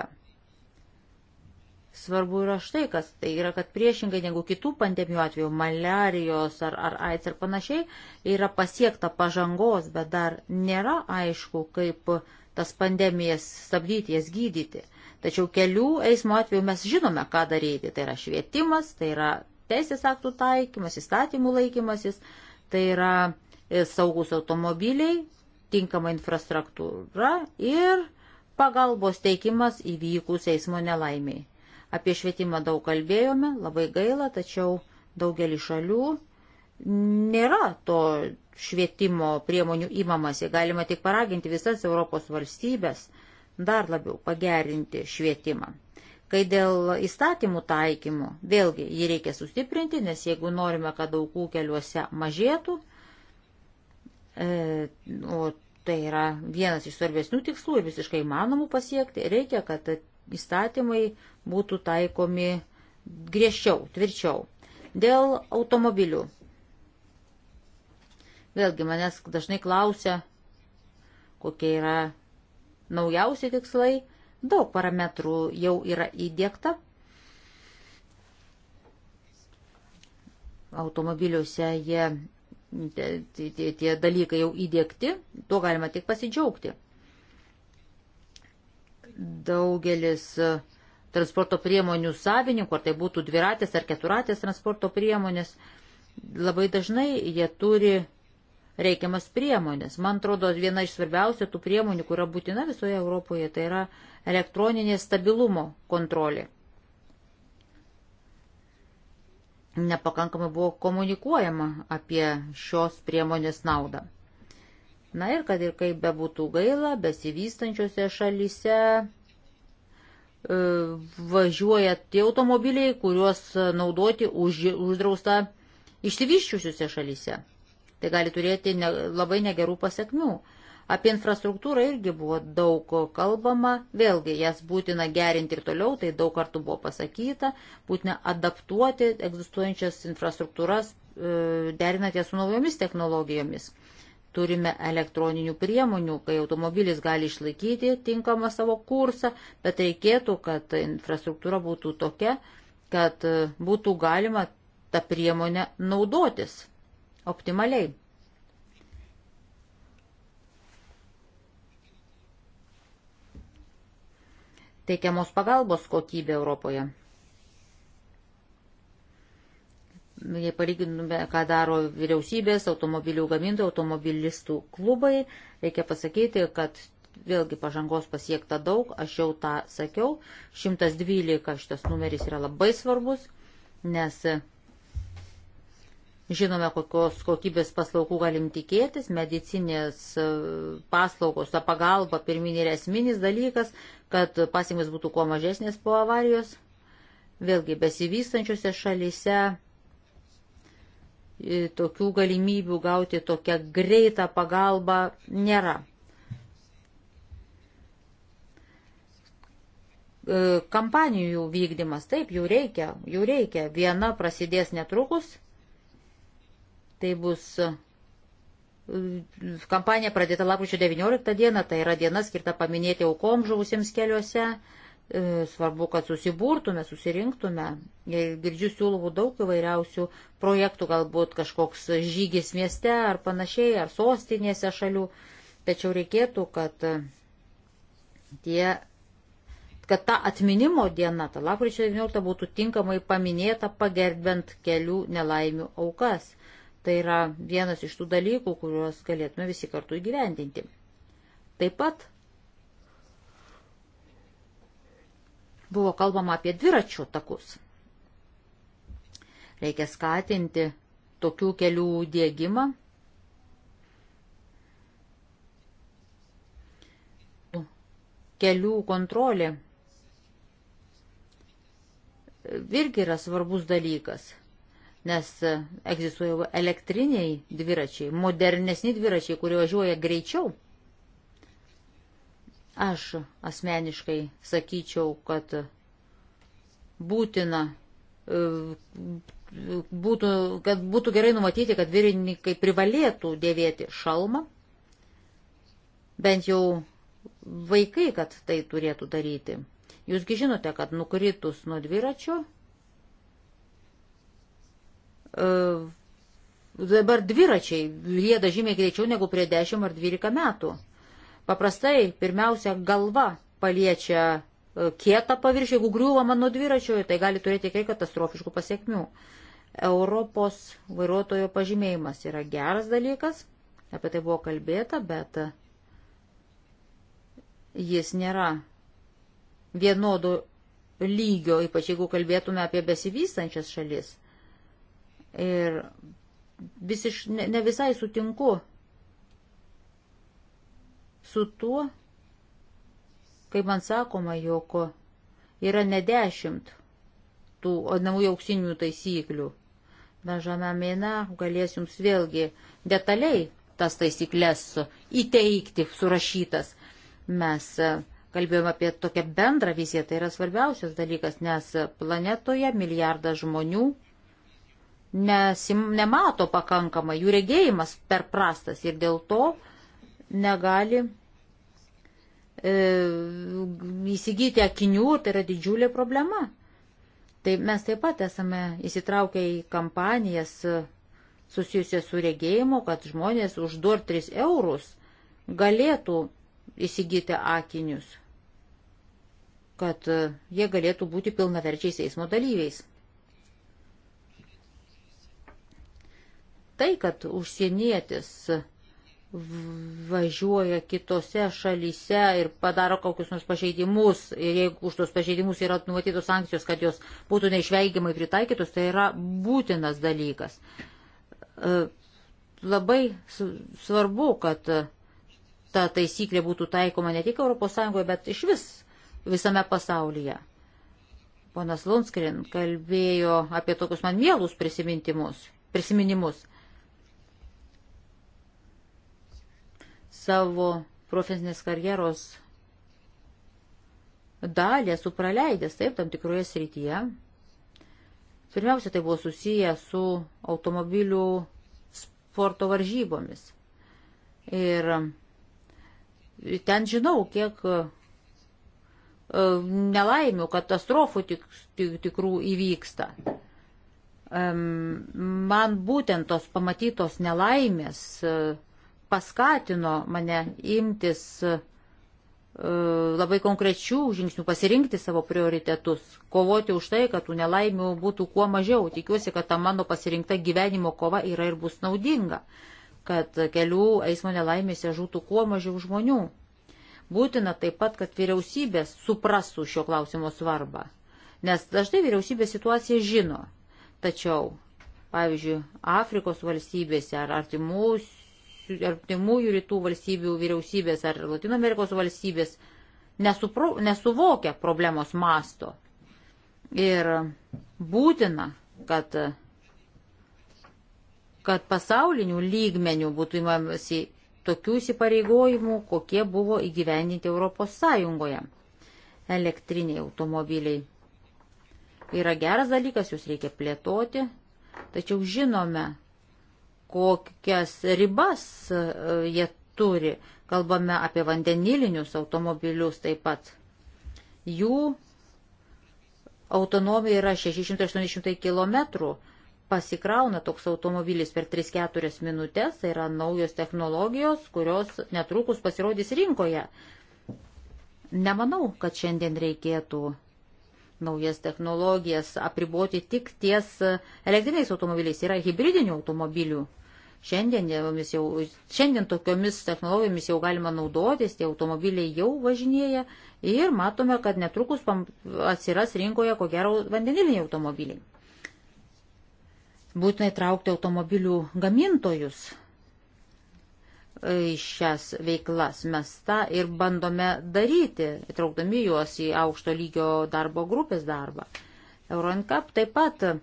Svarbu yra štai kas, tai yra, kad priešingai negu kitų pandemijų atveju, maliarijos ar, ar AIDS ir panašiai, yra pasiekta pažangos, bet dar nėra aišku, kaip tas pandemijas stabdyti, jas gydyti. Tačiau kelių eismo atveju mes žinome, ką daryti. Tai yra švietimas, tai yra teisės aktų taikymas, įstatymų laikymasis, tai yra e, saugus automobiliai, tinkama infrastruktūra ir pagalbos teikimas įvykus eismo nelaimiai. Apie švietimą daug kalbėjome, labai gaila, tačiau daugelį šalių nėra to švietimo priemonių įmamasi. Galima tik paraginti visas Europos valstybės dar labiau pagerinti švietimą. Kai dėl įstatymų taikymų, vėlgi jį reikia sustiprinti, nes jeigu norime, kad aukų keliuose mažėtų, e, o tai yra vienas iš svarbesnių tikslų ir visiškai įmanomų pasiekti, reikia, kad įstatymai būtų taikomi griežčiau, tvirčiau. Dėl automobilių. Vėlgi manęs dažnai klausia, kokie yra naujausi tikslai. Daug parametrų jau yra įdėkta. Automobiliuose jie, tie, tie dalykai jau įdėkti, tuo galima tik pasidžiaugti daugelis e, transporto priemonių savininkų, ar tai būtų dviratės ar keturatės transporto priemonės, labai dažnai jie turi reikiamas priemonės. Man atrodo, viena iš svarbiausių tų priemonių, kuria būtina visoje Europoje, tai yra elektroninė stabilumo kontrolė. Nepakankamai buvo komunikuojama apie šios priemonės naudą. Na ir kad ir kaip bebūtų gaila, besivystančiose šalyse e, važiuoja tie automobiliai, kuriuos naudoti už, uždrausta išsivyščiusiuose šalyse. Tai gali turėti ne, labai negerų pasiekmių. Apie infrastruktūrą irgi buvo daug kalbama, vėlgi jas būtina gerinti ir toliau, tai daug kartų buvo pasakyta, būtina adaptuoti egzistuojančias infrastruktūras, e, derinant jas su naujomis technologijomis. Turime elektroninių priemonių, kai automobilis gali išlaikyti tinkamą savo kursą, bet reikėtų, kad infrastruktūra būtų tokia, kad e, būtų galima tą priemonę naudotis optimaliai. Teikiamos pagalbos kokybė Europoje. jei palyginume, ką daro vyriausybės, automobilių gamintojų, automobilistų klubai, reikia pasakyti, kad vėlgi pažangos pasiekta daug, aš jau tą sakiau, 112 šitas numeris yra labai svarbus, nes žinome, kokios kokybės paslaugų galim tikėtis, medicinės e, paslaugos, ta pagalba, pirminė ir esminis dalykas, kad pasiekmes būtų kuo mažesnės po avarijos. Vėlgi, besivystančiose šalyse E, tokių galimybių gauti tokią greitą pagalbą nėra. E, kampanijų vykdymas, taip, jų reikia, jų reikia. Viena prasidės netrukus, tai bus e, kampanija pradėta lapkričio 19 dieną, tai yra diena skirta paminėti aukom žuvusiems keliuose. E, svarbu, kad susiburtume, susirinktume. E, girdžiu siūlomų daug įvairiausių projektų, galbūt kažkoks žygis mieste ar panašiai, ar sostinėse šalių. Tačiau reikėtų, kad, e, tie, kad ta atminimo diena, ta lapkričio 19, būtų tinkamai paminėta pagerbent kelių nelaimių aukas. Tai yra vienas iš tų dalykų, kuriuos galėtume visi kartu įgyvendinti. Taip pat Buvo kalbama apie dviračių takus. Reikia skatinti tokių kelių dėgymą. Kelių kontrolė irgi yra svarbus dalykas, nes egzistuoja elektriniai dviračiai, modernesni dviračiai, kurie važiuoja greičiau Aš asmeniškai sakyčiau, kad būtina, e, būtų, kad būtų gerai numatyti, kad vyrininkai privalėtų dėvėti šalmą, bent jau vaikai, kad tai turėtų daryti. Jūsgi žinote, kad nukritus nuo dviračio, e, dabar dviračiai rieda žymiai greičiau negu prie 10 ar 12 metų. Paprastai pirmiausia galva paliečia e, kietą paviršį, jeigu griūva mano dviračio, tai gali turėti kai katastrofiškų pasiekmių. Europos vairuotojo pažymėjimas yra geras dalykas, apie tai buvo kalbėta, bet jis nėra vienodo lygio, ypač jeigu kalbėtume apie besivystančias šalis. Ir visiš, ne, ne visai sutinku su tuo, kaip man sakoma, jog yra ne dešimt tų namų auksinių taisyklių. Benžamamina galės jums vėlgi detaliai tas taisyklės įteikti surašytas. Mes e, kalbėjome apie tokią bendrą viziją, tai yra svarbiausias dalykas, nes planetoje milijardas žmonių nesim, nemato pakankamai, jų regėjimas per prastas ir dėl to negali e, įsigyti akinių, tai yra didžiulė problema. Tai mes taip pat esame įsitraukę į kampanijas susijusias su regėjimu, kad žmonės už 2-3 eurus galėtų įsigyti akinius, kad e, jie galėtų būti pilnaverčiais eismo dalyviais. Tai, kad užsienietis važiuoja kitose šalyse ir padaro kokius nors pažeidimus ir jeigu už tos pažeidimus yra numatytos sankcijos, kad jos būtų neišveigiamai pritaikytos, tai yra būtinas dalykas. E, labai svarbu, kad ta taisyklė būtų taikoma ne tik ES, bet iš vis visame pasaulyje. Ponas Lunskrin kalbėjo apie tokius man mielus prisiminimus. prisiminimus savo profesinės karjeros dalį esu praleidęs, taip, tam tikroje srityje. Pirmiausia, tai buvo susiję su automobilių sporto varžybomis. Ir e, ten žinau, kiek e, nelaimių, katastrofų tik, tik, tikrų įvyksta. Man būtent tos pamatytos nelaimės e, paskatino mane imtis e, labai konkrečių žingsnių, pasirinkti savo prioritetus, kovoti už tai, kad tų nelaimių būtų kuo mažiau. Tikiuosi, kad ta mano pasirinkta gyvenimo kova yra ir bus naudinga, kad kelių eismo nelaimėse žūtų kuo mažiau žmonių. Būtina taip pat, kad vyriausybės suprastų šio klausimo svarbą, nes dažnai vyriausybė situaciją žino. Tačiau, pavyzdžiui, Afrikos valstybėse ar artimus artimųjų rytų valstybių vyriausybės ar Latino Amerikos valstybės nesupro, nesuvokia problemos masto. Ir būtina, kad, kad pasaulinių lygmenių būtų įmamasi tokių įsipareigojimų, kokie buvo įgyvendinti Europos Sąjungoje. Elektriniai automobiliai yra geras dalykas, jūs reikia plėtoti, tačiau žinome, kokias ribas e, jie turi. Kalbame apie vandenilinius automobilius taip pat. Jų autonomija yra 600-800 km. Pasikrauna toks automobilis per 3-4 minutės, tai yra naujos technologijos, kurios netrukus pasirodys rinkoje. Nemanau, kad šiandien reikėtų naujas technologijas, apriboti tik ties elektriniais automobiliais. Yra hybridinių automobilių. Šiandien, jau, šiandien tokiomis technologijomis jau galima naudotis, tie automobiliai jau važinėja ir matome, kad netrukus atsiras rinkoje ko gero vandeniliniai automobiliai. Būtinai traukti automobilių gamintojus šias veiklas. Mes tą ir bandome daryti, įtraukdami juos į aukšto lygio darbo grupės darbą. Euroncap taip pat e,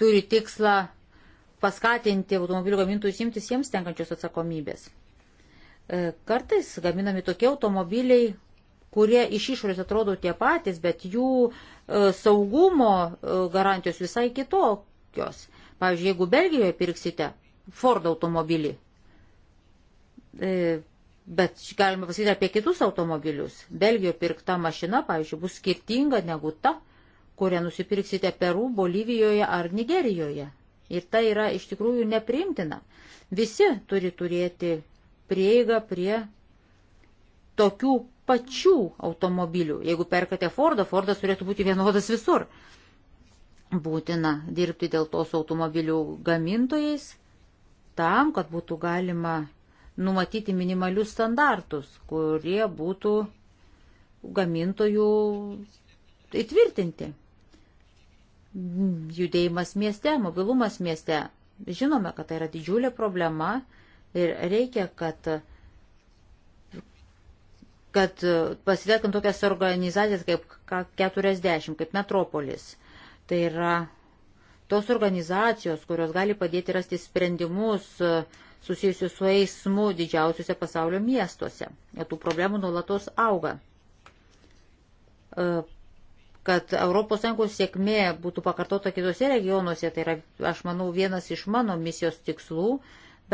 turi tikslą paskatinti automobilių gamintojus imtis jiems tenkančios atsakomybės. E, kartais gaminami tokie automobiliai, kurie iš išorės atrodo tie patys, bet jų e, saugumo e, garantijos visai kitokios. Pavyzdžiui, jeigu Belgijoje pirksite Ford automobilį. E, bet galima pasakyti apie kitus automobilius. Belgijoje pirkta mašina, pavyzdžiui, bus skirtinga negu ta, kurią nusipirksite Peru, Bolivijoje ar Nigerijoje. Ir tai yra iš tikrųjų neprimtina. Visi turi turėti prieigą prie tokių pačių automobilių. Jeigu perkate Fordą, Fordas turėtų būti vienodas visur. Būtina dirbti dėl tos automobilių gamintojais tam, kad būtų galima numatyti minimalius standartus, kurie būtų gamintojų įtvirtinti. Judėjimas mieste, mobilumas mieste. Žinome, kad tai yra didžiulė problema ir reikia, kad kad pasitelkiant tokias organizacijas kaip 40, kaip Metropolis, tai yra Tos organizacijos, kurios gali padėti rasti sprendimus e, susijusius su eismu didžiausiuose pasaulio miestuose. O e, tų problemų nuolatos auga. E, kad ES sėkmė būtų pakartota kitose regionuose, tai yra, aš manau, vienas iš mano misijos tikslų,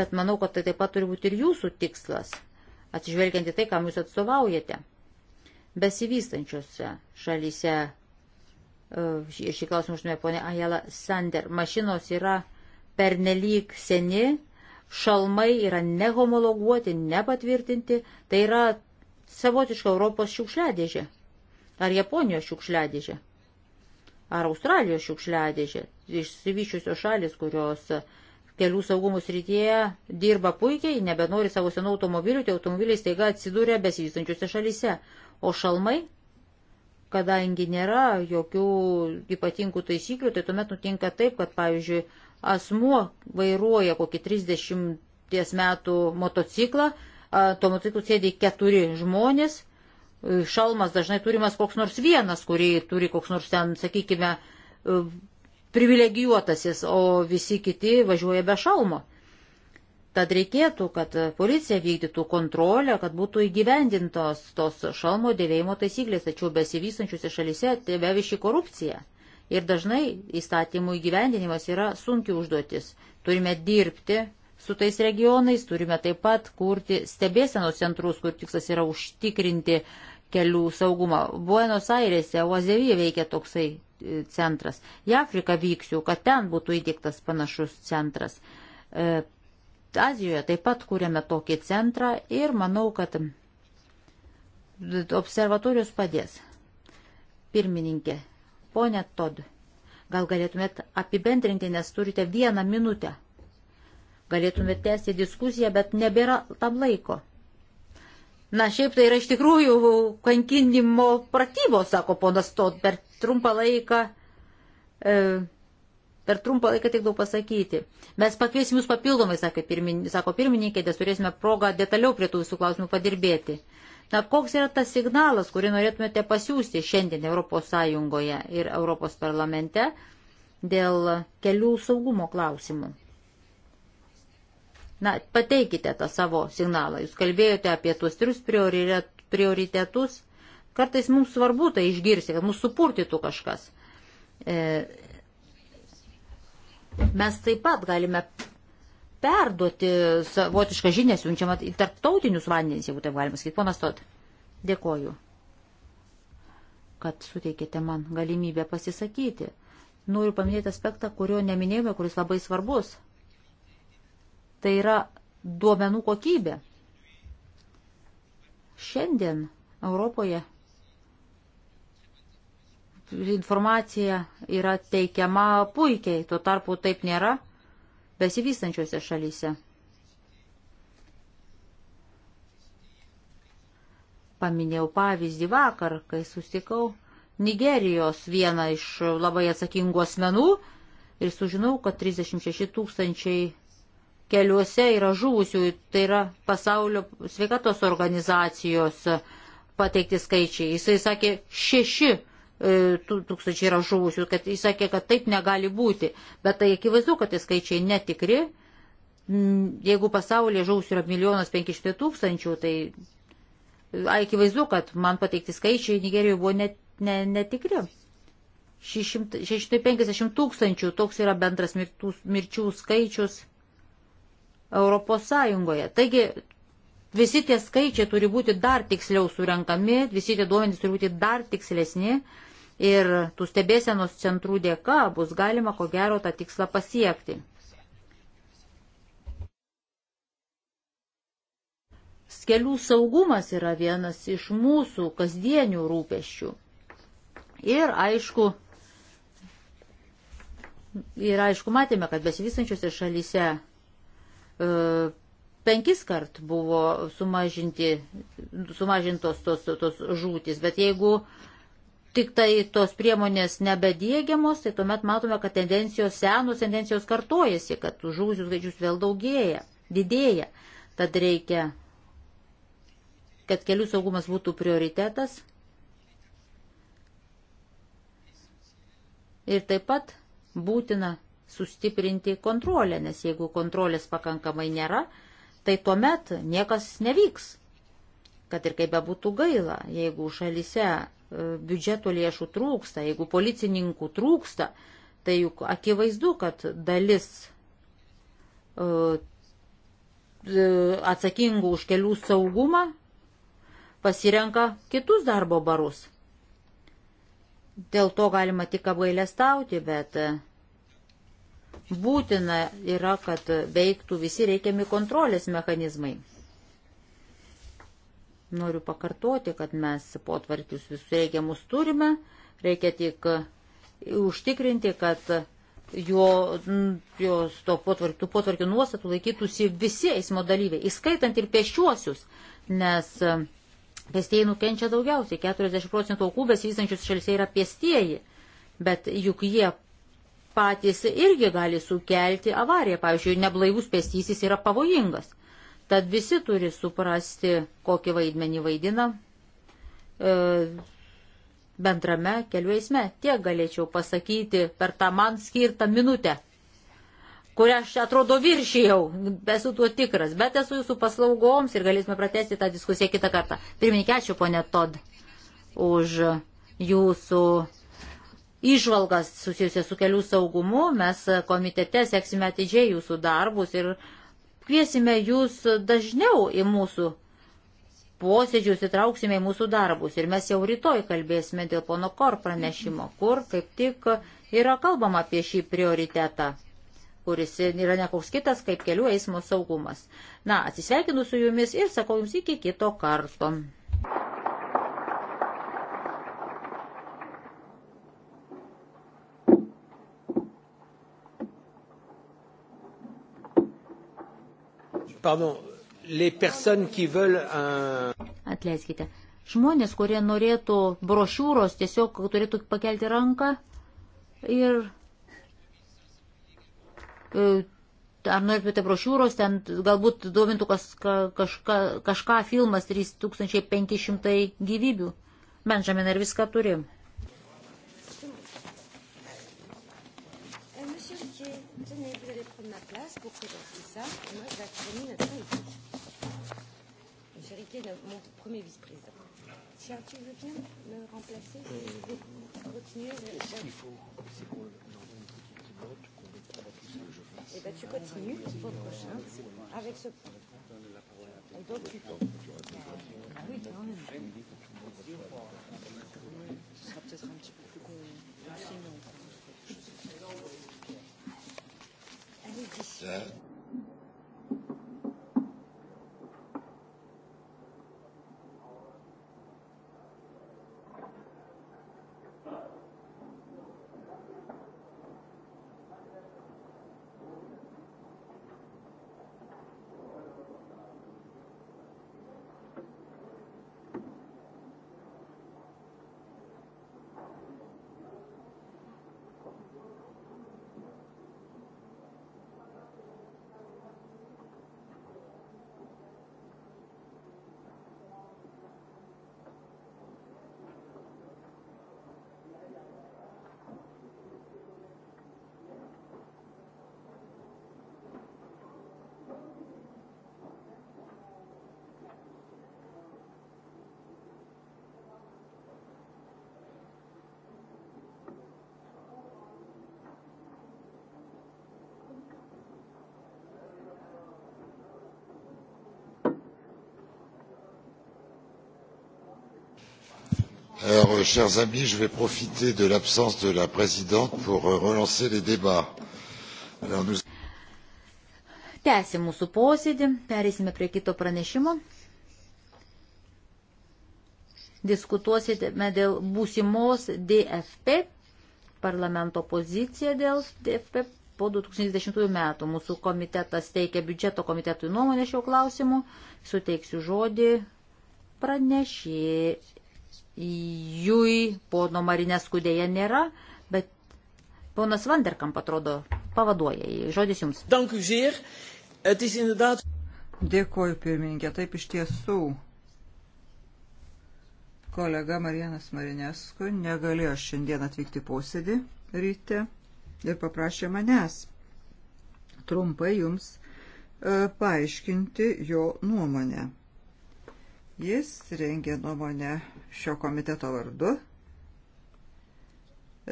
bet manau, kad tai taip pat turi būti ir jūsų tikslas, atsižvelgiant į tai, kam jūs atstovaujate. Besivystančiose šalyse Ir šį klausimą užduoja ponė Ajela Sander. Mašinos yra pernelyg seni, šalmai yra nehomologuoti, nepatvirtinti. Tai yra savotiška Europos šiukšliadėžė. Ar Japonijos šiukšliadėžė. Ar Australijos šiukšliadėžė. Išsivyščiusios šalis, kurios kelių saugumų srityje dirba puikiai, nebenori savo senų automobilių, tie automobiliai staiga atsidūrė besivystančiuose šalyse. O šalmai kadangi nėra jokių ypatingų taisyklių, tai tuomet nutinka taip, kad, pavyzdžiui, asmuo vairuoja kokį 30 metų motociklą, tuo motociklu sėdi keturi žmonės, e, šalmas dažnai turimas koks nors vienas, kurį turi koks nors ten, sakykime, e, privilegijuotasis, o visi kiti važiuoja be šalmo. Tad reikėtų, kad policija vykdytų kontrolę, kad būtų įgyvendintos tos šalmo dėvėjimo taisyklės, tačiau besivystančiuose šalise tai beviši korupcija. Ir dažnai įstatymų įgyvendinimas yra sunki užduotis. Turime dirbti su tais regionais, turime taip pat kurti stebėsenos centrus, kur tikslas yra užtikrinti kelių saugumą. Buenos Airėse, Oazevyje veikia toksai e, centras. Į Afriką vyksiu, kad ten būtų įdėktas panašus centras e, Azijoje taip pat kūrėme tokį centrą ir manau, kad observatorius padės. Pirmininkė, ponė Tod, gal galėtumėt apibendrinti, nes turite vieną minutę. Galėtumėt tęsti diskusiją, bet nebėra tam laiko. Na, šiaip tai yra iš tikrųjų kankinimo pratybos, sako ponas Tod, per trumpą laiką. E, per trumpą laiką tik daug pasakyti. Mes pakviesim jūs papildomai, sako pirmininkė, nes turėsime progą detaliau prie tų visų klausimų padirbėti. Na, koks yra tas signalas, kurį norėtumėte pasiūsti šiandien ES ir ES parlamente dėl kelių saugumo klausimų? Na, pateikite tą savo signalą. Jūs kalbėjote apie tuos tris prioritetus. Kartais mums svarbu tai išgirsti, kad mūsų supurtytų kažkas. E, mes taip pat galime perduoti savotišką žinią siunčiamą į tarptautinius vandenis, jeigu taip galima sakyti. Ponas Tot, dėkoju, kad suteikėte man galimybę pasisakyti. Noriu paminėti aspektą, kurio neminėjome, kuris labai svarbus. Tai yra duomenų kokybė. Šiandien Europoje informacija yra teikiama puikiai, tuo tarpu taip nėra besivystančiose šalyse. Paminėjau pavyzdį vakar, kai susitikau Nigerijos vieną iš labai atsakingų asmenų ir sužinau, kad 36 tūkstančiai keliuose yra žuvusių, tai yra pasaulio sveikatos organizacijos pateikti skaičiai. Jisai sakė, šeši E, tūkstančiai yra žuvusių, kad jis sakė, kad taip negali būti. Bet tai akivaizdu, kad tie skaičiai netikri. Mm, jeigu pasaulyje žuvusių yra milijonas penki šimtai tūkstančių, tai e, akivaizdu, kad man pateikti skaičiai Nigerijoje buvo net, ne, netikri. 650 tūkstančių toks yra bendras mirtų, mirčių skaičius Europos Sąjungoje. Taigi visi tie skaičiai turi būti dar tiksliau surenkami, visi tie duomenys turi būti dar tikslesni, Ir tų stebėsenos centrų dėka bus galima ko gero tą tikslą pasiekti. Kelių saugumas yra vienas iš mūsų kasdienių rūpeščių. Ir aišku, ir aišku matėme, kad besivystančiose šalyse e, penkis kart buvo sumažinti, sumažintos tos, tos žūtis, bet jeigu e, tik tai tos priemonės nebediegiamos, tai tuomet matome, kad tendencijos senos, tendencijos kartojasi, kad žuvusių skaičius vėl daugėja, didėja. Tad reikia, kad kelių saugumas būtų prioritetas. Ir taip pat būtina sustiprinti kontrolę, nes jeigu kontrolės pakankamai nėra, tai tuomet niekas nevyks. Kad ir kaip bebūtų gaila, jeigu šalise e, biudžeto lėšų trūksta, jeigu policininkų trūksta, tai juk akivaizdu, kad dalis e, e, atsakingų už kelių saugumą pasirenka kitus darbo barus. Dėl to galima tik apgailestauti, bet būtina yra, kad veiktų visi reikiami kontrolės mechanizmai. Noriu pakartoti, kad mes potvarkius visus reikiamus turime, reikia tik e, užtikrinti, kad jo, jos to potvarkių, potvarkių nuostatų laikytųsi visi eismo dalyviai, įskaitant ir pešiuosius, nes e, pėstieji nukenčia daugiausiai, 40 procentų aukų besivystančius šalyse yra pėstieji, bet juk jie patys irgi gali sukelti avariją, pavyzdžiui, neblaivus pėstysis yra pavojingas. Tad visi turi suprasti, kokį vaidmenį vaidina e, bendrame kelių eisme. Tiek galėčiau pasakyti per tą man skirtą minutę, kurią aš atrodo viršijau, esu tuo tikras, bet esu jūsų paslaugoms ir galėsime pratesti tą diskusiją kitą kartą. Pirmininkė, ačiū ponė Tod už jūsų išvalgas susijusias su kelių saugumu. Mes komitete seksime atidžiai jūsų darbus ir kviesime jūs dažniau į mūsų posėdžius, įtrauksime į mūsų darbus. Ir mes jau rytoj kalbėsime dėl pono Kor pranešimo, kur kaip tik yra kalbama apie šį prioritetą kuris yra nekoks kitas kaip kelių eismo saugumas. Na, atsisveikinu su jumis ir sakau jums iki kito karto. Pardon, les personnes qui veulent un... Atleiskite. Žmonės, kurie norėtų brošiūros, tiesiog turėtų pakelti ranką ir e, ar norėtumėte brošiūros, ten galbūt duomintų kas, ka, kažka, kažką filmas 3500 gyvybių. Benžamin, ar viską turim? coproductrice Anna Zacronina Saïdi. J'héritais de mon premier vice-président. Charles, tu veux bien me remplacer et continuer le... Ce qu'il faut, c'est qu'on envoie une petite note qu'on ne pas l'accuser que je fasse. Eh bien, tu continues pour le prochain avec ce point. Et donc, tu... Ah oui, quand même. Ce sera peut-être un petit peu plus qu'on signe. that Alors, euh, chers amis, je vais profiter de l'absence de la présidente pour euh, relancer les débats. Alors, nous... Tęsime mūsų posėdį, perėsime prie kito pranešimo. Diskutuosime dėl būsimos DFP, parlamento poziciją dėl DFP po 2010 metų. Mūsų komitetas teikia biudžeto komitetui nuomonę šio klausimu. Suteiksiu žodį pranešėjai Jui pono Marinės kudėje nėra, bet ponas Vanderkamp atrodo pavaduoja. Žodis jums. Dėkuoju, pirmininkė. Taip iš tiesų kolega Marijanas Marinesku negalėjo šiandien atvykti posėdį ryte ir paprašė manęs trumpai jums e, paaiškinti jo nuomonę. Jis rengė nuomonę šio komiteto vardu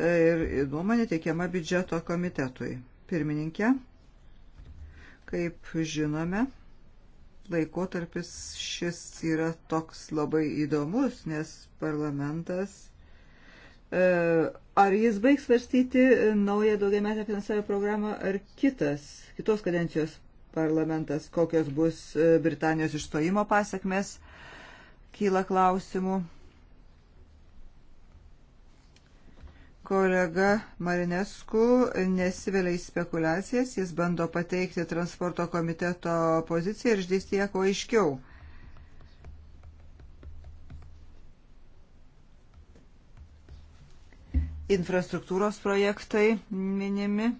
ir nuomonė teikiama biudžeto komitetui. Pirmininkė, kaip žinome, laikotarpis šis yra toks labai įdomus, nes parlamentas. E, ar jis baigs svarstyti naują daugiametę finansavimo programą ar kitas, kitos kadencijos parlamentas, kokios bus e, Britanijos išstojimo pasiekmes kyla klausimų. Kolega Marinesku nesivelia į spekulacijas, jis bando pateikti transporto komiteto poziciją ir išdėsti ją kuo aiškiau. Infrastruktūros projektai minimi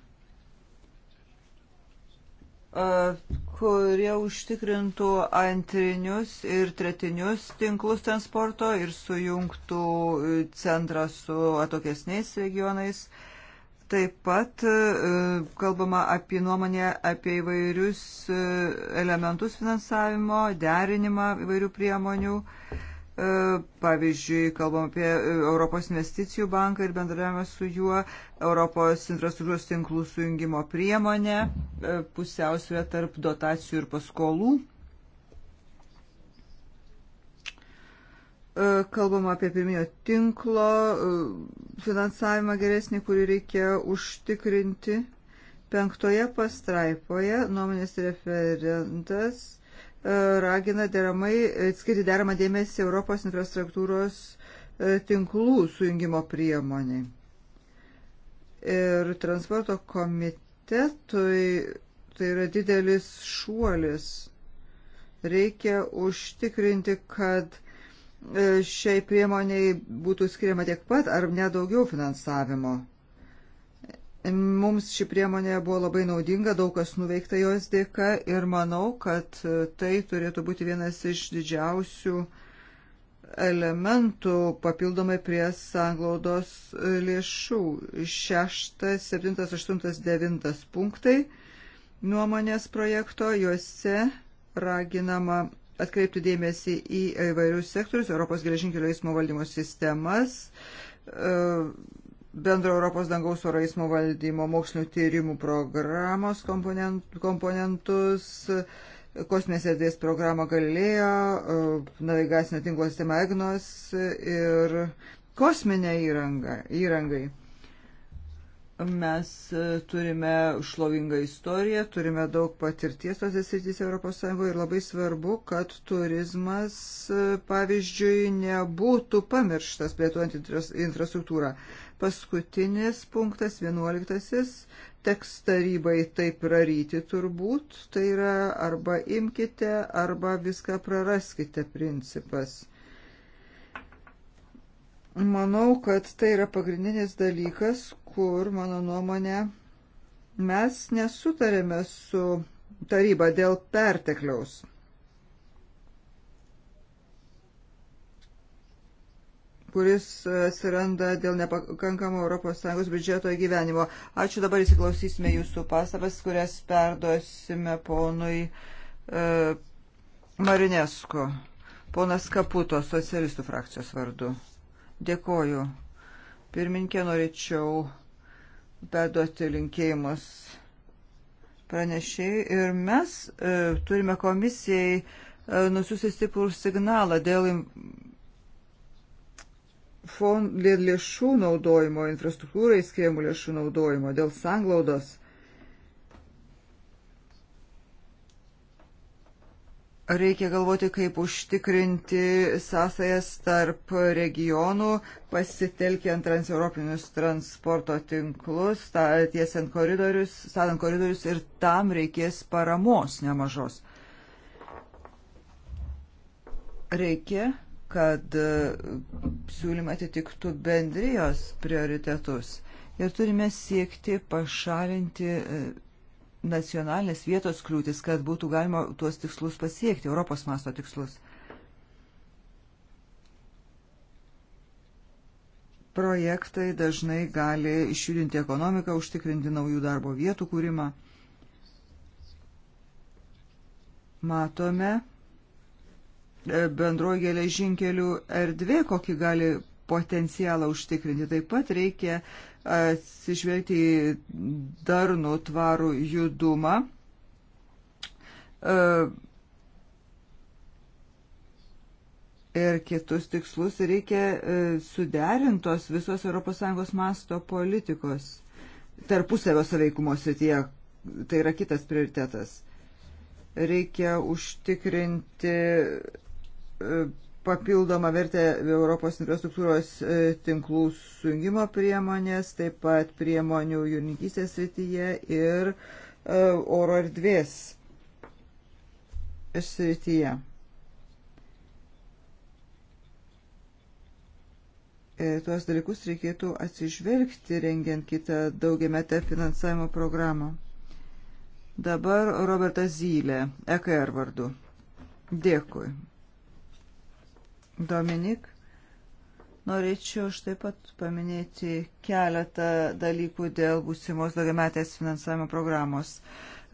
E, kurie užtikrintų antrinius ir tretinius tinklus transporto ir sujungtų e, centrą su atokesniais regionais. Taip pat e, kalbama apie nuomonę apie įvairius elementus finansavimo, derinimą įvairių priemonių. E, pavyzdžiui, kalbam apie e, Europos investicijų banką ir bendravimą su juo, Europos infrastruktūros tinklų sujungimo priemonę, e, pusiausvė tarp dotacijų ir paskolų. Kalbam apie pirminio tinklo finansavimą geresnį, kurį reikia užtikrinti. Penktoje pastraipoje nuomonės referentas ragina deramai e, skirti deramą dėmesį Europos infrastruktūros e, tinklų sujungimo priemoniai. Ir transporto komitetui tai yra didelis šuolis. Reikia užtikrinti, kad e, šiai priemoniai būtų skiriama tiek pat ar net daugiau finansavimo. Mums ši priemonė buvo labai naudinga, daug kas nuveikta jos dėka ir manau, kad tai turėtų būti vienas iš didžiausių elementų papildomai prie sanglaudos lėšų. 6, 7, 8, 9 punktai nuomonės projekto, juose raginama atkreipti dėmesį į įvairius sektorius, Europos geležinkelio eismo valdymo sistemas, bendro Europos dangaus oro eismo valdymo mokslinių tyrimų programos komponentus, kosminės erdvės programą Galilėjo, e, navigacinio tinklo sistemą EGNOS ir kosminę įrangą, įrangai. Mes e, turime šlovingą istoriją, turime daug patirties tose srityse ES ir labai svarbu, kad turizmas, e, pavyzdžiui, nebūtų pamirštas plėtuojant infrastruktūrą. Intras, Paskutinis punktas, vienuoliktasis, teks tarybai tai praryti turbūt, tai yra arba imkite, arba viską praraskite principas. Manau, kad tai yra pagrindinis dalykas, kur, mano nuomonė, mes nesutarėme su taryba dėl pertekliaus. kuris atsiranda dėl nepakankamo ES biudžeto gyvenimo. Ačiū, dabar įsiklausysime jūsų pastabas, kurias perduosime ponui e, Marinesko, ponas Kaputo, socialistų frakcijos vardu. Dėkoju. Pirminkė, norėčiau perduoti linkėjimus pranešėjai ir mes e, turime komisijai e, nusiųsti stiprų signalą dėl fond, lėšų naudojimo, infrastruktūrai skiriamų lėšų naudojimo, dėl sanglaudos. Reikia galvoti, kaip užtikrinti sąsajas tarp regionų, pasitelkiant transeuropinius transporto tinklus, tiesiant koridorius, statant koridorius ir tam reikės paramos nemažos. Reikia kad e, siūlymai atitiktų bendrijos prioritetus. Ir turime siekti pašalinti e, nacionalinės vietos kliūtis, kad būtų galima tuos tikslus pasiekti, Europos masto tikslus. Projektai dažnai gali išjudinti ekonomiką, užtikrinti naujų darbo vietų kūrimą. Matome, E, bendroji geležinkelių erdvė, kokį gali potencialą užtikrinti. Taip pat reikia atsižvelgti į darnų tvarų judumą. E, ir kitus tikslus reikia e, suderintos visos ES masto politikos tarpusavio saveikumo srityje. Tai yra kitas prioritetas. Reikia užtikrinti papildomą vertę Europos infrastruktūros e, tinklų sujungimo priemonės, taip pat priemonių jūrininkystės srityje ir e, oro erdvės srityje. E, tuos dalykus reikėtų atsižvelgti rengiant kitą daugiametę finansavimo programą. Dabar Robertas Zylė, EKR vardu. Dėkui. Dominik. Norėčiau štai pat paminėti keletą dalykų dėl būsimos daugiametės finansavimo programos.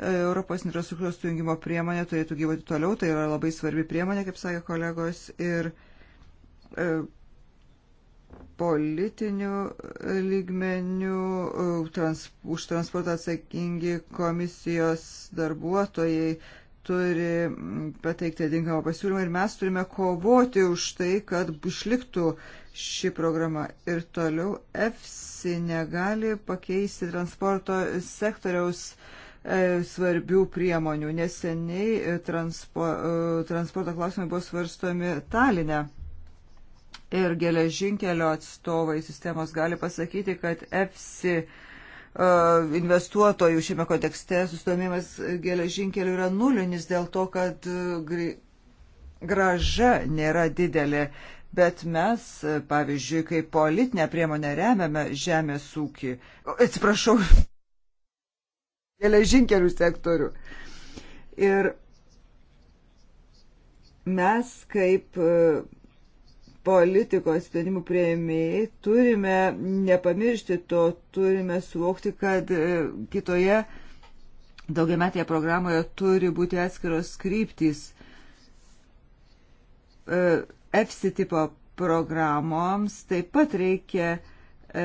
Europos infrastruktūros sujungimo priemonė turėtų gyvoti toliau, tai yra labai svarbi priemonė, kaip sakė kolegos, ir e, politinių lygmenių e, trans, už transportą atsakingi komisijos darbuotojai turi mm, pateikti atinkamą pasiūlymą ir mes turime kovoti už tai, kad išliktų ši programa. Ir toliau EFSI negali pakeisti transporto sektoriaus e, svarbių priemonių. Neseniai e, transpo, e, transporto klausimai buvo svarstomi Talinę. Ir geležinkelio atstovai sistemos gali pasakyti, kad EFSI investuotojų šiame kontekste susidomėjimas geležinkeliu yra nulinis dėl to, kad e, graža nėra didelė. Bet mes, e, pavyzdžiui, kaip politinę priemonę remiame žemės ūkį, atsiprašau, geležinkelių sektorių. Ir mes kaip e, politikos sprendimų prieimėjai turime nepamiršti to, turime suvokti, kad e, kitoje daugiametėje programoje turi būti atskiros kryptys. EFSI tipo programoms taip pat reikia e,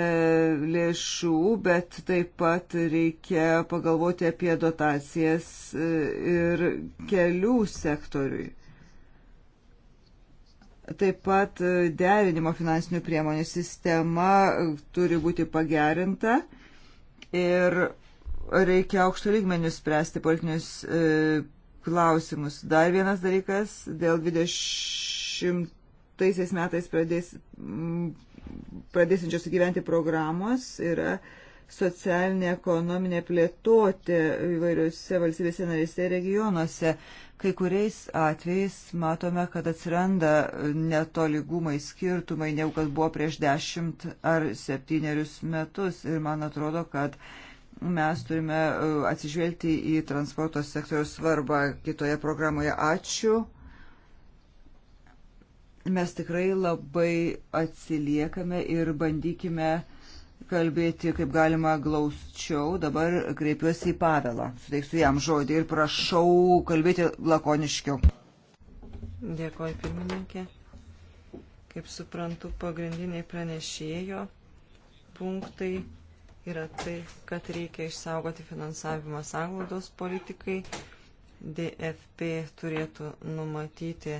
lėšų, bet taip pat reikia pagalvoti apie dotacijas e, ir kelių sektoriui. Taip pat e, derinimo finansinių priemonių sistema e, turi būti pagerinta ir reikia aukšto lygmenių spręsti politinius e, klausimus. Dar vienas dalykas, dėl 20 taisiais metais pradės, pradėsinčios gyventi programos yra socialinė ekonominė plėtoti įvairiuose valstybėse narėse regionuose. Kai kuriais atvejais matome, kad atsiranda netolygumai, skirtumai, negu kad buvo prieš dešimt ar septynerius metus. Ir man atrodo, kad mes turime e, atsižvelgti į transporto sektoriaus svarbą kitoje programoje. Ačiū mes tikrai labai atsiliekame ir bandykime kalbėti kaip galima glausčiau. Dabar kreipiuosi į Pavelą. Suteiksiu jam žodį ir prašau kalbėti lakoniškiau. Dėkoju, pirmininkė. Kaip suprantu, pagrindiniai pranešėjo punktai yra tai, kad reikia išsaugoti finansavimą sanglaudos politikai. DFP turėtų numatyti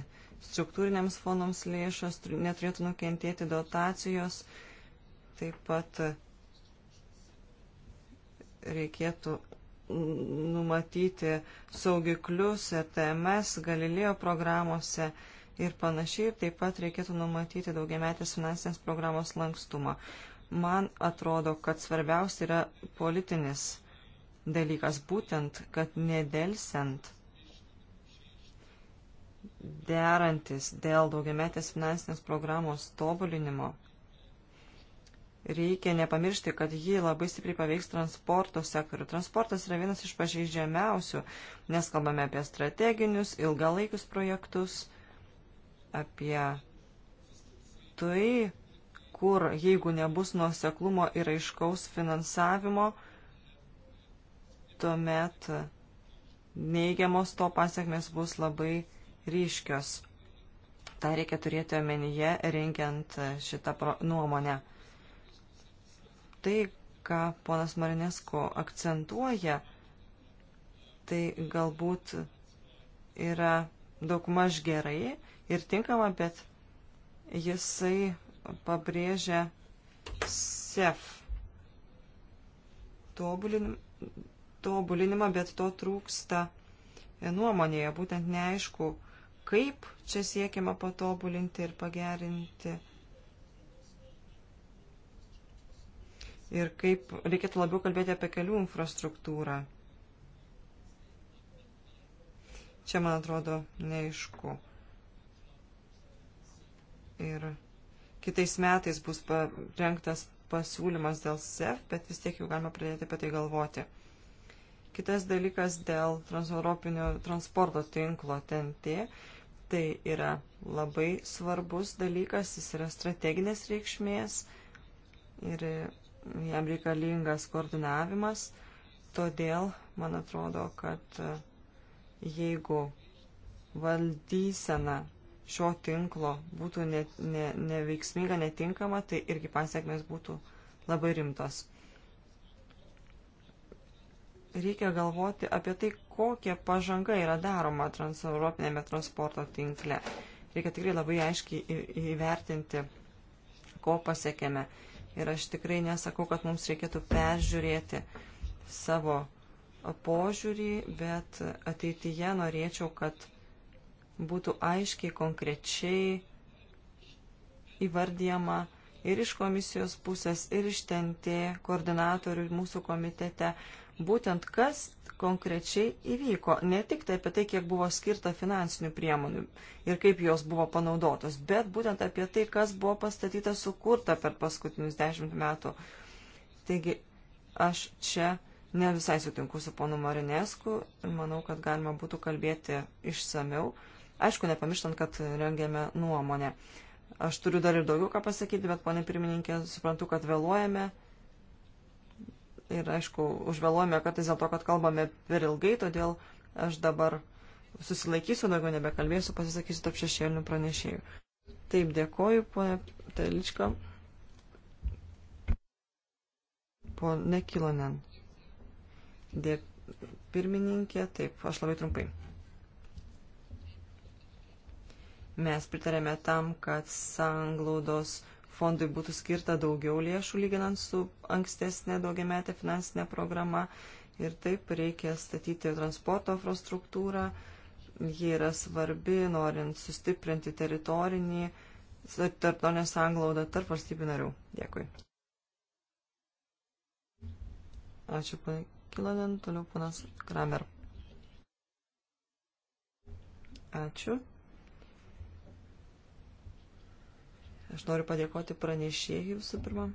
struktūriniams fondams lėšas, neturėtų nukentėti dotacijos Taip pat reikėtų numatyti saugiklius ETMS, Galilėjo programuose ir panašiai. Taip pat reikėtų numatyti daugiametės finansinės programos lankstumą. Man atrodo, kad svarbiausia yra politinis dalykas būtent, kad nedelsiant derantis dėl daugiametės finansinės programos tobulinimo reikia nepamiršti, kad ji labai stipriai paveiks transporto sektorių. Transportas yra vienas iš pažeidžiamiausių, nes kalbame apie strateginius, ilgalaikius projektus, apie tai, kur jeigu nebus nuoseklumo ir aiškaus finansavimo, tuomet neigiamos to pasiekmes bus labai ryškios. Ta reikia turėti omenyje, rengiant šitą nuomonę tai, ką ponas Marinesko akcentuoja, tai galbūt yra daug maž gerai ir tinkama, bet jisai pabrėžia SEF tobulinimą, tobulinimą, bet to trūksta nuomonėje, būtent neaišku, kaip čia siekiama patobulinti ir pagerinti ir kaip reikėtų labiau kalbėti apie kelių infrastruktūrą. Čia, man atrodo, neaišku. Ir kitais metais bus parengtas pasiūlymas dėl SEF, bet vis tiek jau galima pradėti apie tai galvoti. Kitas dalykas dėl transeuropinio transporto tinklo TNT. Tai yra labai svarbus dalykas, jis yra strateginės reikšmės ir jam reikalingas koordinavimas, todėl man atrodo, kad e, jeigu valdysena šio tinklo būtų ne, ne, neveiksminga, netinkama, tai irgi pasiekmes būtų labai rimtos. Reikia galvoti apie tai, kokia pažanga yra daroma transeuropinėme transporto tinkle. Reikia tikrai labai aiškiai įvertinti, ko pasiekėme. Ir aš tikrai nesakau, kad mums reikėtų peržiūrėti savo požiūrį, bet ateityje norėčiau, kad būtų aiškiai, konkrečiai įvardyjama ir iš komisijos pusės, ir iš TNT koordinatorių mūsų komitete, būtent kas konkrečiai įvyko. Ne tik tai apie tai, kiek buvo skirta finansinių priemonių ir kaip jos buvo panaudotos, bet būtent apie tai, kas buvo pastatyta, sukurta per paskutinius dešimt metų. Taigi aš čia ne visai sutinku su ponu Marinesku ir manau, kad galima būtų kalbėti išsameu. Aišku, nepamirštant, kad rengiame nuomonę. Aš turiu dar ir daugiau ką pasakyti, bet, ponė pirmininkė, suprantu, kad vėluojame ir aišku, užvėluojame kartais dėl to, kad kalbame per ilgai, todėl aš dabar susilaikysiu, daugiau nebekalbėsiu, pasisakysiu tarp šešėlinių pranešėjų. Taip, dėkoju, ponė Teličko. Pone Kilonen. Dėk... Pirmininkė, taip, aš labai trumpai. Mes pritarėme tam, kad sanglaudos fondui būtų skirta daugiau lėšų lyginant su ankstesnė daugiametė finansinė programa. Ir taip reikia statyti transporto infrastruktūrą. Ji yra svarbi, norint sustiprinti teritorinį, teritorinę sanglaudą tarp valstybių narių. Dėkui. Ačiū, pana Kilonen, toliau panas Kramer. Ačiū. Aš noriu padėkoti pranešėjai visų pirma.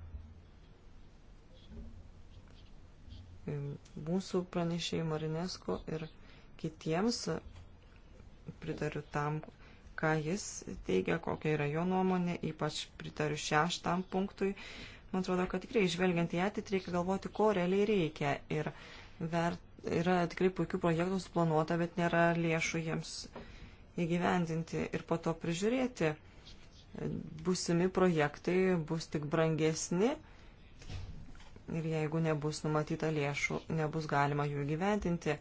Mūsų pranešėjai Marinesko ir kitiems pritariu tam, ką jis teigia, kokia yra jo nuomonė, ypač pritariu šeštam punktui. Man atrodo, kad tikrai išvelgiant į ateitį reikia galvoti, ko realiai reikia. Ir vert, yra tikrai puikių projektų suplanuota, bet nėra lėšų jiems įgyvendinti ir po to prižiūrėti busimi projektai bus tik brangesni ir jeigu nebus numatyta lėšų, nebus galima jų gyventinti.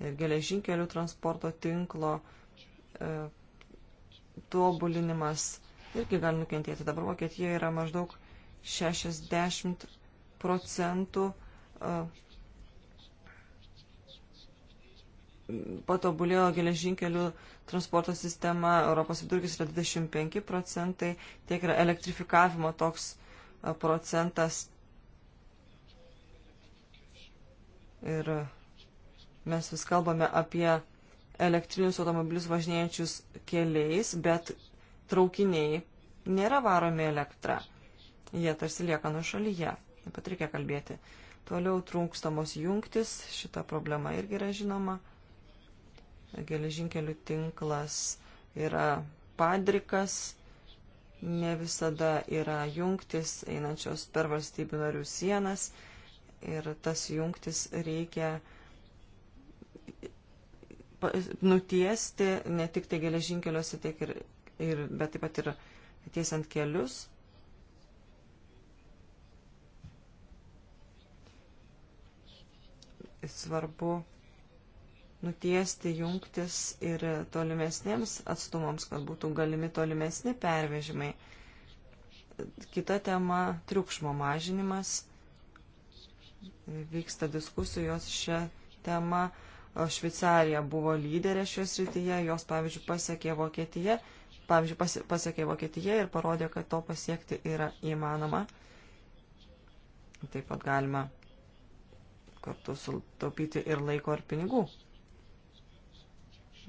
Ir geležinkelių transporto tinklo e, tobulinimas irgi gali nukentėti. Dabar Vokietija yra maždaug 60 procentų e, patobulėjo geležinkelių transporto sistema, Europos vidurkis yra 25 procentai, tiek yra elektrifikavimo toks e, procentas. Ir mes vis kalbame apie elektrinius automobilius važinėjančius keliais, bet traukiniai nėra varomi elektra. Jie tarsi lieka nuo šalyje. Taip pat reikia kalbėti. Toliau trunkstamos jungtis, šita problema irgi yra žinoma geležinkelių tinklas yra padrikas, ne visada yra jungtis einančios per valstybių narių sienas ir tas jungtis reikia nutiesti ne tik tai geležinkeliuose, tiek ir, ir, bet taip pat ir tiesiant kelius. Svarbu nutiesti jungtis ir tolimesniems atstumams, kad būtų galimi tolimesni pervežimai. Kita tema - triukšmo mažinimas. Vyksta diskusijos šią temą. Šveicarija buvo lyderė šioje srityje, jos pavyzdžiui pasiekė Vokietija, pavyzdžiui pas, pasiekė Vokietija ir parodė, kad to pasiekti yra įmanoma. Taip pat galima kartu sutaupyti ir laiko, ir pinigų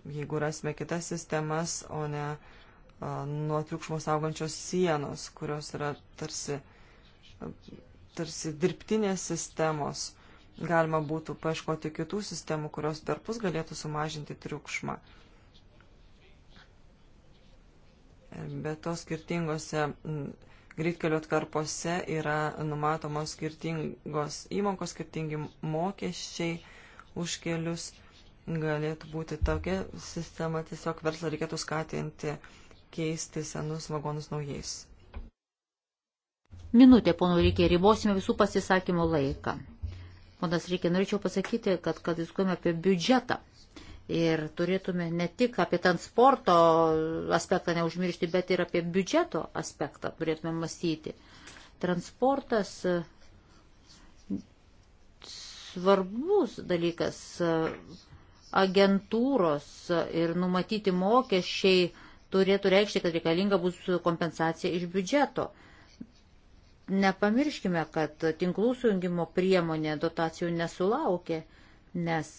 jeigu rasime kitas sistemas, o ne a, nuo triukšmo saugančios sienos, kurios yra tarsi, a, tarsi dirbtinės sistemos, galima būtų paieškoti kitų sistemų, kurios per pus galėtų sumažinti triukšmą. Bet to skirtingose greitkelio atkarpose yra numatomos skirtingos įmokos, skirtingi mokesčiai už kelius galėtų būti tokia sistema, tiesiog verslą reikėtų skatinti keisti senus vagonus naujais. Minutė, pono Rykė, ribosime visų pasisakymų laiką. Ponas Rykė, norėčiau pasakyti, kad, kad diskutuojame apie biudžetą. Ir turėtume ne tik apie transporto aspektą neužmiršti, bet ir apie biudžeto aspektą turėtume mąstyti. Transportas e, svarbus dalykas e, agentūros ir numatyti mokesčiai turėtų reikšti, kad reikalinga bus kompensacija iš biudžeto. Nepamirškime, kad tinklų sujungimo priemonė dotacijų nesulaukė, nes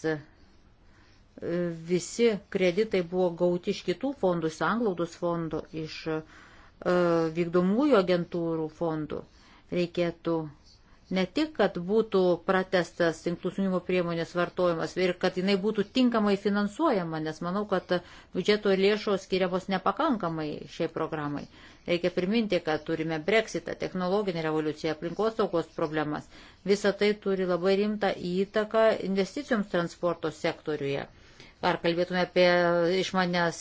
visi kreditai buvo gauti iš kitų fondų, iš anglaudos fondų, iš e, vykdomųjų agentūrų fondų. Reikėtų ne tik, kad būtų pratestas tinklų sujungimo priemonės vartojimas ir kad jinai būtų tinkamai finansuojama, nes manau, kad biudžeto lėšos skiriamos nepakankamai šiai programai. Reikia priminti, kad turime breksitą, technologinę revoliuciją, aplinkos saugos problemas. Visa tai turi labai rimtą įtaką investicijoms transporto sektoriuje. Ar kalbėtume apie išmanės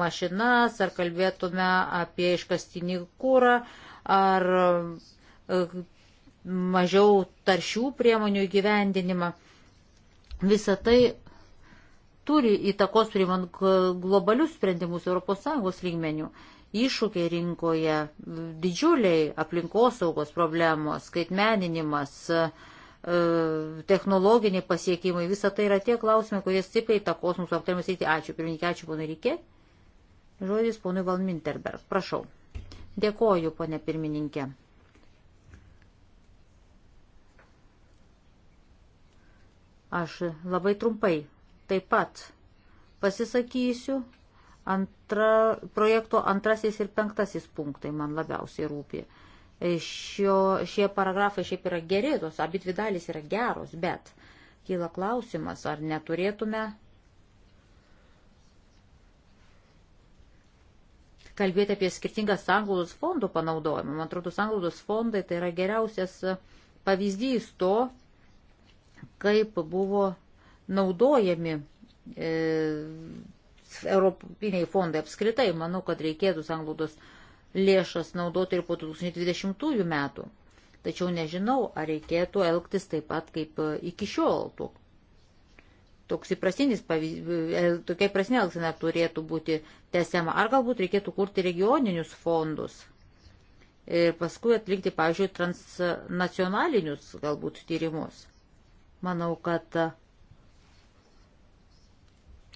mašinas, ar kalbėtume apie iškastinį kūrą, ar mažiau taršių priemonių įgyvendinimą. Visą tai turi įtakos priimant globalius sprendimus ES lygmenių. Iššūkiai rinkoje didžiuliai aplinkosaugos problemos, skaitmeninimas, e, technologiniai pasiekimai, visa tai yra tie klausimai, kurie stipriai įtakos mūsų aptarimus įti. Ačiū, pirmininkė, ačiū, ponai Rikė. Žodis ponui Valminterberg. Prašau. Dėkoju, ponė pirmininkė. Aš labai trumpai taip pat pasisakysiu. Antra, projekto antrasis ir penktasis punktai man labiausiai rūpi. Šio, šie paragrafai šiaip yra geri, tos abitvi dalys yra geros, bet kyla klausimas, ar neturėtume kalbėti apie skirtingas sanglaudos fondų panaudojimą. Man atrodo, sanglaudos fondai tai yra geriausias pavyzdys to, kaip buvo naudojami e, europiniai fondai apskritai. Manau, kad reikėtų sanglaudos lėšas naudoti ir po 2020 metų. Tačiau nežinau, ar reikėtų elgtis taip pat kaip e, iki šiol. Toks įprasinis, e, tokia įprasinė elgsena turėtų būti tęsiama. Ar galbūt reikėtų kurti regioninius fondus ir paskui atlikti, pavyzdžiui, transnacionalinius galbūt tyrimus. Manau, kad e,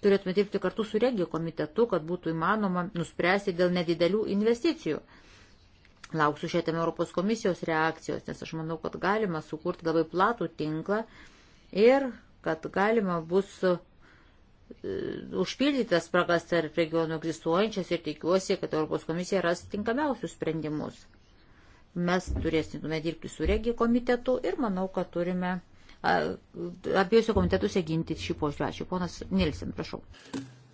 turėtume dirbti kartu su regijų komitetu, kad būtų įmanoma nuspręsti dėl nedidelių investicijų. Lauksiu šią temą Europos komisijos reakcijos, nes aš manau, kad galima sukurti labai platų tinklą ir kad galima bus e, užpildytas spragas tarp regionų egzistuojančias ir tikiuosi, kad Europos komisija ras tinkamiausius sprendimus. Mes turėsime dirbti su regijų komitetu ir manau, kad turime abiejose komitetuose ginti šį požiūrį. Ačiū. Ponas Nilsen, prašau.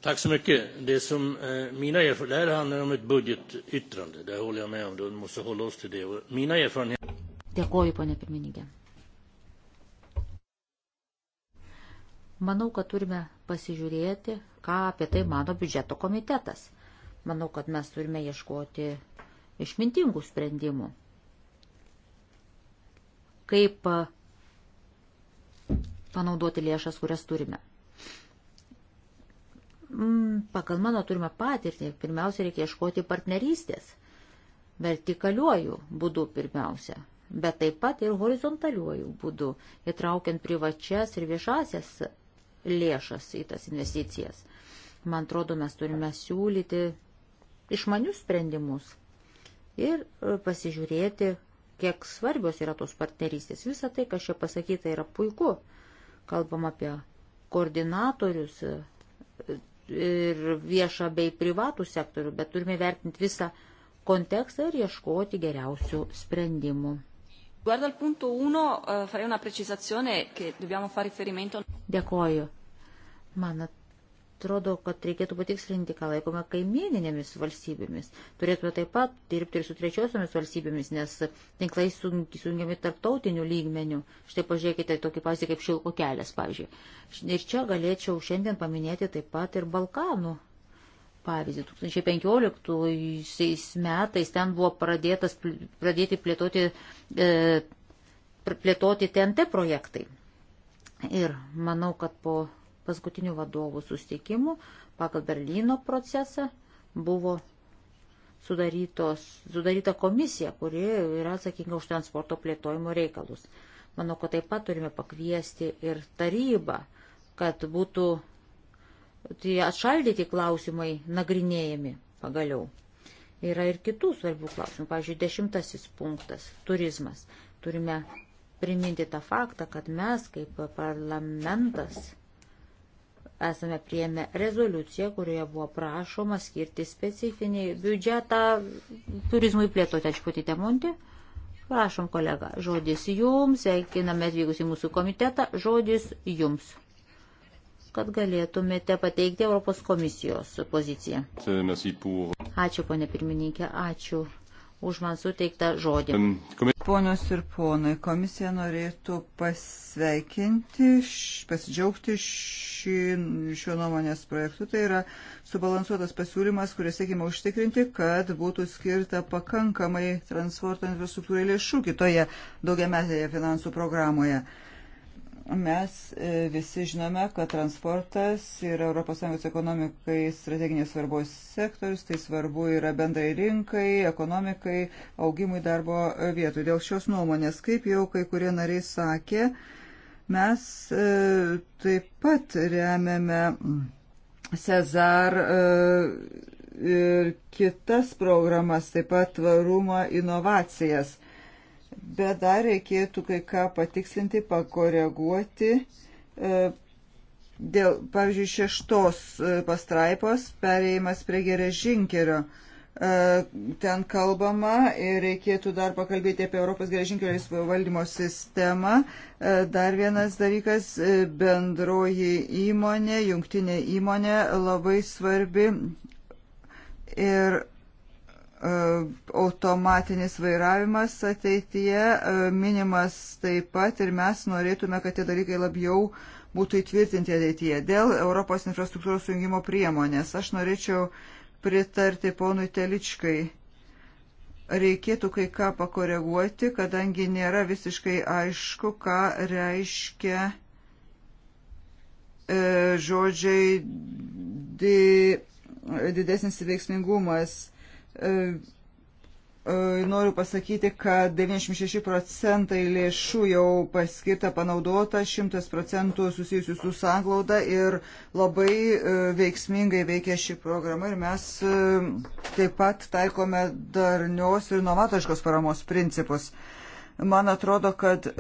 Tack så mycket. Det som eh, mina erfarenheter, det här handlar om ett budgetyttrande. Det håller jag med om. Då måste hålla oss till det. Och mina erfarenheter... Dėkoju, ponė pirmininkė. Manau, kad turime pasižiūrėti, ką apie tai mano biudžeto komitetas. Manau, kad mes turime ieškoti išmintingų sprendimų. Kaip panaudoti lėšas, kurias turime. Mm, pagal mano turime patirtį, pirmiausia, reikia ieškoti partnerystės. Vertikaliuoju būdu pirmiausia, bet taip pat ir horizontaliuoju būdu, įtraukiant privačias ir viešasias lėšas į tas investicijas. Man atrodo, mes turime siūlyti išmanius sprendimus ir e, pasižiūrėti, kiek svarbios yra tos partnerystės. Visą tai, kas čia pasakyta, yra puiku. Kalbam apie koordinatorius e, ir viešą bei privatų sektorių, bet turime vertinti visą kontekstą ir ieškoti geriausių sprendimų. Eh, Dėkoju. Man atrodo, kad reikėtų patikslinti, ką laikome kaimininėmis valstybėmis. Turėtume taip pat dirbti ir su trečiosiomis valstybėmis, nes tinklai sungiami tarptautiniu lygmeniu. Štai pažiūrėkite tokį pavyzdį kaip šilko kelias, pavyzdžiui. Ir čia galėčiau šiandien paminėti taip pat ir Balkanų. Pavyzdį, 2015 metais ten buvo pradėtas, pradėti plėtoti, e, plėtoti TNT projektai. Ir manau, kad po paskutinių vadovų sustikimų pagal Berlyno procesą buvo sudarytos, sudaryta komisija, kuri yra atsakinga už transporto plėtojimo reikalus. Manau, kad taip pat turime pakviesti ir tarybą, kad būtų tai atšaldyti klausimai nagrinėjami pagaliau. Yra ir kitų svarbių klausimų. Pavyzdžiui, dešimtasis punktas - turizmas. Turime priminti tą faktą, kad mes kaip parlamentas esame prieėmę rezoliuciją, kurioje buvo prašoma skirti specifinį biudžetą turizmui plėtoti. Ačiū pati Temonti. Prašom, kolega, žodis jums, sveikiname atvykus į mūsų komitetą, žodis jums, kad galėtumėte pateikti Europos komisijos poziciją. Ačiū, ponė pirmininkė, ačiū už man suteiktą žodį. Ponios ir ponai, komisija norėtų pasveikinti, pasidžiaugti šį, šio nuomonės projektu. Tai yra subalansuotas pasiūlymas, kuris siekime užtikrinti, kad būtų skirta pakankamai transporto infrastruktūrai lėšų kitoje daugiametėje finansų programoje. Mes e, visi žinome, kad transportas yra ES ekonomikai strateginės svarbos sektorius, tai svarbu yra bendrai rinkai, ekonomikai, augimui darbo vietų. Dėl šios nuomonės, kaip jau kai kurie nariai sakė, mes e, taip pat remiame Cezar e, ir kitas programas, taip pat tvarumą inovacijas bet dar reikėtų kai ką patikslinti, pakoreguoti. E, dėl, pavyzdžiui, šeštos e, pastraipos pereimas prie geležinkelio. E, ten kalbama ir reikėtų dar pakalbėti apie Europos geležinkelio valdymo sistemą. Dar vienas dalykas - bendroji įmonė, jungtinė įmonė labai svarbi. Ir E, automatinis vairavimas ateityje e, minimas taip pat ir mes norėtume, kad tie dalykai labiau būtų įtvirtinti ateityje. Dėl Europos infrastruktūros sujungimo priemonės aš norėčiau pritarti ponui Teličkai. Reikėtų kai ką pakoreguoti, kadangi nėra visiškai aišku, ką reiškia e, žodžiai di, didesnis veiksmingumas E, e, noriu pasakyti, kad 96 procentai lėšų jau paskirta panaudota, 100 procentų susijusių su sanglauda ir labai e, veiksmingai veikia ši programa ir mes taip pat taikome darnios ir novatoriškos paramos principus. Man atrodo, kad e,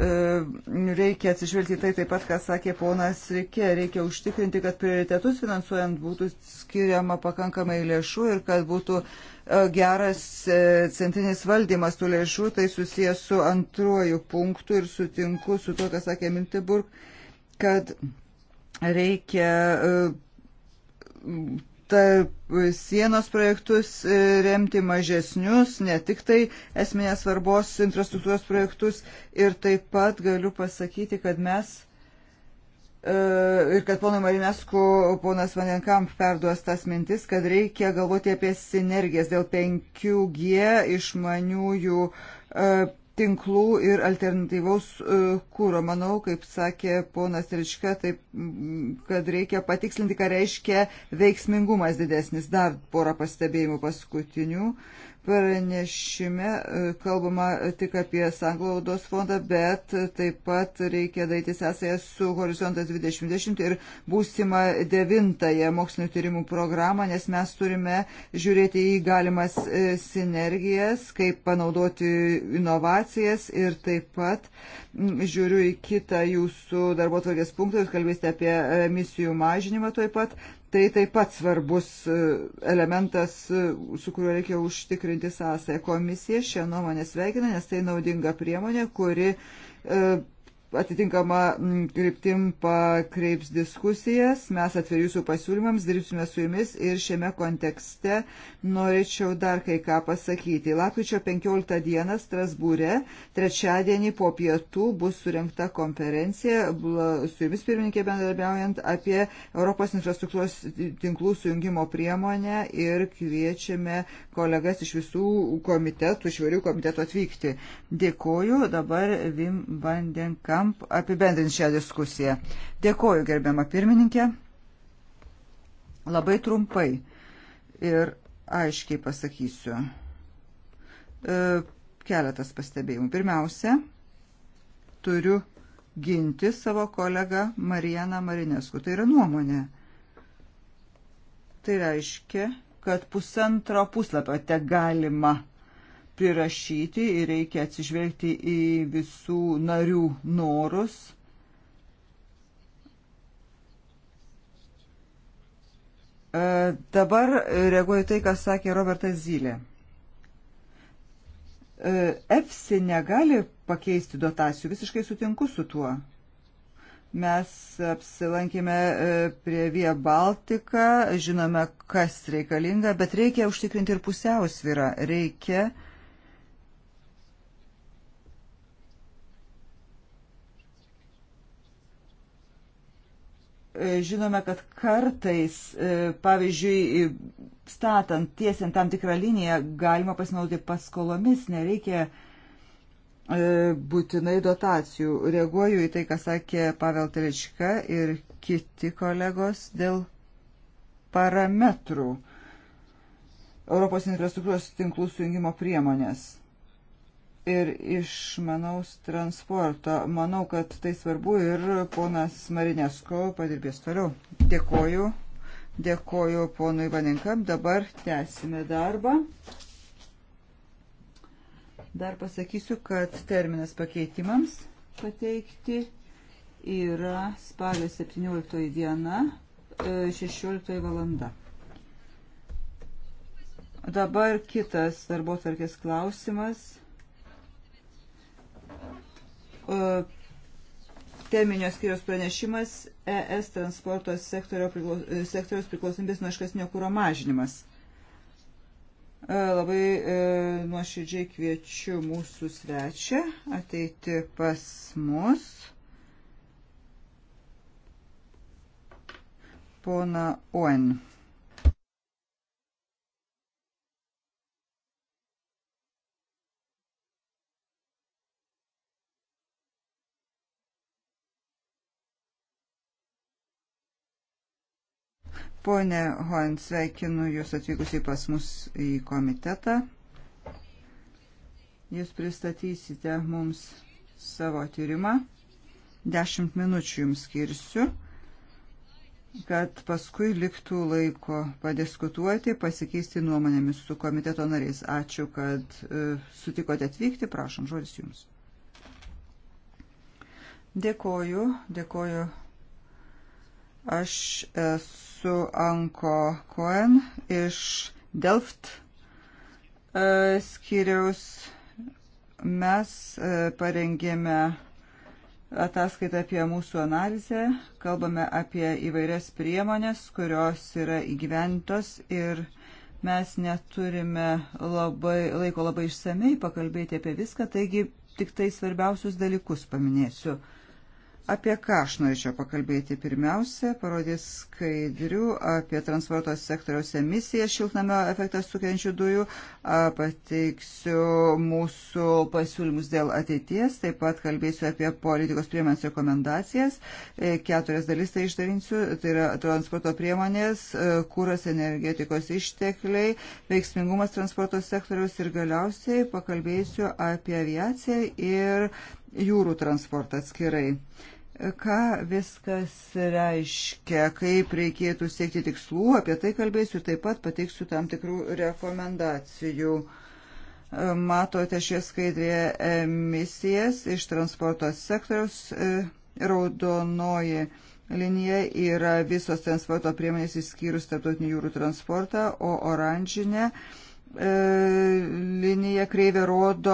reikia atsižvelgti tai taip pat, ką sakė ponas Rikė. Reikia užtikrinti, kad prioritetus finansuojant būtų skiriama pakankamai lėšų ir kad būtų e, geras e, centrinis valdymas tų lėšų. Tai susijęs su antruoju punktu ir sutinku su to, ką sakė Mintiburg, kad reikia tarp sienos projektus e, remti mažesnius, ne tik tai esminės svarbos infrastruktūros projektus. Ir taip pat galiu pasakyti, kad mes e, ir kad ponui Marinesku ponas Vandenkamp perduos tas mintis, kad reikia galvoti apie sinergijas dėl 5G išmaniųjų e, tinklų ir alternatyvaus e, kūro. Manau, kaip sakė ponas Rička, taip, kad reikia patikslinti, ką reiškia veiksmingumas didesnis. Dar porą pastebėjimų paskutinių. Uh, Pranešime e, kalbama tik apie sanglaudos fondą, bet taip pat reikia daryti sąsąją su Horizontas 2020 ir būsimą devintąją mokslinio tyrimų programą, nes mes turime žiūrėti į galimas e, sinergijas, kaip panaudoti inovacijas ir taip pat žiūriu į kitą jūsų darbo tvarkės punktą, jūs kalbėsite apie e, emisijų mažinimą taip pat. Tai taip pat svarbus e, elementas, e, su kuriuo reikia užtikrinti sąsąją. Komisija šią nuomonę sveikina, nes tai naudinga priemonė, kuri e, atitinkama mm, kryptim pakreips diskusijas. Mes atviri jūsų pasiūlymams, dirbsime su jumis ir šiame kontekste norėčiau dar kai ką pasakyti. Lapkričio 15 dieną Strasbūre, trečiadienį po pietų bus surinkta konferencija su jumis pirmininkė bendarbiaujant apie Europos infrastruktūros tinklų sujungimo priemonę ir kviečiame kolegas iš visų komitetų, iš vairių komitetų atvykti. Dėkoju dabar Vim Vandenka. Kamp apibendrint šią diskusiją. Dėkoju, gerbiama pirmininkė. Labai trumpai ir aiškiai pasakysiu. E, keletas pastebėjimų. Pirmiausia, turiu ginti savo kolegą Marijaną Marinesku. Tai yra nuomonė. Tai reiškia, kad pusantro puslapio te galima prirašyti ir reikia atsižvelgti į visų narių norus. E, dabar reaguoju tai, kas sakė Robertas Zylė. EFSI negali pakeisti dotacijų, visiškai sutinku su tuo. Mes apsilankėme e, prie Via Baltica, žinome, kas reikalinga, bet reikia užtikrinti ir pusiausvyrą. Reikia uh, E, žinome, kad kartais, e, pavyzdžiui, statant, tiesiant tam tikrą liniją, galima pasinaudoti paskolomis, nereikia e, būtinai dotacijų. Reaguoju į tai, ką sakė Pavel Telička ir kiti kolegos dėl parametrų Europos infrastruktūros tinklų sujungimo priemonės ir išmanaus transporto. Manau, kad tai svarbu ir ponas Marinesko padirbės toliau. Dėkoju. Dėkoju ponui Vaninkam. Dabar tęsime darbą. Dar pasakysiu, kad terminas pakeitimams pateikti yra spalio 17 diena, 16 e, valanda. Dabar kitas darbo tvarkės klausimas teminio skyrios pranešimas ES transporto sektoriaus priklausomybės nuo iškasnio kūro mažinimas. E, labai e, nuoširdžiai kviečiu mūsų svečią ateiti pas mus. Pona Oen. Pone Hoen, sveikinu Jūs atvykusiai pas mus į komitetą. Jūs pristatysite mums savo tyrimą. Dešimt minučių Jums skirsiu, kad paskui liktų laiko padiskutuoti, pasikeisti nuomonėmis su komiteto nariais. Ačiū, kad e, sutikote atvykti. Prašom, žodis Jums. Dėkoju, dėkoju. Aš esu su Anko Cohen iš Delft e, skyriaus. Mes e, parengėme ataskaitą apie mūsų analizę, kalbame apie įvairias priemonės, kurios yra įgyventos ir mes neturime labai, laiko labai išsamei pakalbėti apie viską, taigi tik tai svarbiausius dalykus paminėsiu. Apie ką aš norėčiau pakalbėti pirmiausia, parodys skaidrių apie transporto sektoriaus emisiją šiltnamio efektą sukeliančių dujų, pateiksiu mūsų pasiūlymus dėl ateities, taip pat kalbėsiu apie politikos priemonės rekomendacijas, e, keturias dalis tai išdarinsiu, tai yra transporto priemonės, e, kūras energetikos ištekliai, veiksmingumas transporto sektoriaus ir galiausiai pakalbėsiu apie aviaciją ir jūrų transportą atskirai. Ką viskas reiškia, kaip reikėtų siekti tikslų, apie tai kalbėsiu, taip pat pateiksiu tam tikrų rekomendacijų. Matote šie skaidrėje emisijas iš transporto sektoriaus e, raudonoji linija yra visos transporto priemonės įskyrus tarptautinį jūrų transportą, o oranžinė E, linija kreivė rodo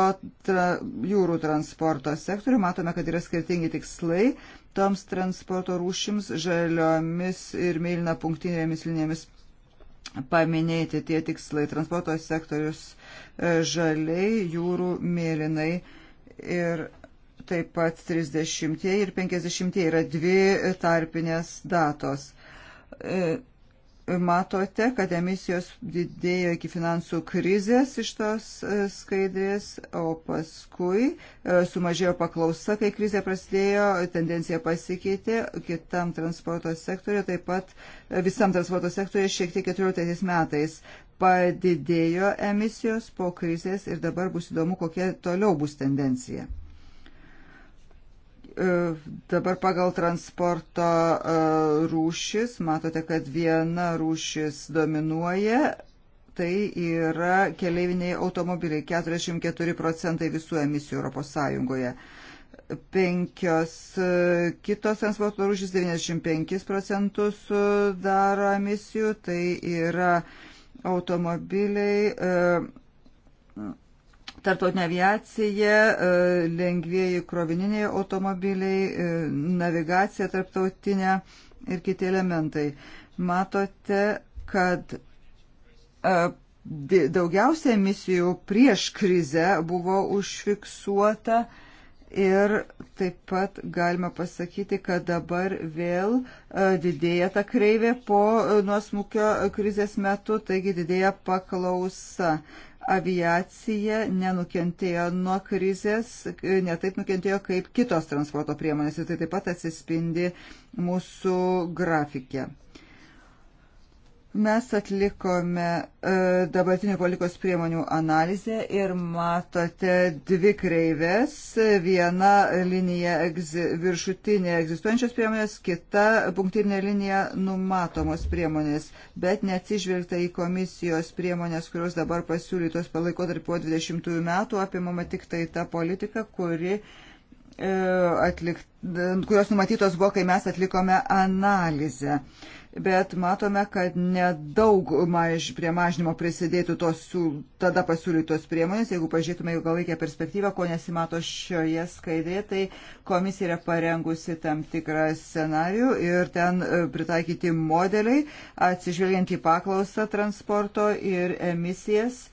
tra, jūrų transporto sektorių. Matome, kad yra skirtingi tikslai toms transporto rūšims žaliomis ir mėlyna punktinėmis linijomis paminėti tie tikslai. Transporto sektorius e, žaliai, jūrų mėlynai ir taip pat 30 ir 50 yra dvi tarpinės datos. E, matote, kad emisijos didėjo iki finansų krizės iš tos e, skaidrės, o paskui e, sumažėjo paklausa, kai krizė prasidėjo, tendencija pasikeitė kitam transporto sektoriu, taip pat e, visam transporto sektoriu šiek tiek 14 metais padidėjo emisijos po krizės ir dabar bus įdomu, kokia toliau bus tendencija. E, dabar pagal transporto e, rūšis, matote, kad viena rūšis dominuoja, tai yra keleiviniai automobiliai, 44 procentai visų emisijų Europos Sąjungoje penkios e, kitos transporto rūšys 95 procentus sudaro emisijų, tai yra automobiliai, tarptautinė aviacija, e, lengvieji krovininiai automobiliai, e, navigacija tarptautinė ir kiti elementai. Matote, kad e, daugiausia emisijų prieš krizę buvo užfiksuota ir taip pat galima pasakyti, kad dabar vėl didėja ta kreivė po nuosmukio krizės metu, taigi didėja paklausa aviacija nenukentėjo nuo krizės, netaip nukentėjo kaip kitos transporto priemonės ir tai taip pat atsispindi mūsų grafikė. Mes atlikome e, dabartinių politikos priemonių analizę ir matote dvi kreivės. Viena linija egzi, viršutinė egzistuojančios priemonės, kita punktinė linija numatomos priemonės, bet neatsižvelgta į komisijos priemonės, kurios dabar pasiūlytos palaiko tarp 20 metų, apimama tik tai ta politika, kuri e, atlik, kurios numatytos buvo, kai mes atlikome analizę bet matome, kad nedaug maž, prie mažinimo prisidėtų tos tada pasiūlytos priemonės. Jeigu pažiūrėtume ilgalaikę perspektyvą, ko nesimato šioje skaidrėje, tai komisija yra parengusi tam tikrą scenarių ir ten e, pritaikyti modeliai, atsižvelgiant į paklausą transporto ir emisijas.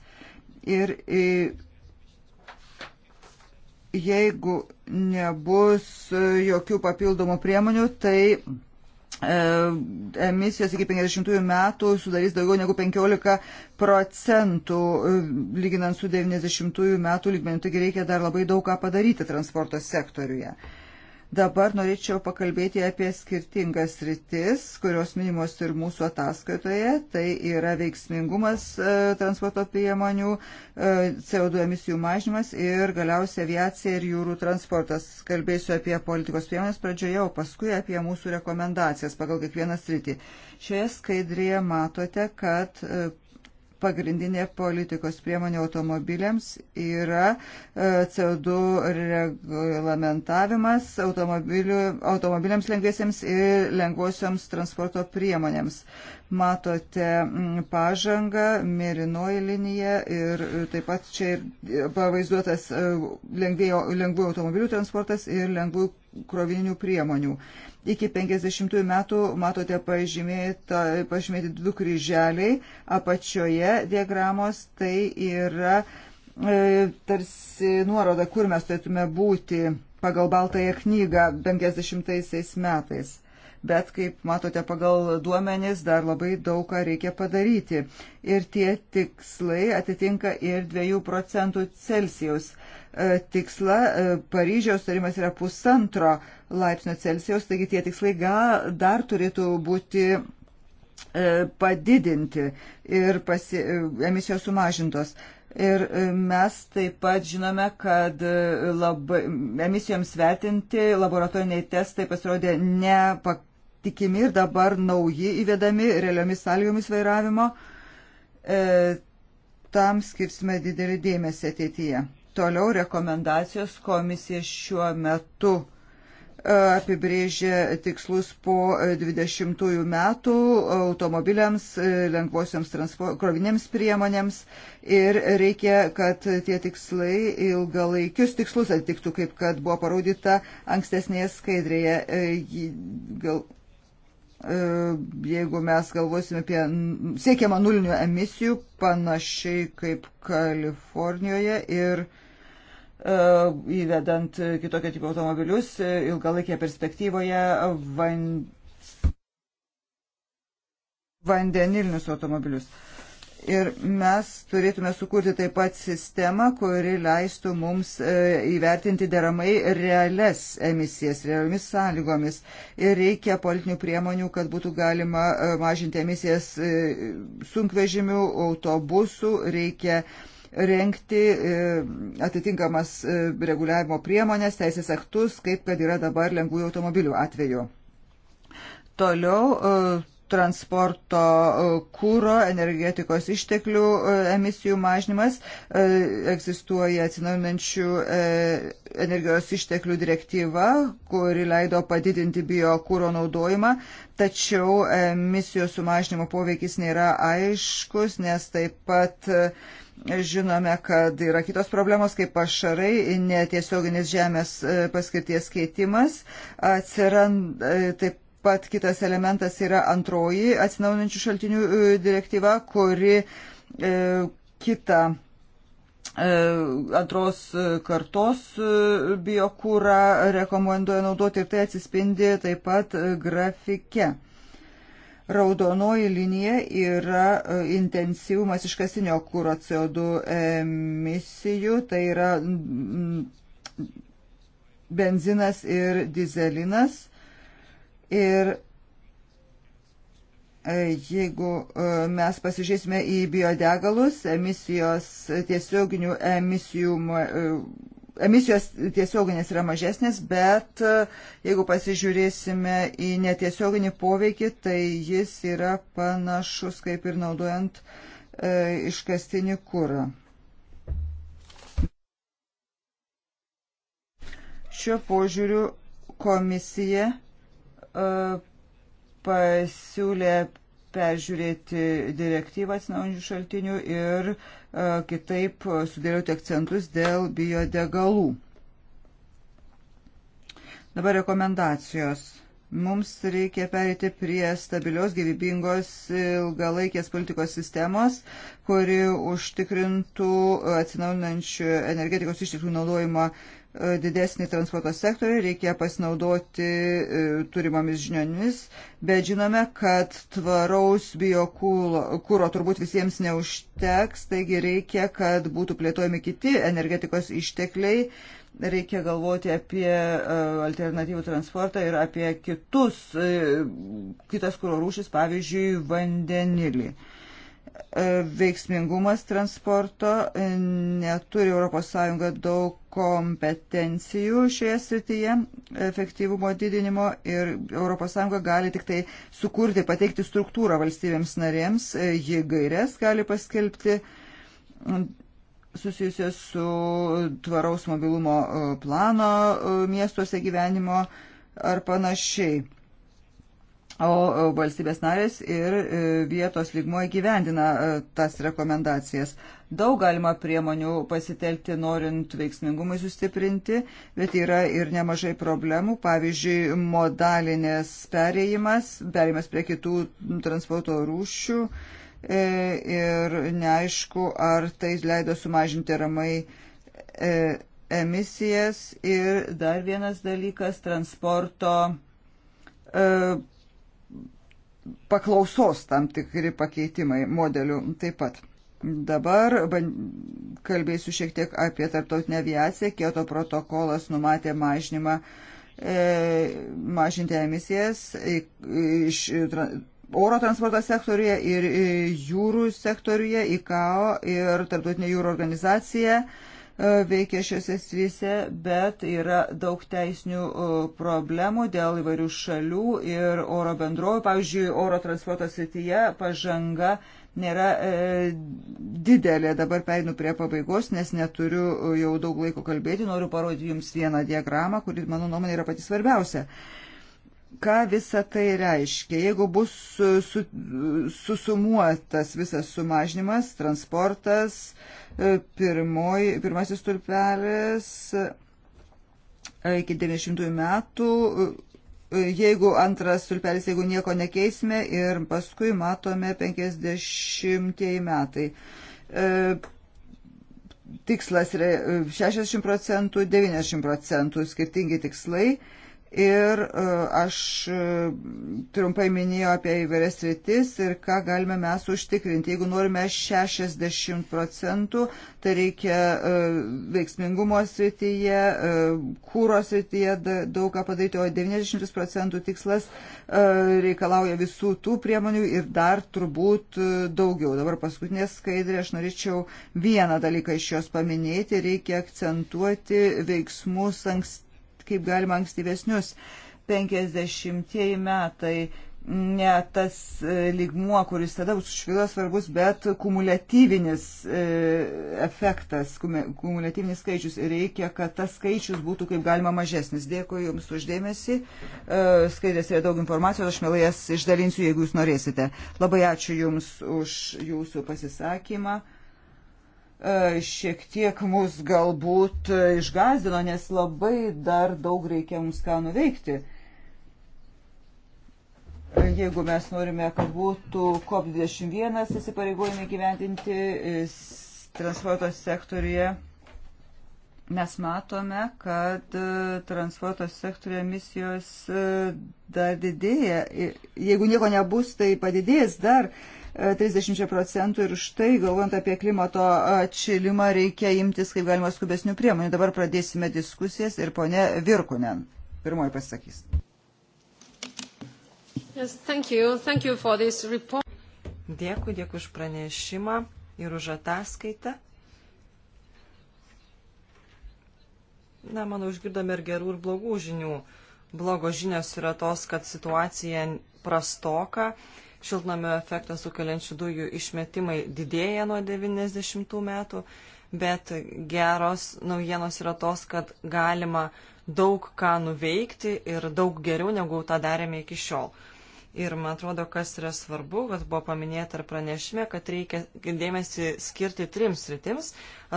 Ir e, jeigu nebus e, jokių papildomų priemonių, tai E, emisijos iki 50 metų sudarys daugiau negu 15 procentų, e, lyginant su 90 metų lygmeniu. Taigi reikia dar labai daug ką padaryti transporto sektoriuje. Uh, Dabar norėčiau pakalbėti apie skirtingas rytis, kurios minimos ir mūsų ataskaitoje. Tai yra veiksmingumas e, transporto priemonių, e, CO2 emisijų mažymas ir galiausiai aviacija ir jūrų transportas. Kalbėsiu apie politikos priemonės pradžioje, o paskui apie mūsų rekomendacijas pagal kiekvieną sritį. Šioje skaidrėje matote, kad e, pagrindinė politikos priemonė automobiliams yra e, CO2 reglamentavimas automobiliams lengviesiems ir lengvosioms transporto priemonėms. Matote pažangą, mėlynoji linija ir e, taip pat čia ir e, pavaizduotas lengvųjų automobilių transportas ir lengvųjų krovininių priemonių. Uh, Iki 50 metų matote pažymėta, pažymėti du kryželiai apačioje diagramos, tai yra e, tarsi nuoroda, kur mes turėtume būti pagal Baltąją knygą 50 metais bet kaip matote pagal duomenis dar labai daug ką reikia padaryti. Ir tie tikslai atitinka ir 2 procentų Celsijaus E, tikslą. E, Paryžiaus tarimas yra pusantro laipsnio Celsijos, taigi tie tikslai gal dar turėtų būti e, padidinti ir pasi, emisijos sumažintos. Ir mes taip pat žinome, kad labai, emisijoms vertinti laboratoriniai testai pasirodė nepatikimi ir dabar nauji įvedami realiomis sąlygomis vairavimo. E, tam skirsime didelį dėmesį ateityje. Toliau rekomendacijos komisija šiuo metu e, apibrėžė tikslus po 20 metų automobiliams, e, lengvosioms krovinėms priemonėms ir reikia, kad tie tikslai ilgalaikius tikslus atitiktų, kaip kad buvo parodyta ankstesnėje skaidrėje. E, jeigu mes galvosime apie siekiamą nulinių emisijų, panašiai kaip Kalifornijoje ir uh, E, įvedant kitokio tipo automobilius e, ilgalaikėje perspektyvoje van... vandenilinius automobilius. Ir mes turėtume sukurti taip pat sistemą, kuri leistų mums e, įvertinti deramai realias emisijas, realiomis sąlygomis. Ir reikia politinių priemonių, kad būtų galima mažinti emisijas sunkvežimių, autobusų, reikia uh, renkti e, atitinkamas e, reguliavimo priemonės, teisės aktus, kaip kad yra dabar lengvųjų automobilių atveju. Toliau e, transporto kūro, energetikos išteklių emisijų mažinimas, egzistuoja atsinaujinančių energijos išteklių direktyva, kuri leido padidinti biokūro naudojimą, tačiau emisijų sumažinimo poveikis nėra aiškus, nes taip pat Žinome, kad yra kitos problemos kaip pašarai, netiesioginis žemės e, paskirties keitimas. Atsirand, e, taip pat kitas elementas yra antroji atsinaujinančių šaltinių e, direktyva, kuri e, kitą e, antros kartos biokūrą rekomenduoja naudoti ir tai atsispindi taip pat grafike. E, Raudonoji linija yra e, intensyvumas iškasinio kūro CO2 emisijų, tai yra mm, benzinas ir dizelinas. Ir e, jeigu e, mes pasižiūrėsime į biodegalus, emisijos tiesioginių emisijų emisijos tiesioginės yra mažesnės, bet e, jeigu pasižiūrėsime į netiesioginį poveikį, tai jis yra panašus kaip ir naudojant e, iškastinį kūrą. Šiuo požiūriu komisija e, pasiūlė peržiūrėti direktyvą atsinaujančių šaltinių ir e, kitaip e, sudėlioti akcentus dėl biodegalų. Dabar rekomendacijos. Mums reikia perėti prie stabilios, gyvybingos, ilgalaikės politikos sistemos, kuri užtikrintų e, atsinaujinančių energetikos išteklių naudojimą didesnį transporto sektorių, reikia pasinaudoti e, turimomis žiniomis, bet žinome, kad tvaraus biokūro turbūt visiems neužteks, taigi reikia, kad būtų plėtojami kiti energetikos ištekliai, reikia galvoti apie e, alternatyvų transportą ir apie kitus, e, kitas kūro rūšis, pavyzdžiui, vandenilį. E, veiksmingumas transporto, e, neturi ES daug kompetencijų šioje srityje, efektyvumo didinimo ir ES gali tik tai sukurti, pateikti struktūrą valstybėms narėms, e, ji gairias gali paskelbti susijusios su tvaraus mobilumo plano miestuose gyvenimo ar panašiai o valstybės narės ir e, vietos lygmuo įgyvendina e, tas rekomendacijas. Daug galima priemonių pasitelkti, norint veiksmingumui sustiprinti, bet yra ir nemažai problemų, pavyzdžiui, modalinės perėjimas, perėjimas prie kitų transporto rūšių e, ir neaišku, ar tai leido sumažinti ramai emisijas ir dar vienas dalykas - transporto paklausos tam tikri pakeitimai modelių taip pat. Dabar kalbėsiu šiek tiek apie tarptautinę aviaciją. Kieto protokolas numatė mažinimą, e, mažinti emisijas iš tra, oro transporto sektoriuje ir e, jūrų sektoriuje, ICAO ir tarptautinė jūrų organizacija. E, E, veikia šiuose svyse, bet yra daug teisinių e, problemų dėl įvairių šalių ir oro bendrovų. Pavyzdžiui, oro transporto srityje pažanga nėra e, didelė. Dabar pereinu prie pabaigos, nes neturiu e, jau daug laiko kalbėti. Noriu parodyti Jums vieną diagramą, kuri, mano nuomonė, yra pati svarbiausia. E, ką visa tai reiškia. Jeigu bus su, su, susumuotas visas sumažinimas, transportas, e, pirmoj, pirmasis tulpelis e, iki 90 metų, e, jeigu antras tulpelis, jeigu nieko nekeisime ir paskui matome 50 metai tikslas yra 60 procentų, 90 procentų skirtingi tikslai. Ir e, aš e, trumpai minėjau apie įvairias rytis ir ką galime mes užtikrinti. Jeigu norime 60 procentų, tai reikia e, veiksmingumo srityje, kūro srityje daug ką padaryti, o 90 procentų tikslas reikalauja visų tų priemonių ir dar turbūt daugiau. Dabar paskutinė skaidrė, aš norėčiau vieną dalyką iš jos paminėti. Reikia akcentuoti veiksmus anksti kaip galima ankstyvesnius. 50 metai ne tas e, lygmuo, kuris tada bus užfilas svarbus, bet kumuliatyvinis e, efektas, kumuliatyvinis skaičius. Ir reikia, kad tas skaičius būtų kaip galima mažesnis. Dėkui Jums uždėmesi. E, Skaidrėse yra daug informacijos, aš mielai jas išdalinsiu, jeigu Jūs norėsite. Labai ačiū Jums už Jūsų pasisakymą. E, šiek tiek mus galbūt e, išgazdino, nes labai dar daug reikia mums ką nuveikti. Jeigu mes norime, kad būtų COP21 įsipareigojimai gyventinti e, transporto sektoriuje, mes matome, kad transporto sektoriuje emisijos dar didėja. Jeigu nieko nebus, tai padidės dar. Uh, 30 procentų ir štai, galvant apie klimato atšilimą, reikia imtis kaip galima skubesnių priemonių. Dabar pradėsime diskusijas ir ponė Virkunen pirmoji pasakys. Yes, thank you. Thank you dėkui, dėkui už pranešimą ir už ataskaitą. Na, manau, išgirdome ir gerų, ir blogų žinių. Blogos žinios yra tos, kad situacija prastoka šiltnamio efektą sukeliančių dujų išmetimai didėja nuo 90 metų, bet geros naujienos yra tos, kad galima daug ką nuveikti ir daug geriau negu tą darėme iki šiol. Ir man atrodo, kas yra svarbu, kad buvo paminėta ir pranešime, kad reikia dėmesį skirti trims rytims.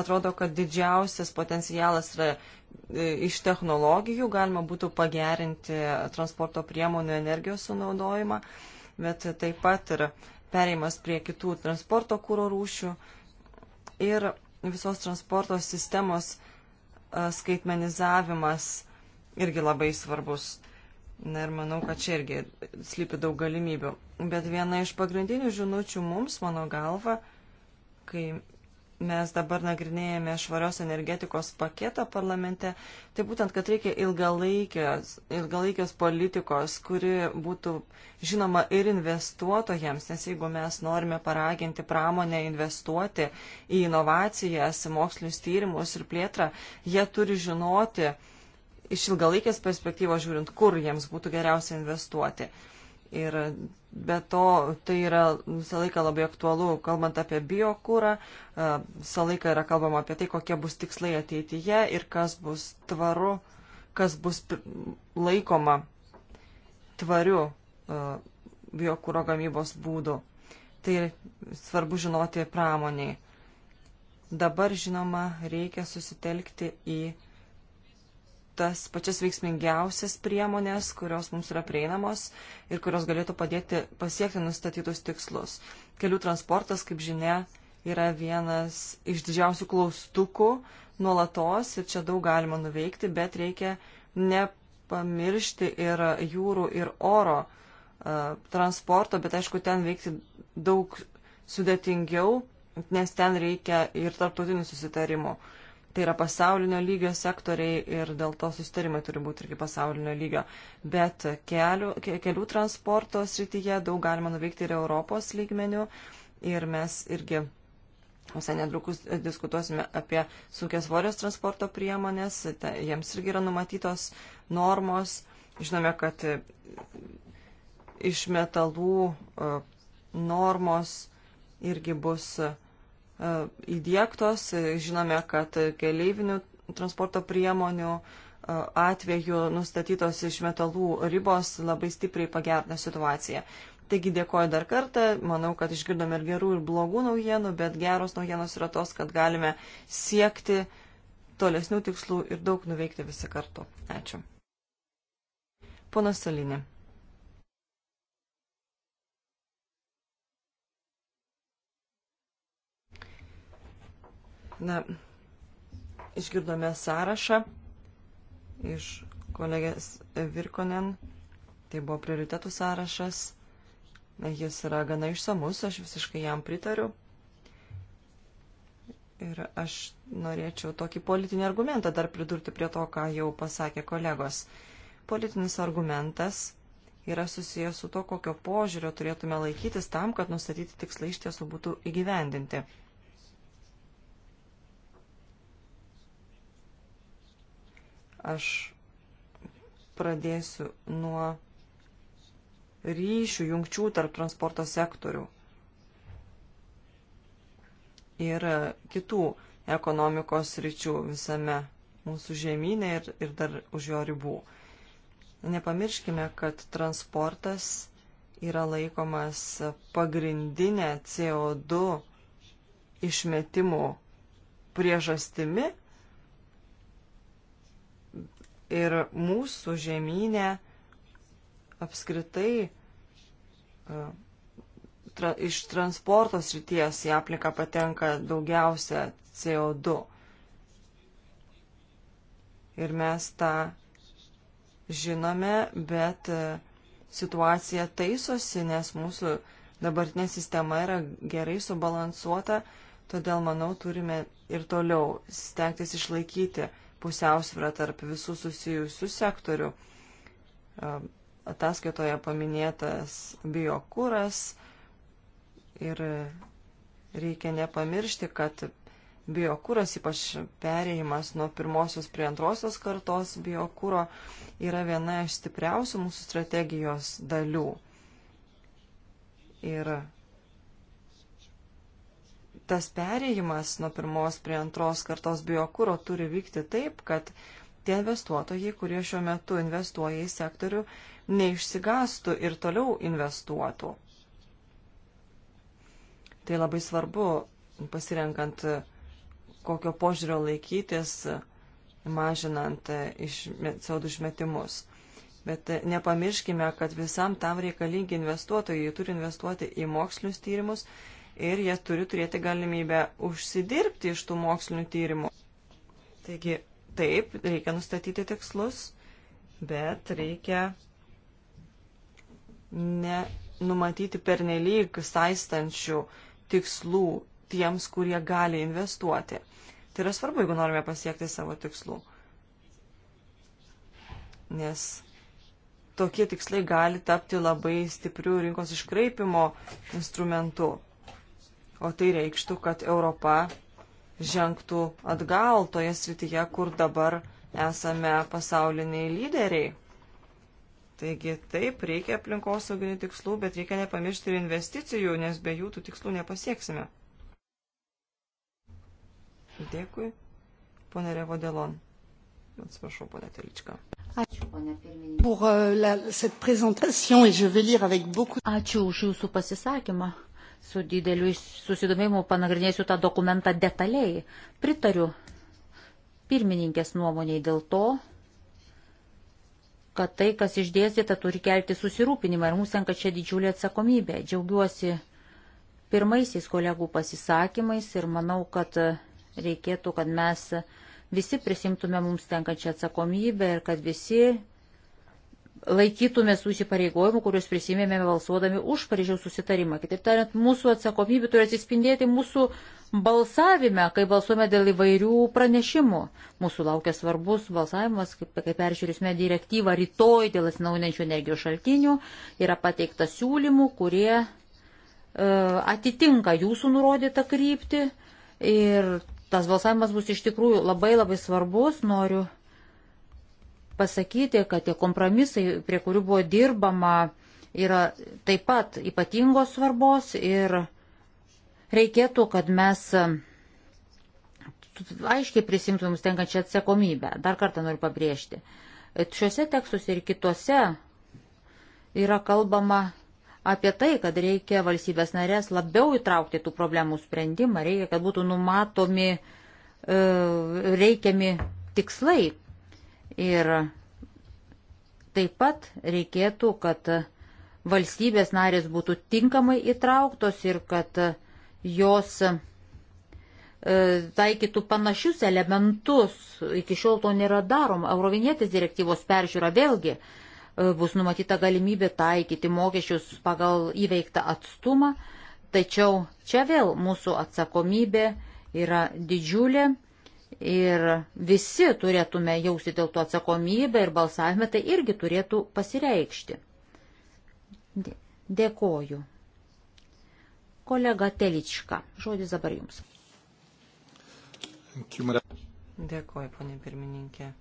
Atrodo, kad didžiausias potencialas yra e, iš technologijų, galima būtų pagerinti transporto priemonių energijos sunaudojimą. Uh, bet taip pat ir pereimas prie kitų transporto kūro rūšių ir visos transporto sistemos skaitmenizavimas irgi labai svarbus. Na ir manau, kad čia irgi slypi daug galimybių. Bet viena iš pagrindinių žinučių mums, mano galva, kai mes dabar nagrinėjame švarios energetikos paketą parlamente, tai būtent, kad reikia ilgalaikės, ilgalaikės politikos, kuri būtų žinoma ir investuotojams, nes jeigu mes norime paraginti pramonę investuoti į inovacijas, mokslinius tyrimus ir plėtrą, jie turi žinoti iš ilgalaikės perspektyvos žiūrint, kur jiems būtų geriausia investuoti. Ir Be to, tai yra visą laiką labai aktualu, kalbant apie biokūrą, e, visą laiką yra kalbama apie tai, kokie bus tikslai ateityje ir kas bus tvaru, kas bus laikoma tvariu e, biokūro gamybos būdu. Tai svarbu žinoti pramoniai. Dabar, žinoma, reikia susitelkti į tas pačias veiksmingiausias priemonės, kurios mums yra prieinamos ir kurios galėtų padėti pasiekti nustatytus tikslus. Kelių transportas, kaip žinia, yra vienas iš didžiausių klaustukų nuolatos ir čia daug galima nuveikti, bet reikia nepamiršti ir jūrų ir oro uh, transporto, bet aišku, ten veikti daug sudėtingiau, nes ten reikia ir tarptautinių susitarimų. Uh, tai yra pasaulinio lygio sektoriai ir dėl to susitarimai turi būti irgi pasaulinio lygio. Bet kelių, kelių transporto srityje daug galima nuveikti ir Europos lygmenių ir mes irgi visai netrukus diskutuosime apie sunkias svorios transporto priemonės, ta, jiems irgi yra numatytos normos. Žinome, kad iš metalų e, normos irgi bus uh, E, įdėktos. Žinome, kad keleivinių transporto priemonių e, atveju nustatytos iš metalų ribos labai stipriai pagerina situaciją. Taigi dėkoju dar kartą, manau, kad išgirdome ir gerų, ir blogų naujienų, bet geros naujienos yra tos, kad galime siekti tolesnių tikslų ir daug nuveikti visi kartu. Ačiū. Ponas Salinė. Na, išgirdome sąrašą iš kolegės Virkonen. Tai buvo prioritetų sąrašas. Na, jis yra gana išsamus, aš visiškai jam pritariu. Ir aš norėčiau tokį politinį argumentą dar pridurti prie to, ką jau pasakė kolegos. Politinis argumentas yra susijęs su to, kokio požiūrio turėtume laikytis tam, kad nustatyti tikslai iš tiesų būtų įgyvendinti. Aš pradėsiu nuo ryšių, jungčių tarp transporto sektorių ir kitų ekonomikos ryčių visame mūsų žemynė ir, ir dar už jo ribų. Nepamirškime, kad transportas yra laikomas pagrindinė CO2 išmetimų priežastimi Ir mūsų žemynė apskritai e, tra, iš transporto srities į aplinką patenka daugiausia CO2. Ir mes tą žinome, bet e, situacija taisosi, nes mūsų dabartinė sistema yra gerai subalansuota, todėl, manau, turime ir toliau stengtis išlaikyti pusiausvyrą tarp visų susijusių sektorių. Ataskaitoje paminėtas biokūras ir reikia nepamiršti, kad biokūras, ypač perėjimas nuo pirmosios prie antrosios kartos biokūro, yra viena iš stipriausių mūsų strategijos dalių. Ir tas perėjimas nuo pirmos prie antros kartos biokūro turi vykti taip, kad tie investuotojai, kurie šiuo metu investuoja į sektorių, neišsigastų ir toliau investuotų. Tai labai svarbu pasirenkant, kokio požiūrio laikytis, mažinant iš CO2 išmetimus. Bet nepamirškime, kad visam tam reikalingi investuotojai turi investuoti į mokslinius tyrimus ir jie turi turėti galimybę užsidirbti iš tų mokslinių tyrimų. Taigi, taip, reikia nustatyti tikslus, bet reikia nenumatyti pernelyg saistančių tikslų tiems, kurie gali investuoti. Tai yra svarbu, jeigu norime pasiekti savo tikslų. Nes tokie tikslai gali tapti labai stiprių rinkos iškraipimo instrumentu. O tai reikštų, kad Europa žengtų atgal toje srityje, kur dabar esame pasauliniai lyderiai. Taigi taip, reikia aplinkosauginių tikslų, bet reikia nepamiršti ir investicijų, nes be jų tų tikslų nepasieksime. Dėkui, ponė Revodelon. Atsiprašau, ponė Telička. Ačiū, ponė pirmininkė. Euh, Ačiū už jūsų pasisakymą su dideliu susidomėjimu panagrinėsiu tą dokumentą detaliai. Pritariu pirmininkės nuomoniai dėl to, kad tai, kas išdėstyta, turi kelti susirūpinimą ir mums tenka čia didžiulė atsakomybė. Džiaugiuosi pirmaisiais kolegų pasisakymais ir manau, kad reikėtų, kad mes visi prisimtume mums tenkančią atsakomybę ir kad visi laikytumės tų įsipareigojimų, kuriuos prisimėmėme balsuodami už Paryžiaus susitarimą. Kitaip tariant, mūsų atsakomybė turi atsispindėti mūsų balsavime, kai balsuome dėl įvairių pranešimų. Mūsų laukia svarbus balsavimas, kaip, kai peržiūrėsime direktyvą rytoj dėl atsinaujinančių energijos šaltinių, yra pateikta siūlymų, kurie e, atitinka jūsų nurodytą kryptį ir tas balsavimas bus iš tikrųjų labai labai svarbus. Noriu pasakyti, kad tie kompromisai, prie kurių buvo dirbama, yra taip pat ypatingos svarbos ir reikėtų, kad mes uh, aiškiai prisimtų mums tenkančią atsakomybę. Dar kartą noriu pabrėžti. Šiuose tekstuose ir kituose yra kalbama apie tai, kad reikia valstybės narės labiau įtraukti tų problemų sprendimą, reikia, kad būtų numatomi uh, reikiami tikslai, Ir taip pat reikėtų, kad valstybės narės būtų tinkamai įtrauktos ir kad jos e, taikytų panašius elementus. Iki šiol to nėra daroma. Eurovinėtės direktyvos peržiūra vėlgi e, bus numatyta galimybė taikyti mokesčius pagal įveiktą atstumą, tačiau čia vėl mūsų atsakomybė yra didžiulė Ir visi turėtume jausti dėl to atsakomybę ir balsavime tai irgi turėtų pasireikšti. Dėkoju. Kolega Telička, žodis dabar jums. Dėkoju, ponė pirmininkė.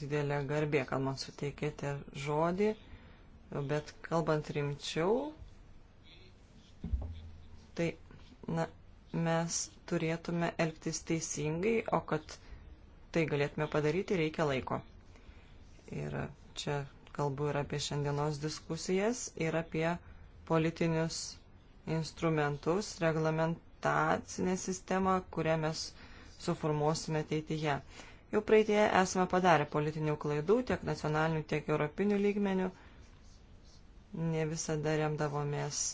Didelė garbė, kad man suteikėte žodį, bet kalbant rimčiau, tai, na, mes turėtume elgtis teisingai, o kad tai galėtume padaryti, reikia laiko. Ir čia kalbu ir apie šiandienos diskusijas, ir apie politinius instrumentus, reglamentacinę sistemą, kurią mes suformuosime ateityje. Jau praeitie esame padarę politinių klaidų tiek nacionalinių, tiek europinių lygmenių. Ne visada remdavomės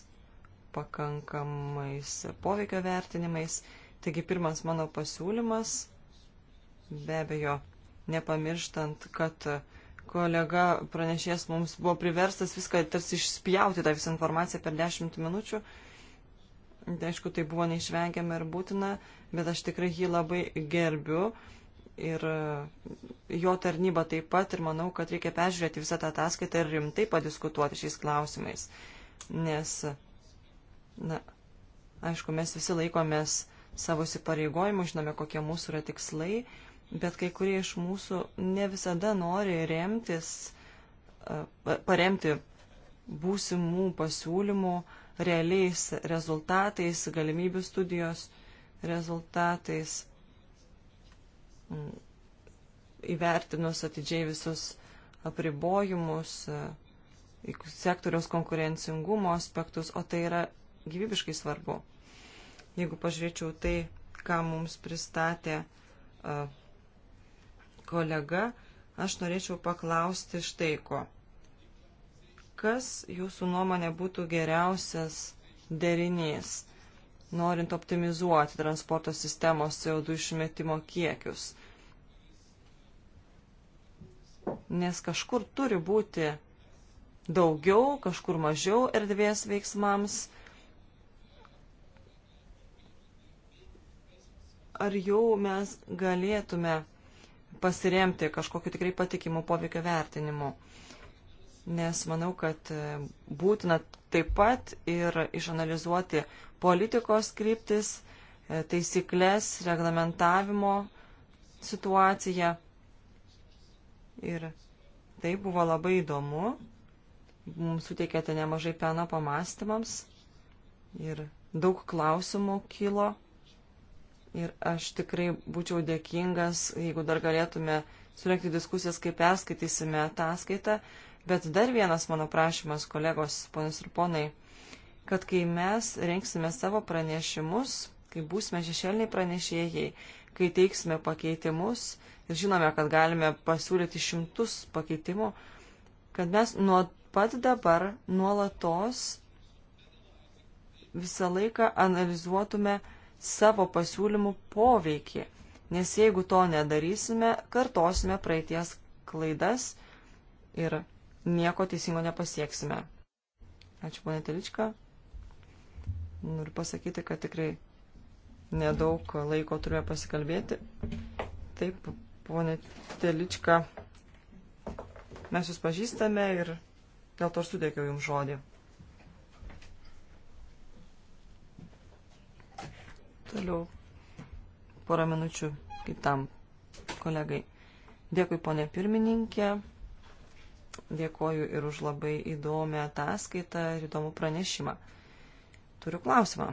pakankamais poveikio vertinimais. Taigi pirmas mano pasiūlymas, be abejo, nepamirštant, kad kolega pranešės mums buvo priverstas viską tarsi išspjauti tą visą informaciją per dešimt minučių. Tai aišku, tai buvo neišvengiama ir būtina, bet aš tikrai jį labai gerbiu ir jo tarnyba taip pat ir manau, kad reikia peržiūrėti visą tą ataskaitą ir rimtai padiskutuoti šiais klausimais. Nes Na, aišku, mes visi laikomės savo įsipareigojimų, žinome, kokie mūsų yra tikslai, bet kai kurie iš mūsų ne visada nori remtis, e, paremti būsimų pasiūlymų realiais rezultatais, galimybių studijos rezultatais, įvertinus atidžiai visus apribojimus, e, sektoriaus konkurencingumo aspektus, o tai yra gyvybiškai svarbu. Jeigu pažiūrėčiau tai, ką mums pristatė uh, kolega, aš norėčiau paklausti štai ko. Kas jūsų nuomonė būtų geriausias derinys, norint optimizuoti transporto sistemos CO2 išmetimo kiekius? Nes kažkur turi būti daugiau, kažkur mažiau erdvės veiksmams ar jau mes galėtume pasiremti kažkokiu tikrai patikimu poveikio vertinimu. Nes manau, kad e, būtina taip pat ir išanalizuoti politikos kryptis, e, taisyklės, reglamentavimo situaciją. Ir tai buvo labai įdomu. Mums suteikėte nemažai peno pamastymams ir daug klausimų kilo Ir aš tikrai būčiau dėkingas, jeigu dar galėtume surenkti diskusijas, kaip perskaitysime ataskaitą. Bet dar vienas mano prašymas, kolegos, ponius ir ponai, kad kai mes renksime savo pranešimus, kai būsime šešėliniai pranešėjai, kai teiksime pakeitimus ir žinome, kad galime pasiūlyti šimtus pakeitimų, kad mes nuo pat dabar nuolatos visą laiką analizuotume, savo pasiūlymų poveikį, nes jeigu to nedarysime, kartosime praeities klaidas ir nieko teisingo nepasieksime. Ačiū, ponė Telička. Noriu pasakyti, kad tikrai nedaug laiko turime pasikalbėti. Taip, ponė Telička, mes jūs pažįstame ir dėl to ir sudėkiau jums žodį. Toliau porą minučių kitam kolegai. Dėkui, ponė pirmininkė. Dėkoju ir už labai įdomią ataskaitą ir įdomų pranešimą. Turiu klausimą.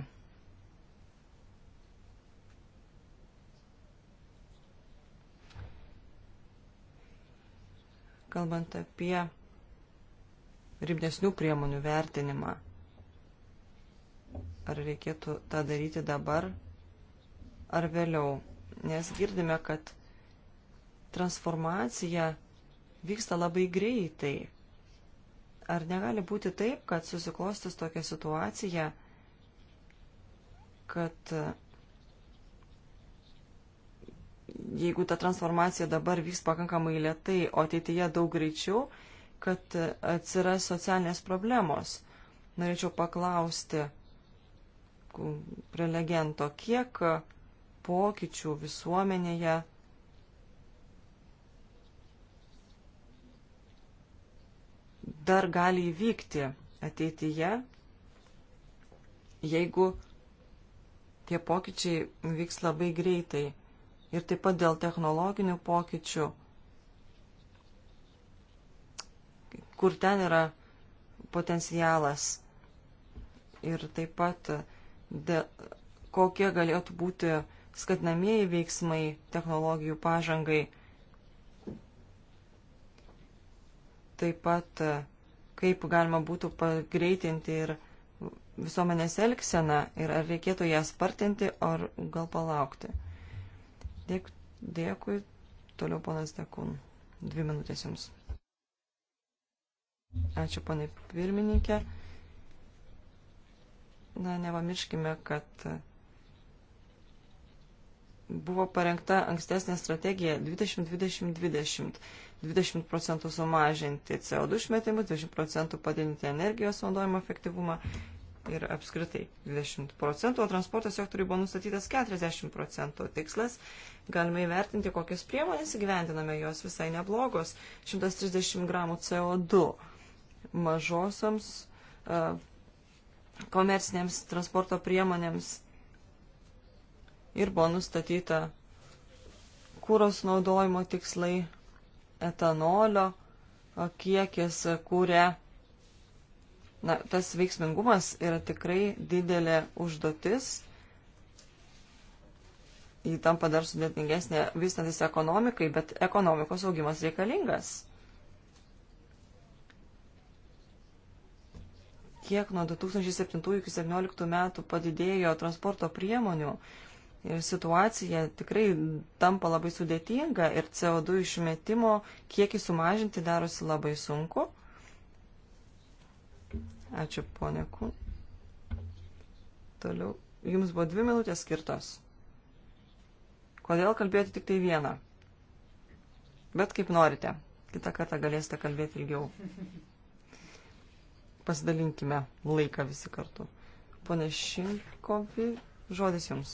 Kalbant apie rimtesnių priemonių vertinimą ar reikėtų tą daryti dabar ar vėliau. Nes girdime, kad transformacija vyksta labai greitai. Ar negali būti taip, kad susiklostis tokia situacija, kad e, jeigu ta transformacija dabar vyks pakankamai lietai, o ateityje daug greičiau, kad e, atsiras socialinės problemos. Norėčiau paklausti, prelegento, kiek pokyčių visuomenėje dar gali įvykti ateityje, jeigu tie pokyčiai vyks labai greitai. Ir taip pat dėl technologinių pokyčių, kur ten yra potencialas. Ir taip pat de, kokie galėtų būti skatinamieji veiksmai technologijų pažangai. Taip pat, kaip galima būtų pagreitinti ir visuomenės elgseną ir ar reikėtų ją spartinti, ar gal palaukti. Dėk, dėkui, toliau ponas Dekun. Dvi minutės jums. Ačiū, panai pirmininkė na, nepamirškime, kad buvo parengta ankstesnė strategija 20-20-20. 20 procentų sumažinti CO2 išmetimus, 20 procentų padidinti energijos naudojimo efektyvumą ir apskritai 20 procentų, o transporto sektoriui buvo nustatytas 40 procentų tikslas. Galime įvertinti, kokias priemonės įgyvendiname, jos visai neblogos. 130 gramų CO2 mažosioms komersinėms transporto priemonėms ir buvo nustatyta kūros naudojimo tikslai, etanolio kiekis kūrė. Na, tas veiksmingumas yra tikrai didelė užduotis. Įtampa dar sudėtingesnė vystantis ekonomikai, bet ekonomikos augimas reikalingas. kiek nuo 2007 iki 2017 metų padidėjo transporto priemonių. Ir situacija tikrai tampa labai sudėtinga ir CO2 išmetimo kiekį sumažinti darosi labai sunku. Ačiū, ponė Kūn. Toliau. Jums buvo dvi minutės skirtos. Kodėl kalbėti tik tai vieną? Bet kaip norite. Kitą kartą galėsite kalbėti ilgiau pasidalinkime laiką visi kartu. Pone Šinkovi, žodis jums.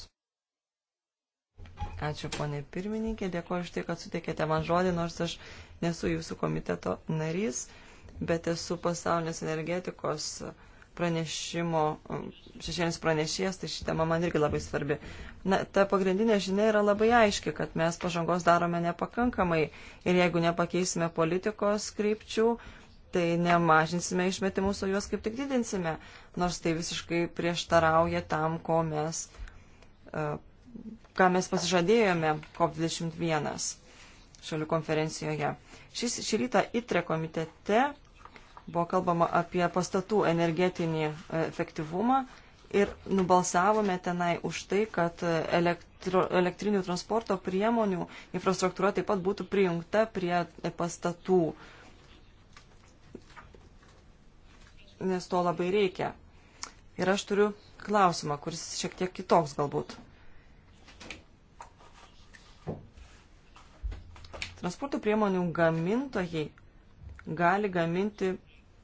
Ačiū, ponė pirmininkė, dėkuoju už tai, kad suteikėte man žodį, nors aš nesu jūsų komiteto narys, bet esu pasaulinės energetikos pranešimo, šešėlis pranešėjas, tai ši tema man irgi labai svarbi. Na, ta pagrindinė žinia yra labai aiški, kad mes pažangos darome nepakankamai ir jeigu nepakeisime politikos krypčių, tai nemažinsime išmetimus, o juos kaip tik didinsime, nors tai visiškai prieštarauja tam, ko mes, e, ką mes pasižadėjome COP21 šalių konferencijoje. Šis, šį rytą ITRE komitete buvo kalbama apie pastatų energetinį e, efektyvumą ir nubalsavome tenai už tai, kad elektro, elektrinių transporto priemonių infrastruktūra taip pat būtų prijungta prie pastatų uh, nes to labai reikia. Ir aš turiu klausimą, kuris šiek tiek kitoks galbūt. Transporto priemonių gamintojai gali gaminti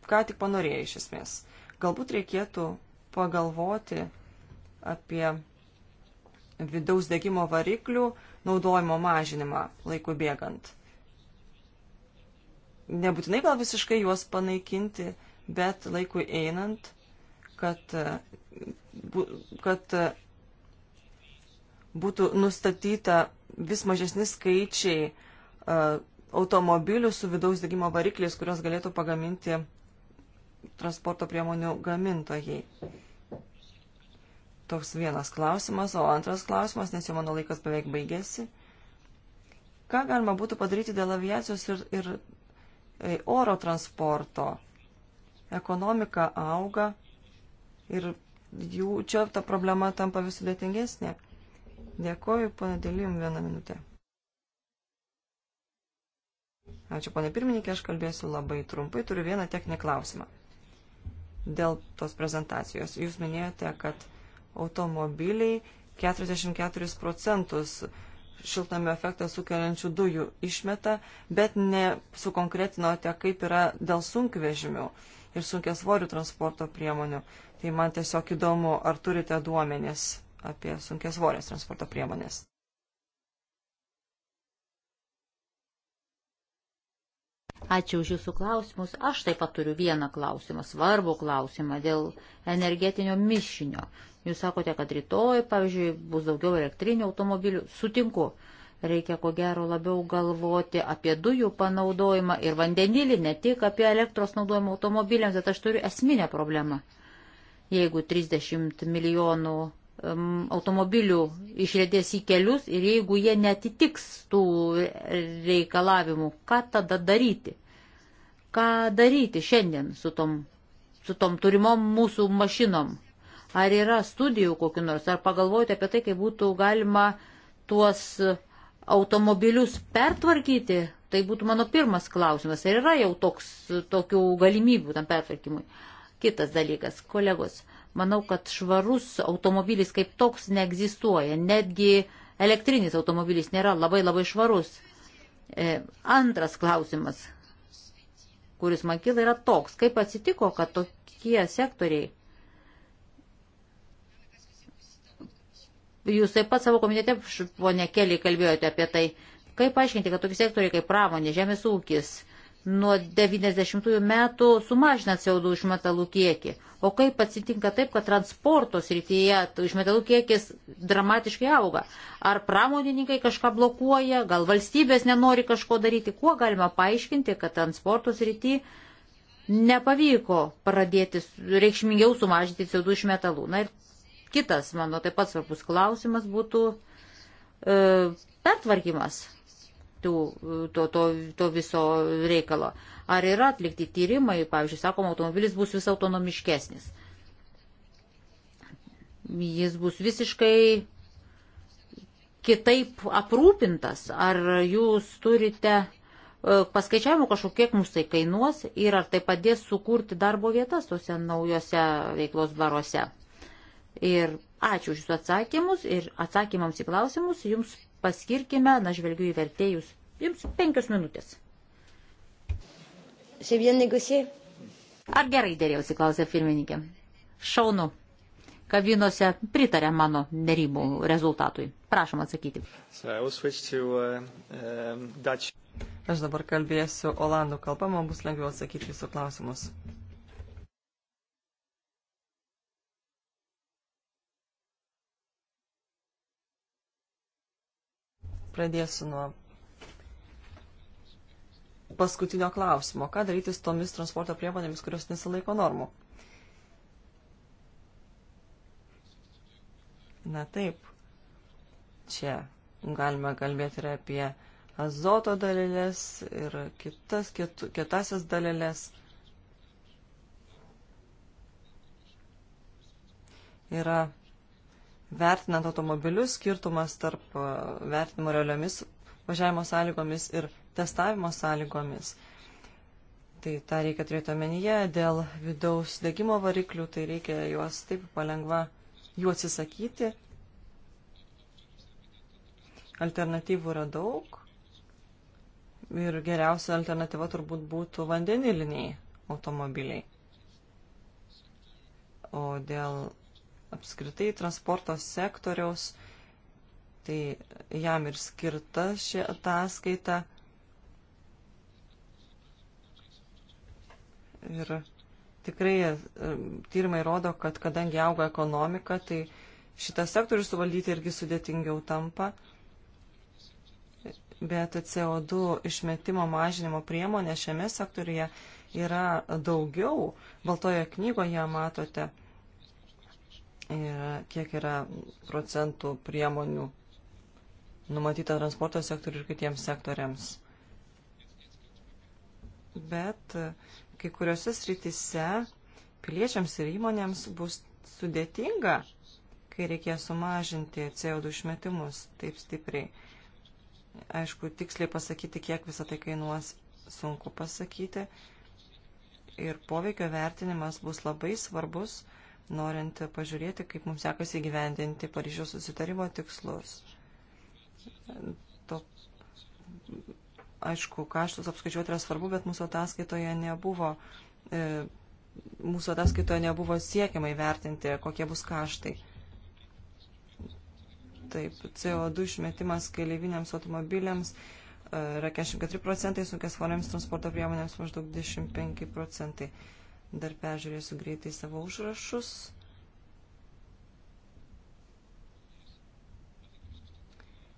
ką tik panorėję iš esmės. Galbūt reikėtų pagalvoti apie vidaus degimo variklių naudojimo mažinimą laiku bėgant. Nebūtinai gal visiškai juos panaikinti, bet laikui einant, kad, kad būtų nustatyta vis mažesni skaičiai automobilių su vidaus degimo varikliais, kurios galėtų pagaminti transporto priemonių gamintojai. Toks vienas klausimas, o antras klausimas, nes jau mano laikas beveik baigėsi. Ką galima būtų padaryti dėl aviacijos ir, ir e, oro transporto? ekonomika auga ir jų čia ta problema tampa vis sudėtingesnė. Dėkoju, pana Dėlim, vieną minutę. Ačiū, pana pirmininkė, aš kalbėsiu labai trumpai, turiu vieną techninį klausimą. Dėl tos prezentacijos. Jūs minėjote, kad automobiliai 44 procentus šiltame efektą sukeliančių dujų išmeta, bet ne sukonkretinote, kaip yra dėl sunkvežimių. Uh, ir sunkia svorių transporto priemonių. Tai man tiesiog įdomu, ar turite duomenis apie sunkia svorės transporto priemonės. Ačiū už Jūsų klausimus. Aš taip pat turiu vieną klausimą, svarbų klausimą dėl energetinio mišinio. Jūs sakote, kad rytoj, pavyzdžiui, bus daugiau elektrinių automobilių. Sutinku. Uh, Reikia ko gero labiau galvoti apie dujų panaudojimą ir vandenilį, ne tik apie elektros naudojimą automobiliams, bet aš turiu esminę problemą. Jeigu 30 milijonų um, automobilių išrėdės į kelius ir jeigu jie netitiks tų reikalavimų, ką tada daryti? Ką daryti šiandien su tom, su tom turimom mūsų mašinom? Ar yra studijų kokiu nors, ar pagalvojate apie tai, kaip būtų galima tuos automobilius pertvarkyti? Tai būtų mano pirmas klausimas. Ar yra jau toks, tokių galimybių tam pertvarkymui? Kitas dalykas, kolegos, manau, kad švarus automobilis kaip toks neegzistuoja. Netgi elektrinis automobilis nėra labai labai švarus. E, antras klausimas, kuris man kyla, yra toks, kaip atsitiko, kad tokie sektoriai Jūs taip pat savo komitete, ponė Kelį, kalbėjote apie tai. Kaip aiškinti, kad tokie sektoriai kaip pramonė, žemės ūkis nuo 90-ųjų metų sumažina CO2 išmetalų kiekį? O kaip atsitinka taip, kad transporto srityje išmetalų kiekis dramatiškai auga? Ar pramonininkai kažką blokuoja, gal valstybės nenori kažko daryti? Kuo galima paaiškinti, kad transporto srityje nepavyko pradėti reikšmingiau sumažinti CO2 išmetalų? Na ir Kitas, mano taip pat svarbus klausimas būtų e, pertvarkymas tų, to, to, to viso reikalo. Ar yra atlikti tyrimai, pavyzdžiui, sakoma, automobilis bus vis autonomiškesnis. Jis bus visiškai kitaip aprūpintas, ar jūs turite e, paskaičiavimų kažkokiek mums tai kainuos ir ar tai padės sukurti darbo vietas tose naujose veiklos baruose. Ir ačiū už jūsų atsakymus ir atsakymams į klausimus jums paskirkime, na žvelgiu į vertėjus, jums penkios minutės. Ar gerai dėrėjausi, klausė pirmininkė. Šaunu. Kavinose pritarė mano dėrybų rezultatui. Prašom atsakyti. So to, uh, um, Aš dabar kalbėsiu olandų kalbą, man bus lengviau atsakyti jūsų klausimus. Pradėsiu nuo paskutinio klausimo. Ką daryti su tomis transporto priemonėmis, kurios nesilaiko normų? Na taip, čia galime kalbėti ir apie azoto dalelės ir kitas, kitu, kietasias dalelės. Yra Vertinant automobilius, skirtumas tarp e, vertinimo realiomis važiavimo sąlygomis ir testavimo sąlygomis. Tai tą reikia turėti omenyje, dėl vidaus degimo variklių, tai reikia juos taip palengva jų atsisakyti. Alternatyvų yra daug ir geriausia alternatyva turbūt būtų vandeniliniai automobiliai. O dėl apskritai transporto sektoriaus, tai jam ir skirta ši ataskaita. Ir tikrai e, tyrimai rodo, kad kadangi auga ekonomika, tai šitą sektorių suvaldyti irgi sudėtingiau tampa. Bet CO2 išmetimo mažinimo priemonė šiame sektoriuje yra daugiau. Baltoje knygoje matote yra, kiek yra procentų priemonių numatyta transporto sektoriui ir kitiems sektoriams. Bet kai kuriuose srityse piliečiams ir įmonėms bus sudėtinga, kai reikės sumažinti CO2 išmetimus taip stipriai. Aišku, tiksliai pasakyti, kiek visą tai kainuos, sunku pasakyti. Ir poveikio vertinimas bus labai svarbus, norint pažiūrėti, kaip mums sekasi gyvendinti Paryžiaus susitarimo tikslus. To, aišku, kaštus apskaičiuoti yra svarbu, bet mūsų ataskaitoje nebuvo, e, mūsų ataskaitoje nebuvo siekiama įvertinti, kokie bus kaštai. Taip, CO2 išmetimas keliaiviniams automobiliams e, yra 44 procentai, sunkias forėms transporto priemonėms maždaug 25 procentai. E, Dar peržiūrėsiu greitai savo užrašus.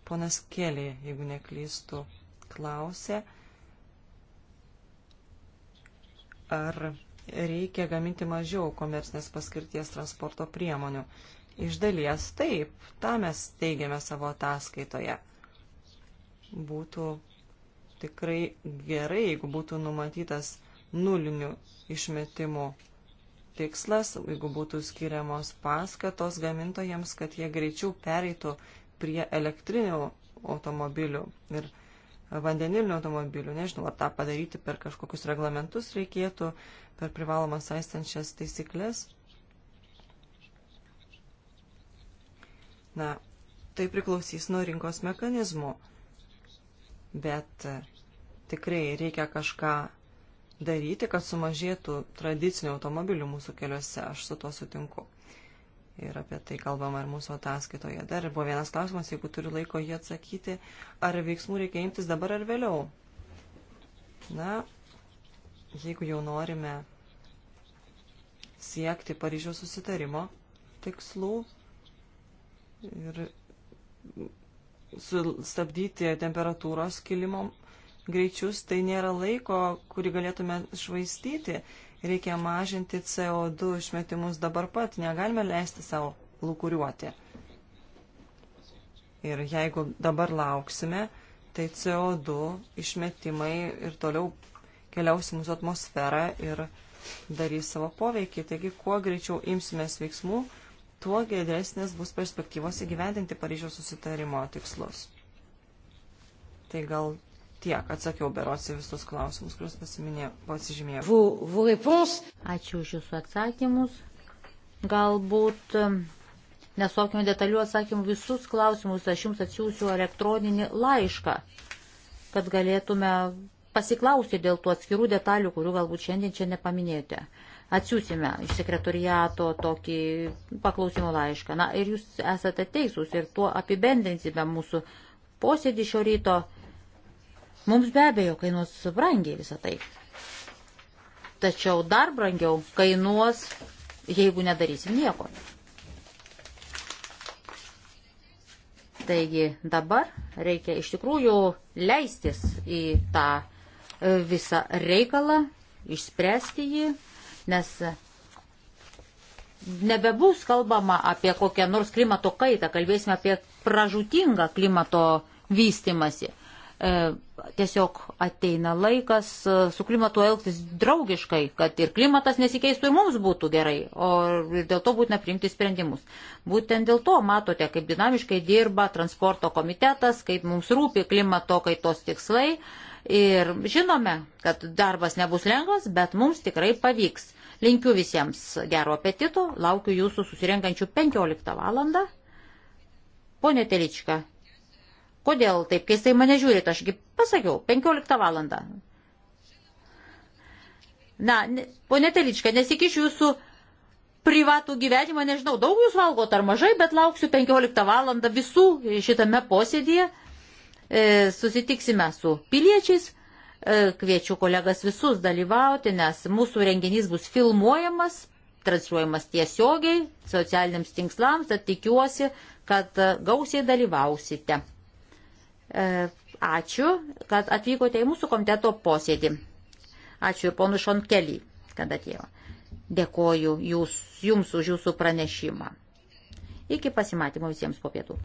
Ponas Kelė, jeigu neklystu, klausė, ar reikia gaminti mažiau komercinės paskirties transporto priemonių. Iš dalies taip, tą mes teigiame savo ataskaitoje. Būtų tikrai gerai, jeigu būtų numatytas nulinių išmetimų tikslas, jeigu būtų skiriamos paskatos gamintojams, kad jie greičiau pereitų prie elektrinių automobilių ir vandenilinių automobilių. Nežinau, ar tą padaryti per kažkokius reglamentus reikėtų, per privalomas aistančias taisyklės. Na, tai priklausys nuo rinkos mechanizmų. Bet tikrai reikia kažką daryti, kad sumažėtų tradicinių automobilių mūsų keliuose. Aš su tuo sutinku. Ir apie tai kalbama ir mūsų ataskaitoje. Dar buvo vienas klausimas, jeigu turiu laiko jį atsakyti, ar veiksmų reikia imtis dabar ar vėliau. Na, jeigu jau norime siekti Paryžiaus susitarimo tikslų ir sustabdyti temperatūros kilimo greičius, tai nėra laiko, kurį galėtume švaistyti. Reikia mažinti CO2 išmetimus dabar pat, negalime leisti savo lūkuriuoti. Ir jeigu dabar lauksime, tai CO2 išmetimai ir toliau keliaus į mūsų atmosferą ir darys savo poveikį. Taigi, kuo greičiau imsimės veiksmų, tuo geresnės bus perspektyvos įgyvendinti Paryžiaus susitarimo tikslus. Tai gal tiek atsakiau berosi visus klausimus, kuriuos pasižymėjau. Ačiū už Jūsų atsakymus. Galbūt um, nesaukime detalių atsakymų visus klausimus, aš Jums atsiųsiu elektroninį laišką, kad galėtume pasiklausti dėl tų atskirų detalių, kurių galbūt šiandien čia nepaminėjote. Atsiūsime iš sekretoriato tokį paklausimo laišką. Na ir jūs esate teisūs ir tuo apibendrinsime mūsų posėdį šio ryto. Mums be abejo kainuos brangiai visą tai. Tačiau dar brangiau kainuos, jeigu nedarysim nieko. Taigi dabar reikia iš tikrųjų leistis į tą e, visą reikalą, išspręsti jį, nes nebebus kalbama apie kokią nors klimato kaitą, kalbėsime apie pražutingą klimato vystimasi. E, tiesiog ateina laikas e, su klimatu elgtis draugiškai, kad ir klimatas nesikeistų ir mums būtų gerai, o ir dėl to būtina priimti sprendimus. Būtent dėl to matote, kaip dinamiškai dirba transporto komitetas, kaip mums rūpi klimato kaitos tikslai ir žinome, kad darbas nebus lengvas, bet mums tikrai pavyks. Linkiu visiems gero apetito, laukiu jūsų susirenkančių 15 valandą. Pone Teličką, Kodėl taip keistai mane žiūrit? Ašgi pasakiau, 15 valandą. Na, ponė Telička, nesikiš jūsų privatų gyvenimą, nežinau, daug jūs valgot ar mažai, bet lauksiu 15 valandą visų šitame posėdėje. E, susitiksime su piliečiais e, kviečiu kolegas visus dalyvauti, nes mūsų renginys bus filmuojamas, transliuojamas tiesiogiai socialiniams tinklams, tad tikiuosi, kad gausiai dalyvausite. E, ačiū, kad atvykote į mūsų komiteto posėdį. Ačiū ir ponu Šonkelį, kad atėjo. Dėkoju jūs, jums už jūsų pranešimą. Iki pasimatymo visiems po pietų.